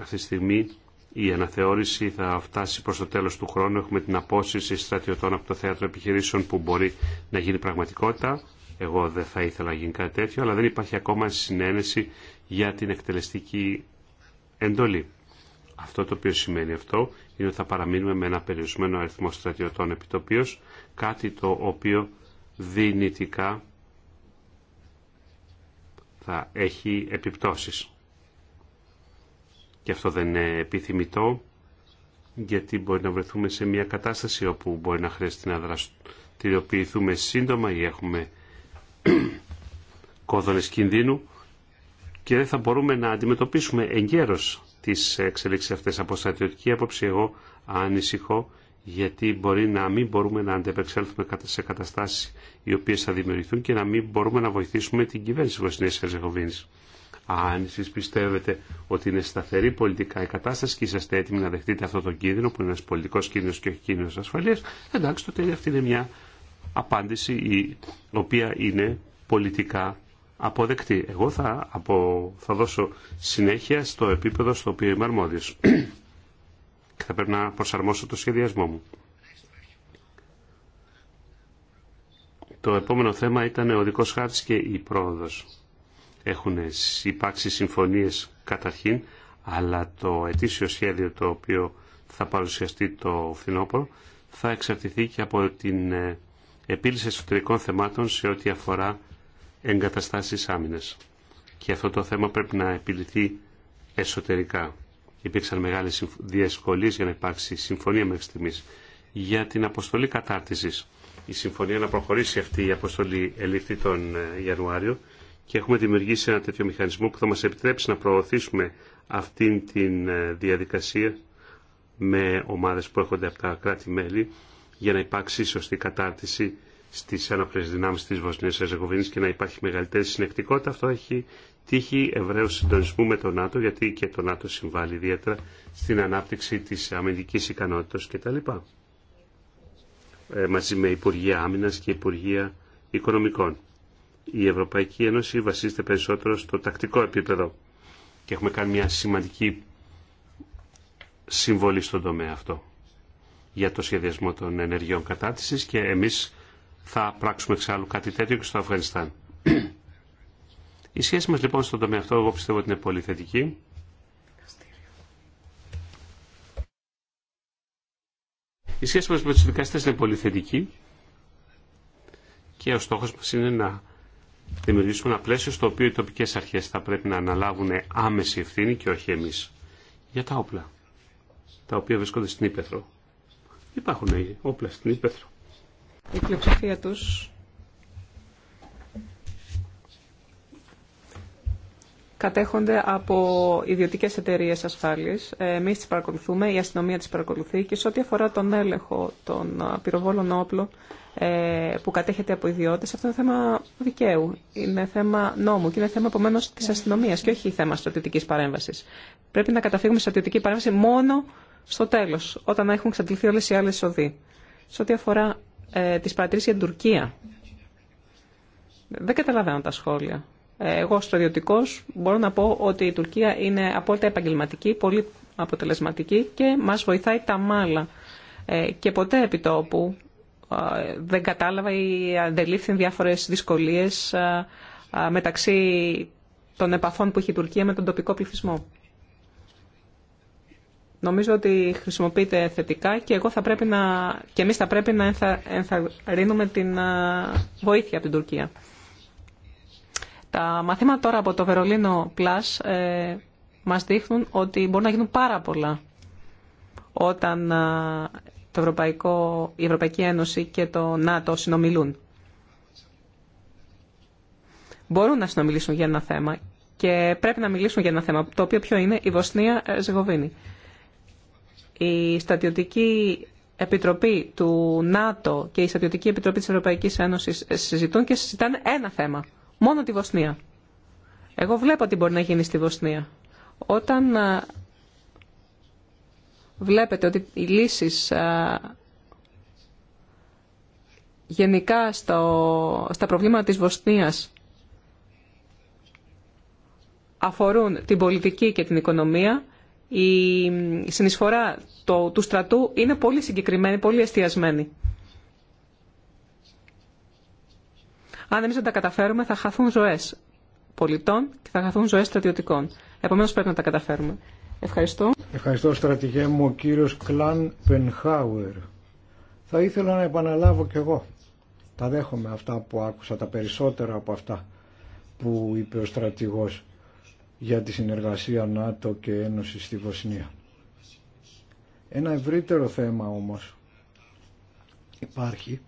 Αυτή τη στιγμή η αναθεώρηση θα φτάσει προς το τέλος του χρόνου. Έχουμε την απόσυρση στρατιωτών από το θέατρο επιχειρήσεων που μπορεί να γίνει πραγματικότητα. Εγώ δεν θα ήθελα να γίνει κάτι τέτοιο, αλλά δεν υπάρχει ακόμα συνένεση για την εκτελεστική εντολή. Αυτό το οποίο σημαίνει αυτό είναι ότι θα παραμείνουμε με ένα περιορισμένο αριθμό στρατιωτών επιτοπίως, κάτι το οποίο δυνητικά θα έχει επιπτώσεις. Και αυτό δεν είναι επιθυμητό, γιατί μπορεί να βρεθούμε σε μια κατάσταση όπου μπορεί να χρειαστεί να δραστηριοποιηθούμε σύντομα ή έχουμε κόδωνες κινδύνου και δεν θα μπορούμε να αντιμετωπίσουμε εγκαίρως τις εξελίξεις αυτές από στρατιωτική άποψη εγώ ανησυχώ γιατί μπορεί να μην μπορούμε να αντεπεξέλθουμε σε καταστάσεις οι οποίες θα δημιουργηθούν και να μην μπορούμε να βοηθήσουμε την κυβέρνηση της Βοσνίας Ερζεγοβίνη. Αν εσεί πιστεύετε ότι είναι σταθερή πολιτικά η κατάσταση και είσαστε έτοιμοι να δεχτείτε αυτό το κίνδυνο που είναι ένα πολιτικό κίνδυνο και όχι κίνδυνο ασφαλεία, εντάξει, τότε αυτή είναι μια απάντηση η οποία είναι πολιτικά αποδεκτή. Εγώ θα, απο, θα δώσω συνέχεια στο επίπεδο στο οποίο είμαι αρμόδιος. και θα πρέπει να προσαρμόσω το σχεδιασμό μου. Το επόμενο θέμα ήταν ο δικός χάρτης και η πρόοδος. Έχουν υπάρξει συμφωνίες καταρχήν, αλλά το ετήσιο σχέδιο το οποίο θα παρουσιαστεί το φθινόπωρο θα εξαρτηθεί και από την ε, επίλυση εσωτερικών θεμάτων σε ό,τι αφορά εγκαταστάσεις άμυνας. Και αυτό το θέμα πρέπει να επιληθεί εσωτερικά. Υπήρξαν μεγάλες διασκολίες για να υπάρξει συμφωνία μέχρι στιγμής. Για την αποστολή κατάρτισης. Η συμφωνία να προχωρήσει αυτή η αποστολή ελήφθη τον ε, Ιανουάριο και έχουμε δημιουργήσει ένα τέτοιο μηχανισμό που θα μας επιτρέψει να προωθήσουμε αυτή την ε, διαδικασία με ομάδες που έρχονται από τα κράτη-μέλη για να υπάρξει σωστή κατάρτιση Στι αναπλές δυνάμει της Βοσνίας Ερζεγοβίνη και να υπάρχει μεγαλύτερη συνεκτικότητα. Αυτό έχει τύχει ευρέω συντονισμού με το ΝΑΤΟ, γιατί και το ΝΑΤΟ συμβάλλει ιδιαίτερα στην ανάπτυξη τη αμυντική ικανότητα κτλ. Ε, μαζί με Υπουργεία Αμυνα και Υπουργεία Οικονομικών. Η Ευρωπαϊκή Ένωση βασίζεται περισσότερο στο τακτικό επίπεδο και έχουμε κάνει μια σημαντική συμβολή στον τομέα αυτό για το σχεδιασμό των ενεργειών κατάτησης και εμείς θα πράξουμε εξάλλου κάτι τέτοιο και στο Αφγανιστάν. Η σχέση μας λοιπόν στον τομέα αυτό εγώ πιστεύω ότι είναι πολύ θετική. Η σχέση μας με τους δικαστές είναι πολύ θετική και ο στόχος μας είναι να δημιουργήσουμε ένα πλαίσιο στο οποίο οι τοπικές αρχές θα πρέπει να αναλάβουν άμεση ευθύνη και όχι εμείς για τα όπλα τα οποία βρίσκονται στην Ήπεθρο. Υπάρχουν όπλα στην Ήπεθρο η πλειοψηφία τους κατέχονται από ιδιωτικές εταιρείες ασφάλειας. Εμείς τις παρακολουθούμε, η αστυνομία τις παρακολουθεί και σε ό,τι αφορά τον έλεγχο των ε, πυροβόλων όπλων ε, που κατέχεται από ιδιώτες, αυτό είναι θέμα δικαίου, είναι θέμα νόμου και είναι θέμα επομένω της αστυνομία και όχι θέμα στρατιωτικής παρέμβαση. Πρέπει να καταφύγουμε στρατιωτική παρέμβαση μόνο στο τέλος, όταν έχουν εξαντληθεί όλες οι άλλες οδοί. Σε ό,τι αφορά ε, της για την Τουρκία. Δεν καταλαβαίνω τα σχόλια. Ε, εγώ στρατιωτικός μπορώ να πω ότι η Τουρκία είναι απόλυτα επαγγελματική, πολύ αποτελεσματική και μας βοηθάει τα μάλα. Ε, και ποτέ επί τόπου ε, δεν κατάλαβα ή αντελήφθη διάφορες δυσκολίες μεταξύ των επαφών που έχει η Τουρκία με τον τοπικό πληθυσμό. Νομίζω ότι χρησιμοποιείται θετικά και, εγώ θα πρέπει να, και εμείς θα πρέπει να ενθα, ενθαρρύνουμε την βοήθεια από την Τουρκία. Τα μαθήματα τώρα από το Βερολίνο Plus ε, μας δείχνουν ότι μπορούν να γίνουν πάρα πολλά όταν το Ευρωπαϊκό, η Ευρωπαϊκή Ένωση και το ΝΑΤΟ συνομιλούν. Μπορούν να συνομιλήσουν για ένα θέμα και πρέπει να μιλήσουν για ένα θέμα, το οποίο ποιο είναι η Βοσνία-Ζεγοβίνη η στατιωτική επιτροπή του ΝΑΤΟ και η στατιωτική επιτροπή της Ευρωπαϊκής Ένωσης συζητούν και συζητάνε ένα θέμα, μόνο τη Βοσνία. Εγώ βλέπω τι μπορεί να γίνει στη Βοσνία. Όταν ε, βλέπετε ότι οι λύσεις ε, γενικά στο, στα προβλήματα της Βοσνίας αφορούν την πολιτική και την οικονομία, η συνεισφορά του στρατού είναι πολύ συγκεκριμένη, πολύ εστιασμένη. Αν εμεί δεν τα καταφέρουμε, θα χαθούν ζωέ πολιτών και θα χαθούν ζωέ στρατιωτικών. Επομένω, πρέπει να τα καταφέρουμε. Ευχαριστώ. Ευχαριστώ, στρατηγέ μου, ο κύριο Κλάν Πενχάουερ. Θα ήθελα να επαναλάβω κι εγώ. Τα δέχομαι αυτά που άκουσα, τα περισσότερα από αυτά που είπε ο στρατηγός για τη συνεργασία ΝΑΤΟ και Ένωση στη Βοσνία. Ένα ευρύτερο θέμα όμως υπάρχει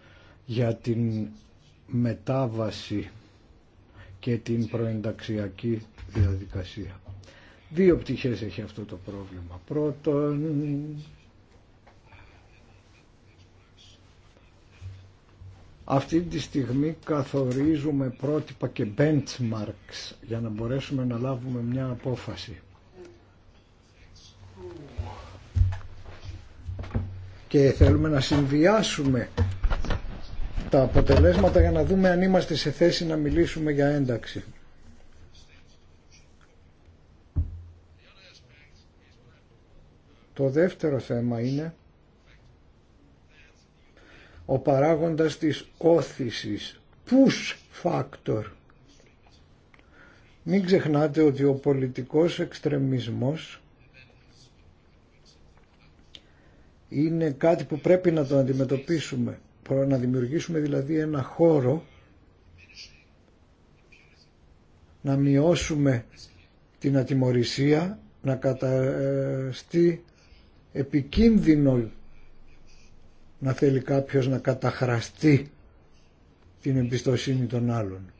για την μετάβαση και την προενταξιακή διαδικασία. Δύο πτυχές έχει αυτό το πρόβλημα. Πρώτον, Αυτή τη στιγμή καθορίζουμε πρότυπα και benchmarks για να μπορέσουμε να λάβουμε μια απόφαση. Και θέλουμε να συνδυάσουμε τα αποτελέσματα για να δούμε αν είμαστε σε θέση να μιλήσουμε για ένταξη. Το δεύτερο θέμα είναι ο παράγοντας της όθησης, push factor. Μην ξεχνάτε ότι ο πολιτικός εξτρεμισμός είναι κάτι που πρέπει να το αντιμετωπίσουμε. Να δημιουργήσουμε δηλαδή ένα χώρο να μειώσουμε την ατιμορρησία, να καταστεί επικίνδυνο να θέλει κάποιος να καταχραστεί την εμπιστοσύνη των άλλων.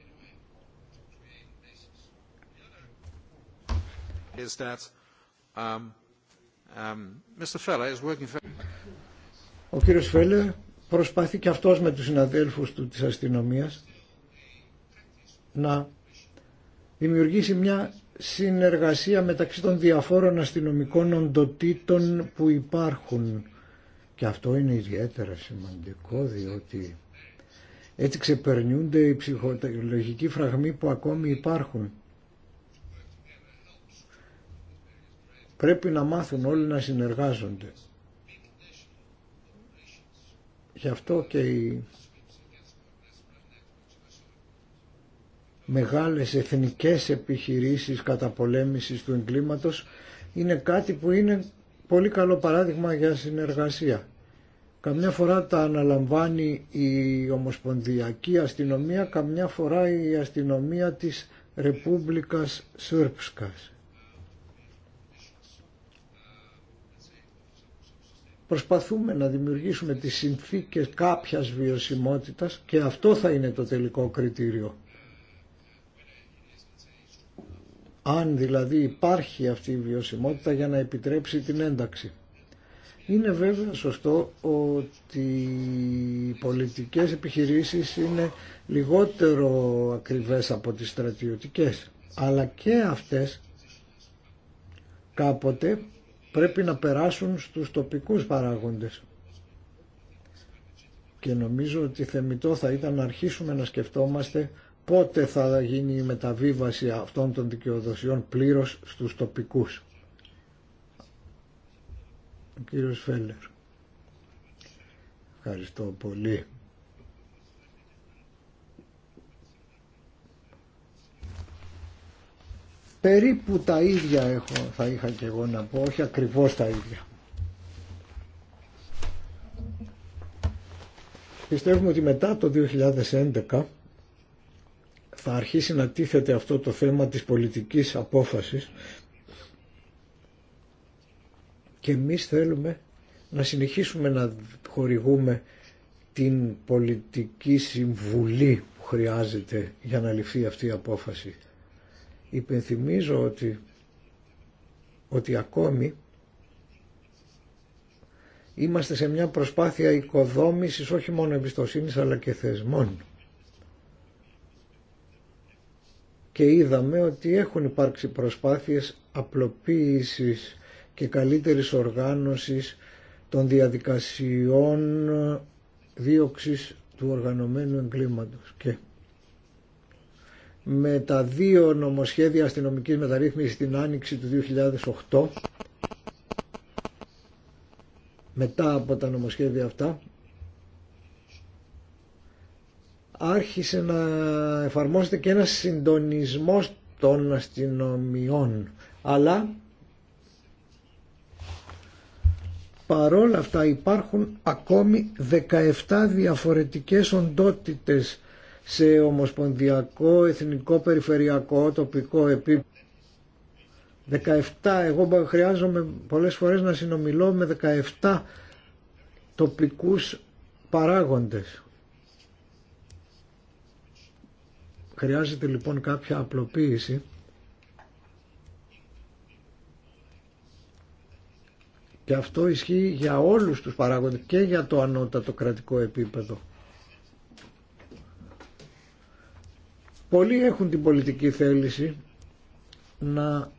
Um, um, Ο κύριος Φέλε προσπαθεί και αυτός με τους συναδέλφους του της αστυνομίας να δημιουργήσει μια συνεργασία μεταξύ των διαφόρων αστυνομικών οντοτήτων που υπάρχουν και αυτό είναι ιδιαίτερα σημαντικό διότι έτσι ξεπερνιούνται οι ψυχολογικοί φραγμοί που ακόμη υπάρχουν. Πρέπει να μάθουν όλοι να συνεργάζονται. Γι' αυτό και οι μεγάλες εθνικές επιχειρήσεις καταπολέμησης του εγκλήματος είναι κάτι που είναι πολύ καλό παράδειγμα για συνεργασία. Καμιά φορά τα αναλαμβάνει η Ομοσπονδιακή Αστυνομία, καμιά φορά η αστυνομία της Ρεπούμπλικας Σούρπσκας. Προσπαθούμε να δημιουργήσουμε τις συνθήκες κάποιας βιωσιμότητας και αυτό θα είναι το τελικό κριτήριο. αν δηλαδή υπάρχει αυτή η βιωσιμότητα για να επιτρέψει την ένταξη. Είναι βέβαια σωστό ότι οι πολιτικές επιχειρήσεις είναι λιγότερο ακριβές από τις στρατιωτικές, αλλά και αυτές κάποτε πρέπει να περάσουν στους τοπικούς παράγοντες. Και νομίζω ότι θεμητό θα ήταν να αρχίσουμε να σκεφτόμαστε πότε θα γίνει η μεταβίβαση αυτών των δικαιοδοσιών πλήρως στους τοπικούς. Ο κύριος Φέλλερ. Ευχαριστώ πολύ. Περίπου τα ίδια έχω, θα είχα και εγώ να πω, όχι ακριβώς τα ίδια. Πιστεύουμε ότι μετά το 2011 θα αρχίσει να τίθεται αυτό το θέμα της πολιτικής απόφασης και εμείς θέλουμε να συνεχίσουμε να χορηγούμε την πολιτική συμβουλή που χρειάζεται για να ληφθεί αυτή η απόφαση. Υπενθυμίζω ότι, ότι ακόμη είμαστε σε μια προσπάθεια οικοδόμησης όχι μόνο εμπιστοσύνης αλλά και θεσμών. και είδαμε ότι έχουν υπάρξει προσπάθειες απλοποίησης και καλύτερης οργάνωσης των διαδικασιών δίωξης του οργανωμένου εγκλήματος. Και με τα δύο νομοσχέδια αστυνομικής μεταρρύθμισης την άνοιξη του 2008, μετά από τα νομοσχέδια αυτά, άρχισε να εφαρμόζεται και ένας συντονισμός των αστυνομιών. Αλλά παρόλα αυτά υπάρχουν ακόμη 17 διαφορετικές οντότητες σε ομοσπονδιακό, εθνικό, περιφερειακό, τοπικό επίπεδο. 17, εγώ χρειάζομαι πολλές φορές να συνομιλώ με 17 τοπικούς παράγοντες. Χρειάζεται λοιπόν κάποια απλοποίηση και αυτό ισχύει για όλους τους παράγοντες και για το ανώτατο κρατικό επίπεδο. Πολλοί έχουν την πολιτική θέληση να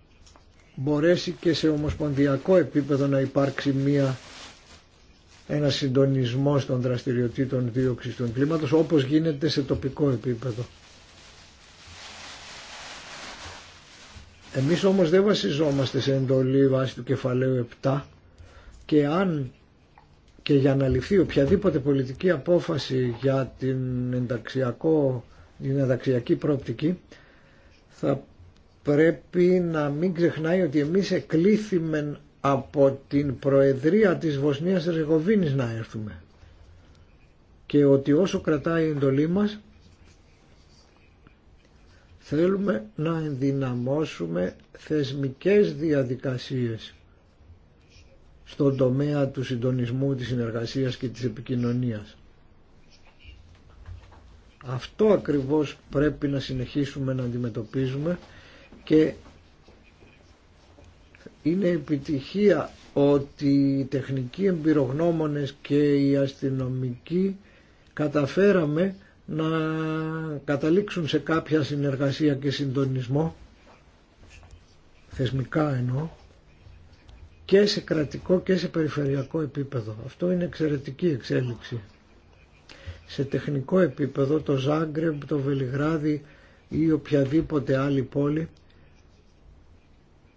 μπορέσει και σε ομοσπονδιακό επίπεδο να υπάρξει μία ένα συντονισμό των δραστηριοτήτων δίωξης του κλίματος όπως γίνεται σε τοπικό επίπεδο. Εμείς όμως δεν βασιζόμαστε σε εντολή βάση του κεφαλαίου 7 και αν και για να ληφθεί οποιαδήποτε πολιτική απόφαση για την, ενταξιακό, την ενταξιακή πρόπτικη θα πρέπει να μην ξεχνάει ότι εμείς εκλήθημεν από την Προεδρία της Βοσνίας Ρεγοβίνης να έρθουμε και ότι όσο κρατάει η εντολή μας Θέλουμε να ενδυναμώσουμε θεσμικές διαδικασίες στον τομέα του συντονισμού, της συνεργασίας και της επικοινωνίας. Αυτό ακριβώς πρέπει να συνεχίσουμε να αντιμετωπίζουμε και είναι επιτυχία ότι οι τεχνικοί εμπειρογνώμονες και οι αστυνομικοί καταφέραμε να καταλήξουν σε κάποια συνεργασία και συντονισμό, θεσμικά εννοώ, και σε κρατικό και σε περιφερειακό επίπεδο. Αυτό είναι εξαιρετική εξέλιξη. Σε τεχνικό επίπεδο το Ζάγκρεμπ, το Βελιγράδι ή οποιαδήποτε άλλη πόλη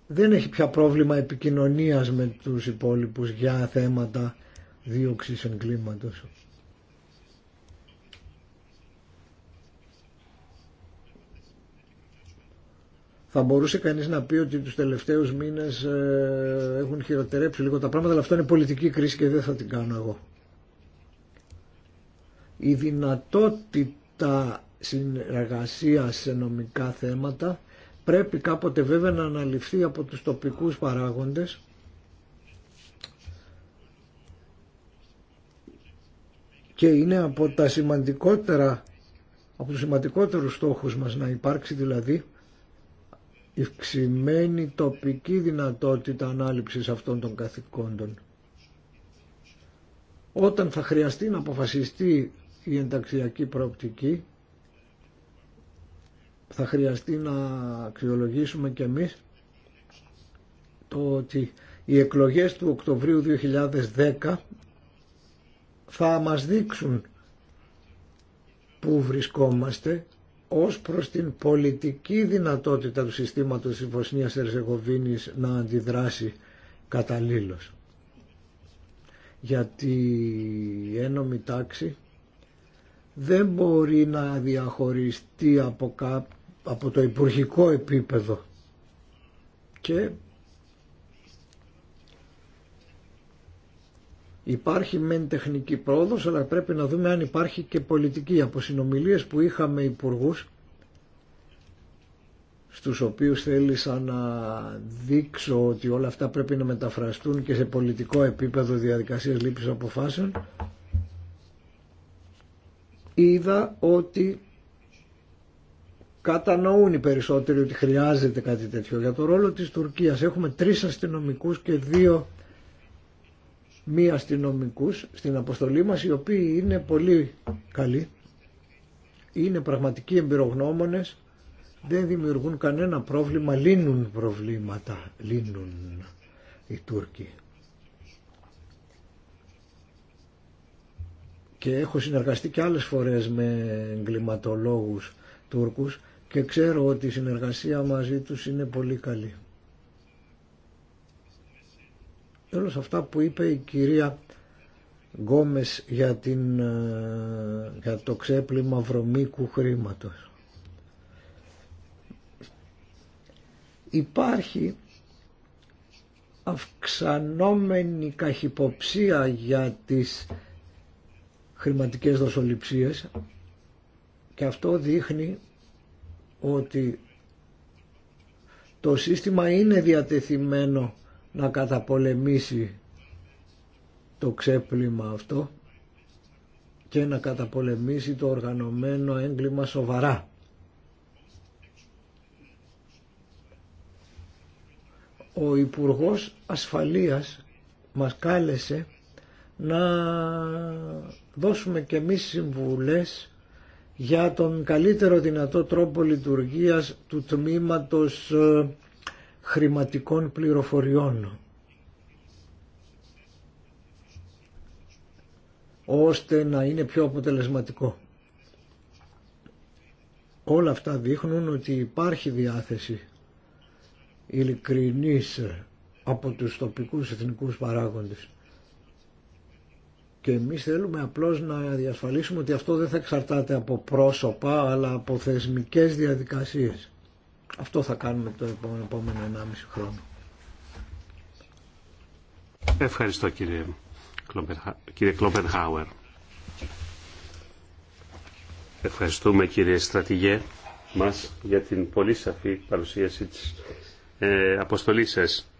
δεν έχει πια πρόβλημα επικοινωνίας με τους υπόλοιπους για θέματα δίωξης εγκλήματος. Θα μπορούσε κανείς να πει ότι τους τελευταίους μήνες ε, έχουν χειροτερέψει λίγο τα πράγματα, αλλά αυτό είναι πολιτική κρίση και δεν θα την κάνω εγώ. Η δυνατότητα συνεργασίας σε νομικά θέματα πρέπει κάποτε βέβαια να αναλυφθεί από τους τοπικούς παράγοντες και είναι από τα σημαντικότερα από τους σημαντικότερους στόχους μας να υπάρξει δηλαδή αυξημένη τοπική δυνατότητα ανάληψης αυτών των καθηκόντων. Όταν θα χρειαστεί να αποφασιστεί η ενταξιακή προοπτική, θα χρειαστεί να αξιολογήσουμε και εμείς το ότι οι εκλογές του Οκτωβρίου 2010 θα μας δείξουν πού βρισκόμαστε ως προς την πολιτική δυνατότητα του συστήματος της Βοσνίας Ερζεγοβίνης να αντιδράσει καταλήλως. Γιατί η ένομη τάξη δεν μπορεί να διαχωριστεί από, από το υπουργικό επίπεδο και Υπάρχει μεν τεχνική πρόοδος, αλλά πρέπει να δούμε αν υπάρχει και πολιτική. Από συνομιλίες που είχαμε υπουργούς, στους οποίους θέλησα να δείξω ότι όλα αυτά πρέπει να μεταφραστούν και σε πολιτικό επίπεδο διαδικασίας λήψης αποφάσεων, είδα ότι κατανοούν οι περισσότεροι ότι χρειάζεται κάτι τέτοιο. Για το ρόλο της Τουρκίας έχουμε τρεις αστυνομικούς και δύο μη αστυνομικού στην αποστολή μας οι οποίοι είναι πολύ καλοί είναι πραγματικοί εμπειρογνώμονες δεν δημιουργούν κανένα πρόβλημα λύνουν προβλήματα λύνουν οι Τούρκοι και έχω συνεργαστεί και άλλες φορές με εγκληματολόγους Τούρκους και ξέρω ότι η συνεργασία μαζί τους είναι πολύ καλή Τέλος αυτά που είπε η κυρία Γκόμες για, την, ε, για το ξέπλυμα βρωμίκου χρήματος. Υπάρχει αυξανόμενη καχυποψία για τις χρηματικές δοσοληψίες και αυτό δείχνει ότι το σύστημα είναι διατεθειμένο να καταπολεμήσει το ξέπλυμα αυτό και να καταπολεμήσει το οργανωμένο έγκλημα σοβαρά. Ο Υπουργός Ασφαλείας μας κάλεσε να δώσουμε και εμείς συμβουλές για τον καλύτερο δυνατό τρόπο λειτουργίας του τμήματος ε, χρηματικών πληροφοριών ώστε να είναι πιο αποτελεσματικό. Όλα αυτά δείχνουν ότι υπάρχει διάθεση ειλικρινής από τους τοπικούς εθνικούς παράγοντες. Και εμείς θέλουμε απλώς να διασφαλίσουμε ότι αυτό δεν θα εξαρτάται από πρόσωπα αλλά από θεσμικές διαδικασίες. Αυτό θα κάνουμε το επόμενο, επόμενο 1,5 χρόνο. Ευχαριστώ κύριε, κύριε Χάουερ. Ευχαριστούμε κύριε στρατηγέ μας για την πολύ σαφή παρουσίαση της ε, αποστολής σας.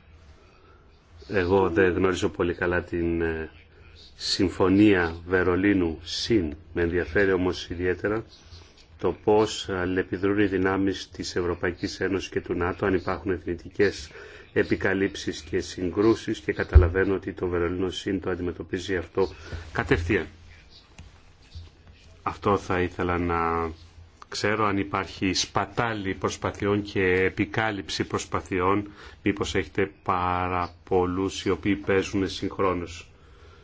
Εγώ δεν γνωρίζω πολύ καλά την ε, Συμφωνία Βερολίνου ΣΥΝ. Με ενδιαφέρει όμως ιδιαίτερα το πώς αλληλεπιδρούν οι δυνάμεις της Ευρωπαϊκής Ένωσης και του ΝΑΤΟ, αν υπάρχουν εθνικές επικαλύψεις και συγκρούσεις και καταλαβαίνω ότι το Βερολίνο ΣΥΝ το αντιμετωπίζει αυτό κατευθείαν. Αυτό θα ήθελα να ξέρω αν υπάρχει σπατάλη προσπαθειών και επικάλυψη προσπαθειών, μήπως έχετε πάρα πολλούς οι οποίοι παίζουν συγχρόνως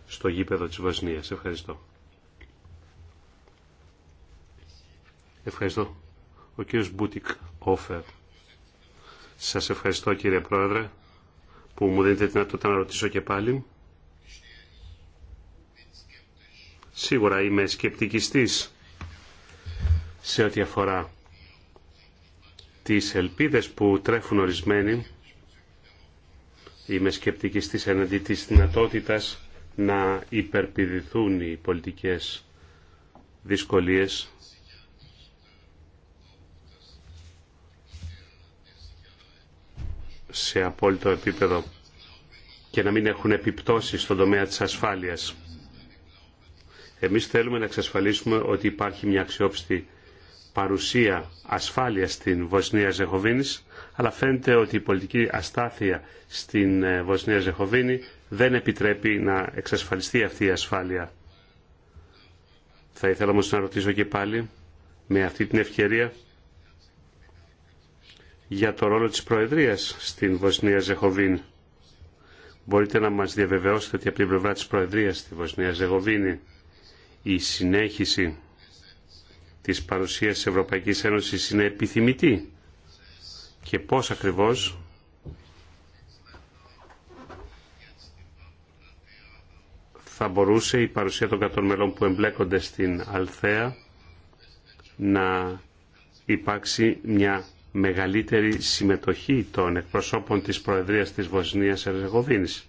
στο γήπεδο της Βοσνίας. Ευχαριστώ. Ευχαριστώ. Ο κύριος Μπούτικ Όφερ. Σας ευχαριστώ κύριε Πρόεδρε που μου δίνετε την δυνατότητα να ρωτήσω και πάλι. Σίγουρα είμαι σκεπτικιστής σε ό,τι αφορά τις ελπίδες που τρέφουν ορισμένοι. Είμαι σκεπτικιστής εναντί της δυνατότητας να υπερπηδηθούν οι πολιτικές δυσκολίες σε απόλυτο επίπεδο και να μην έχουν επιπτώσει στον τομέα της ασφάλειας. Εμείς θέλουμε να εξασφαλίσουμε ότι υπάρχει μια αξιόπιστη παρουσία ασφάλεια στην Βοσνία Ζεχοβίνη, αλλά φαίνεται ότι η πολιτική αστάθεια στην ε, Βοσνία Ζεχοβίνη δεν επιτρέπει να εξασφαλιστεί αυτή η ασφάλεια. Θα ήθελα όμως να ρωτήσω και πάλι με αυτή την ευκαιρία για το ρόλο της Προεδρίας στην Βοσνία Ζεχοβίν, Μπορείτε να μας διαβεβαιώσετε ότι από την πλευρά της Προεδρίας στη Βοσνία Ζεχοβίνη η συνέχιση της παρουσίας της Ευρωπαϊκής Ένωσης είναι επιθυμητή και πώς ακριβώς θα μπορούσε η παρουσία των κατών μελών που εμπλέκονται στην Αλθέα να υπάρξει μια μεγαλύτερη συμμετοχή των εκπροσώπων της Προεδρίας της Βοσνίας Ερζεγοβίνης.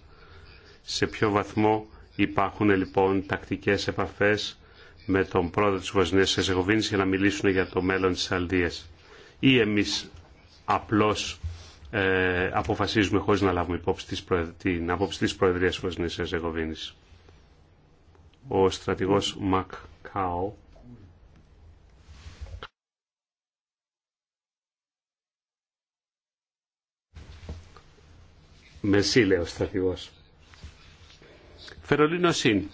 Σε ποιο βαθμό υπάρχουν λοιπόν τακτικές επαφές με τον πρόεδρο της Βοσνίας Ερζεγοβίνης για να μιλήσουν για το μέλλον της Αλδίας. Ή εμείς απλώς ε, αποφασίζουμε χωρίς να λάβουμε υπόψη της την απόψη της Προεδρίας της Βοσνίας Ερζεγοβίνης. Ο στρατηγός Μακ Κάου Μεσή, ο στρατηγό. Βερολίνο ΣΥΝ.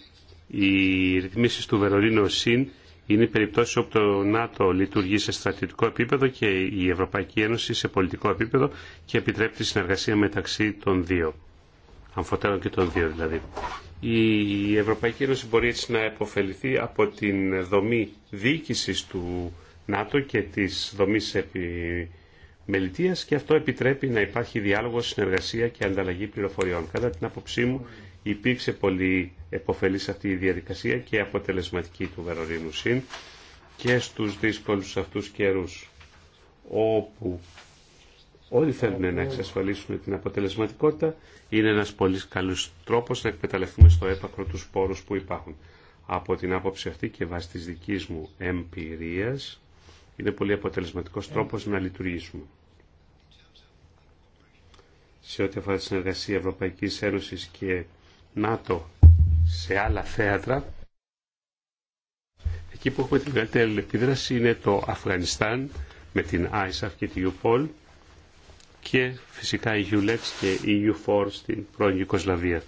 Οι ρυθμίσει του Βερολίνο ΣΥΝ είναι περιπτώσει όπου το ΝΑΤΟ λειτουργεί σε στρατιωτικό επίπεδο και η Ευρωπαϊκή Ένωση σε πολιτικό επίπεδο και επιτρέπει τη συνεργασία μεταξύ των δύο. Αμφωτέρων και των δύο δηλαδή. Η Ευρωπαϊκή Ένωση μπορεί έτσι να επωφεληθεί από την δομή διοίκηση του ΝΑΤΟ και τη δομή επι Μελητεία και αυτό επιτρέπει να υπάρχει διάλογο, συνεργασία και ανταλλαγή πληροφοριών. Κατά την άποψή μου υπήρξε πολύ επωφελή αυτή η διαδικασία και αποτελεσματική του Βερολίνου ΣΥΝ και στου δύσκολου αυτού καιρού, όπου όλοι θέλουν να εξασφαλίσουν την αποτελεσματικότητα είναι ένα πολύ καλό τρόπο να εκμεταλλευτούμε στο έπακρο του πόρου που υπάρχουν. Από την άποψη αυτή και βάσει τη δική μου εμπειρία. είναι πολύ αποτελεσματικός τρόπος να λειτουργήσουμε σε ό,τι αφορά τη συνεργασία Ευρωπαϊκής Ένωσης και ΝΑΤΟ σε άλλα θέατρα. Εκεί που έχουμε την μεγαλύτερη επίδραση είναι το Αφγανιστάν με την ISAF και την UPOL και φυσικά η ULEX και η EU4 στην πρώην Ιουκοσλαβία.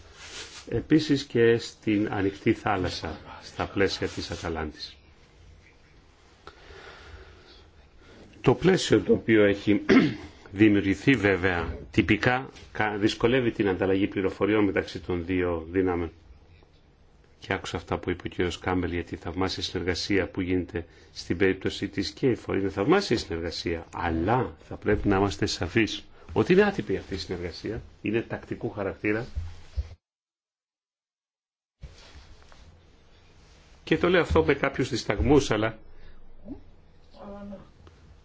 Επίσης και στην ανοιχτή θάλασσα στα πλαίσια της Αταλάντης. Το πλαίσιο το οποίο έχει δημιουργηθεί βέβαια τυπικά, δυσκολεύει την ανταλλαγή πληροφοριών μεταξύ των δύο δύναμεων. Και άκουσα αυτά που είπε ο κ. Κάμπελ για τη θαυμάσια συνεργασία που γίνεται στην περίπτωση της ΚΕΙΦΟΡ. Είναι θαυμάσια συνεργασία, αλλά θα πρέπει να είμαστε σαφεί ότι είναι άτυπη αυτή η συνεργασία, είναι τακτικού χαρακτήρα. Και το λέω αυτό με κάποιου δισταγμού, αλλά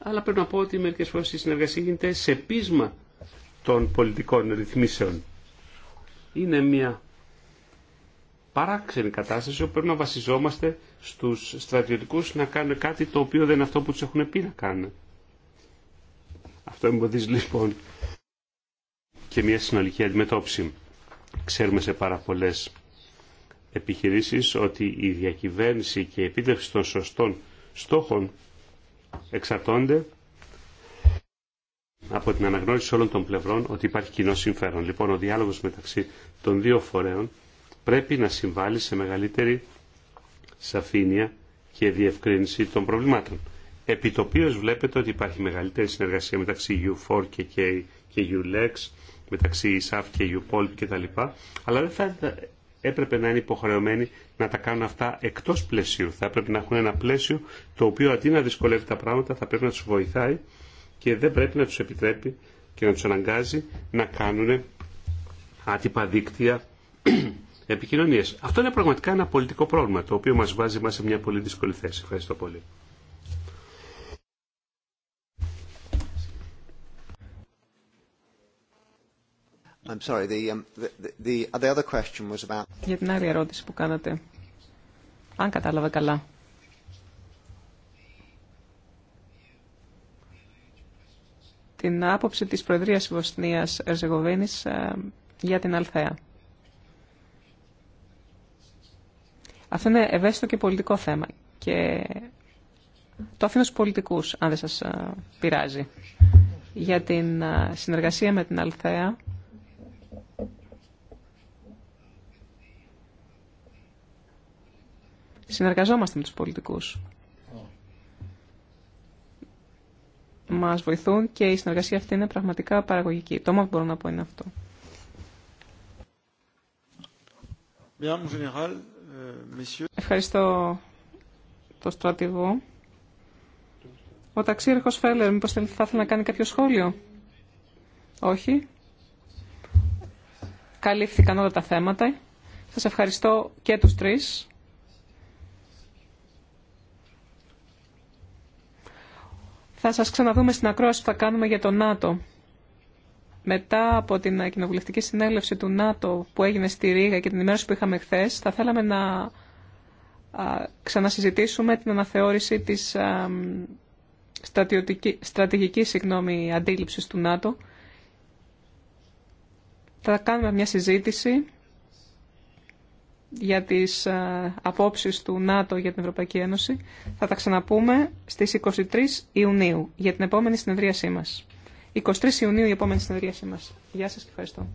αλλά πρέπει να πω ότι μερικές φορές η συνεργασία γίνεται σε πείσμα των πολιτικών ρυθμίσεων. Είναι μια παράξενη κατάσταση όπου πρέπει να βασιζόμαστε στους στρατιωτικούς να κάνουν κάτι το οποίο δεν είναι αυτό που τους έχουν πει να κάνουν. Αυτό εμποδίζει λοιπόν και μια συνολική αντιμετώπιση. Ξέρουμε σε πάρα πολλέ επιχειρήσεις ότι η διακυβέρνηση και η επίτευξη των σωστών στόχων εξαρτώνται από την αναγνώριση όλων των πλευρών ότι υπάρχει κοινό συμφέρον. Λοιπόν, ο διάλογος μεταξύ των δύο φορέων πρέπει να συμβάλλει σε μεγαλύτερη σαφήνεια και διευκρίνηση των προβλημάτων. επιτοπιως βλεπετε βλέπετε ότι υπάρχει μεγαλύτερη συνεργασία μεταξύ U4 και, K, και ULEX, μεταξύ ISAF και UPOL κτλ. Αλλά δεν θα έπρεπε να είναι υποχρεωμένη να τα κάνουν αυτά εκτός πλαισίου. Θα πρέπει να έχουν ένα πλαίσιο το οποίο αντί να δυσκολεύει τα πράγματα θα πρέπει να του βοηθάει και δεν πρέπει να τους επιτρέπει και να τους αναγκάζει να κάνουν άτυπα δίκτυα επικοινωνίες. Αυτό είναι πραγματικά ένα πολιτικό πρόβλημα το οποίο μας βάζει μας σε μια πολύ δύσκολη θέση. Ευχαριστώ πολύ. Για την άλλη ερώτηση που κάνατε, αν κατάλαβα καλά. Την άποψη της Προεδρίας Βοσνίας Ερζεγοβίνης ε, για την Αλθέα. Αυτό είναι ευαίσθητο και πολιτικό θέμα και το αφήνω στους πολιτικούς, αν δεν σας ε, πειράζει. Για την ε, συνεργασία με την Αλθέα Συνεργαζόμαστε με τους πολιτικούς. Μας βοηθούν και η συνεργασία αυτή είναι πραγματικά παραγωγική. Το μόνο που μπορώ να πω είναι αυτό. Euh, ευχαριστώ το στρατηγό. Ο ταξίρχος Φέλερ, μήπως θα ήθελε να κάνει κάποιο σχόλιο. Όχι. Καλύφθηκαν όλα τα θέματα. Σας ευχαριστώ και τους τρεις. Θα σας ξαναδούμε στην ακρόαση που θα κάνουμε για το ΝΑΤΟ. Μετά από την κοινοβουλευτική συνέλευση του ΝΑΤΟ που έγινε στη Ρήγα και την ημέρα που είχαμε χθε, θα θέλαμε να ξανασυζητήσουμε την αναθεώρηση της στρατηγικής συγγνώμη, αντίληψης του ΝΑΤΟ. Θα κάνουμε μια συζήτηση για τις ε, απόψεις του ΝΑΤΟ για την Ευρωπαϊκή Ένωση. Θα τα ξαναπούμε στις 23 Ιουνίου για την επόμενη συνεδρίασή μας. 23 Ιουνίου η επόμενη συνεδρίασή μας. Γεια σας και ευχαριστώ.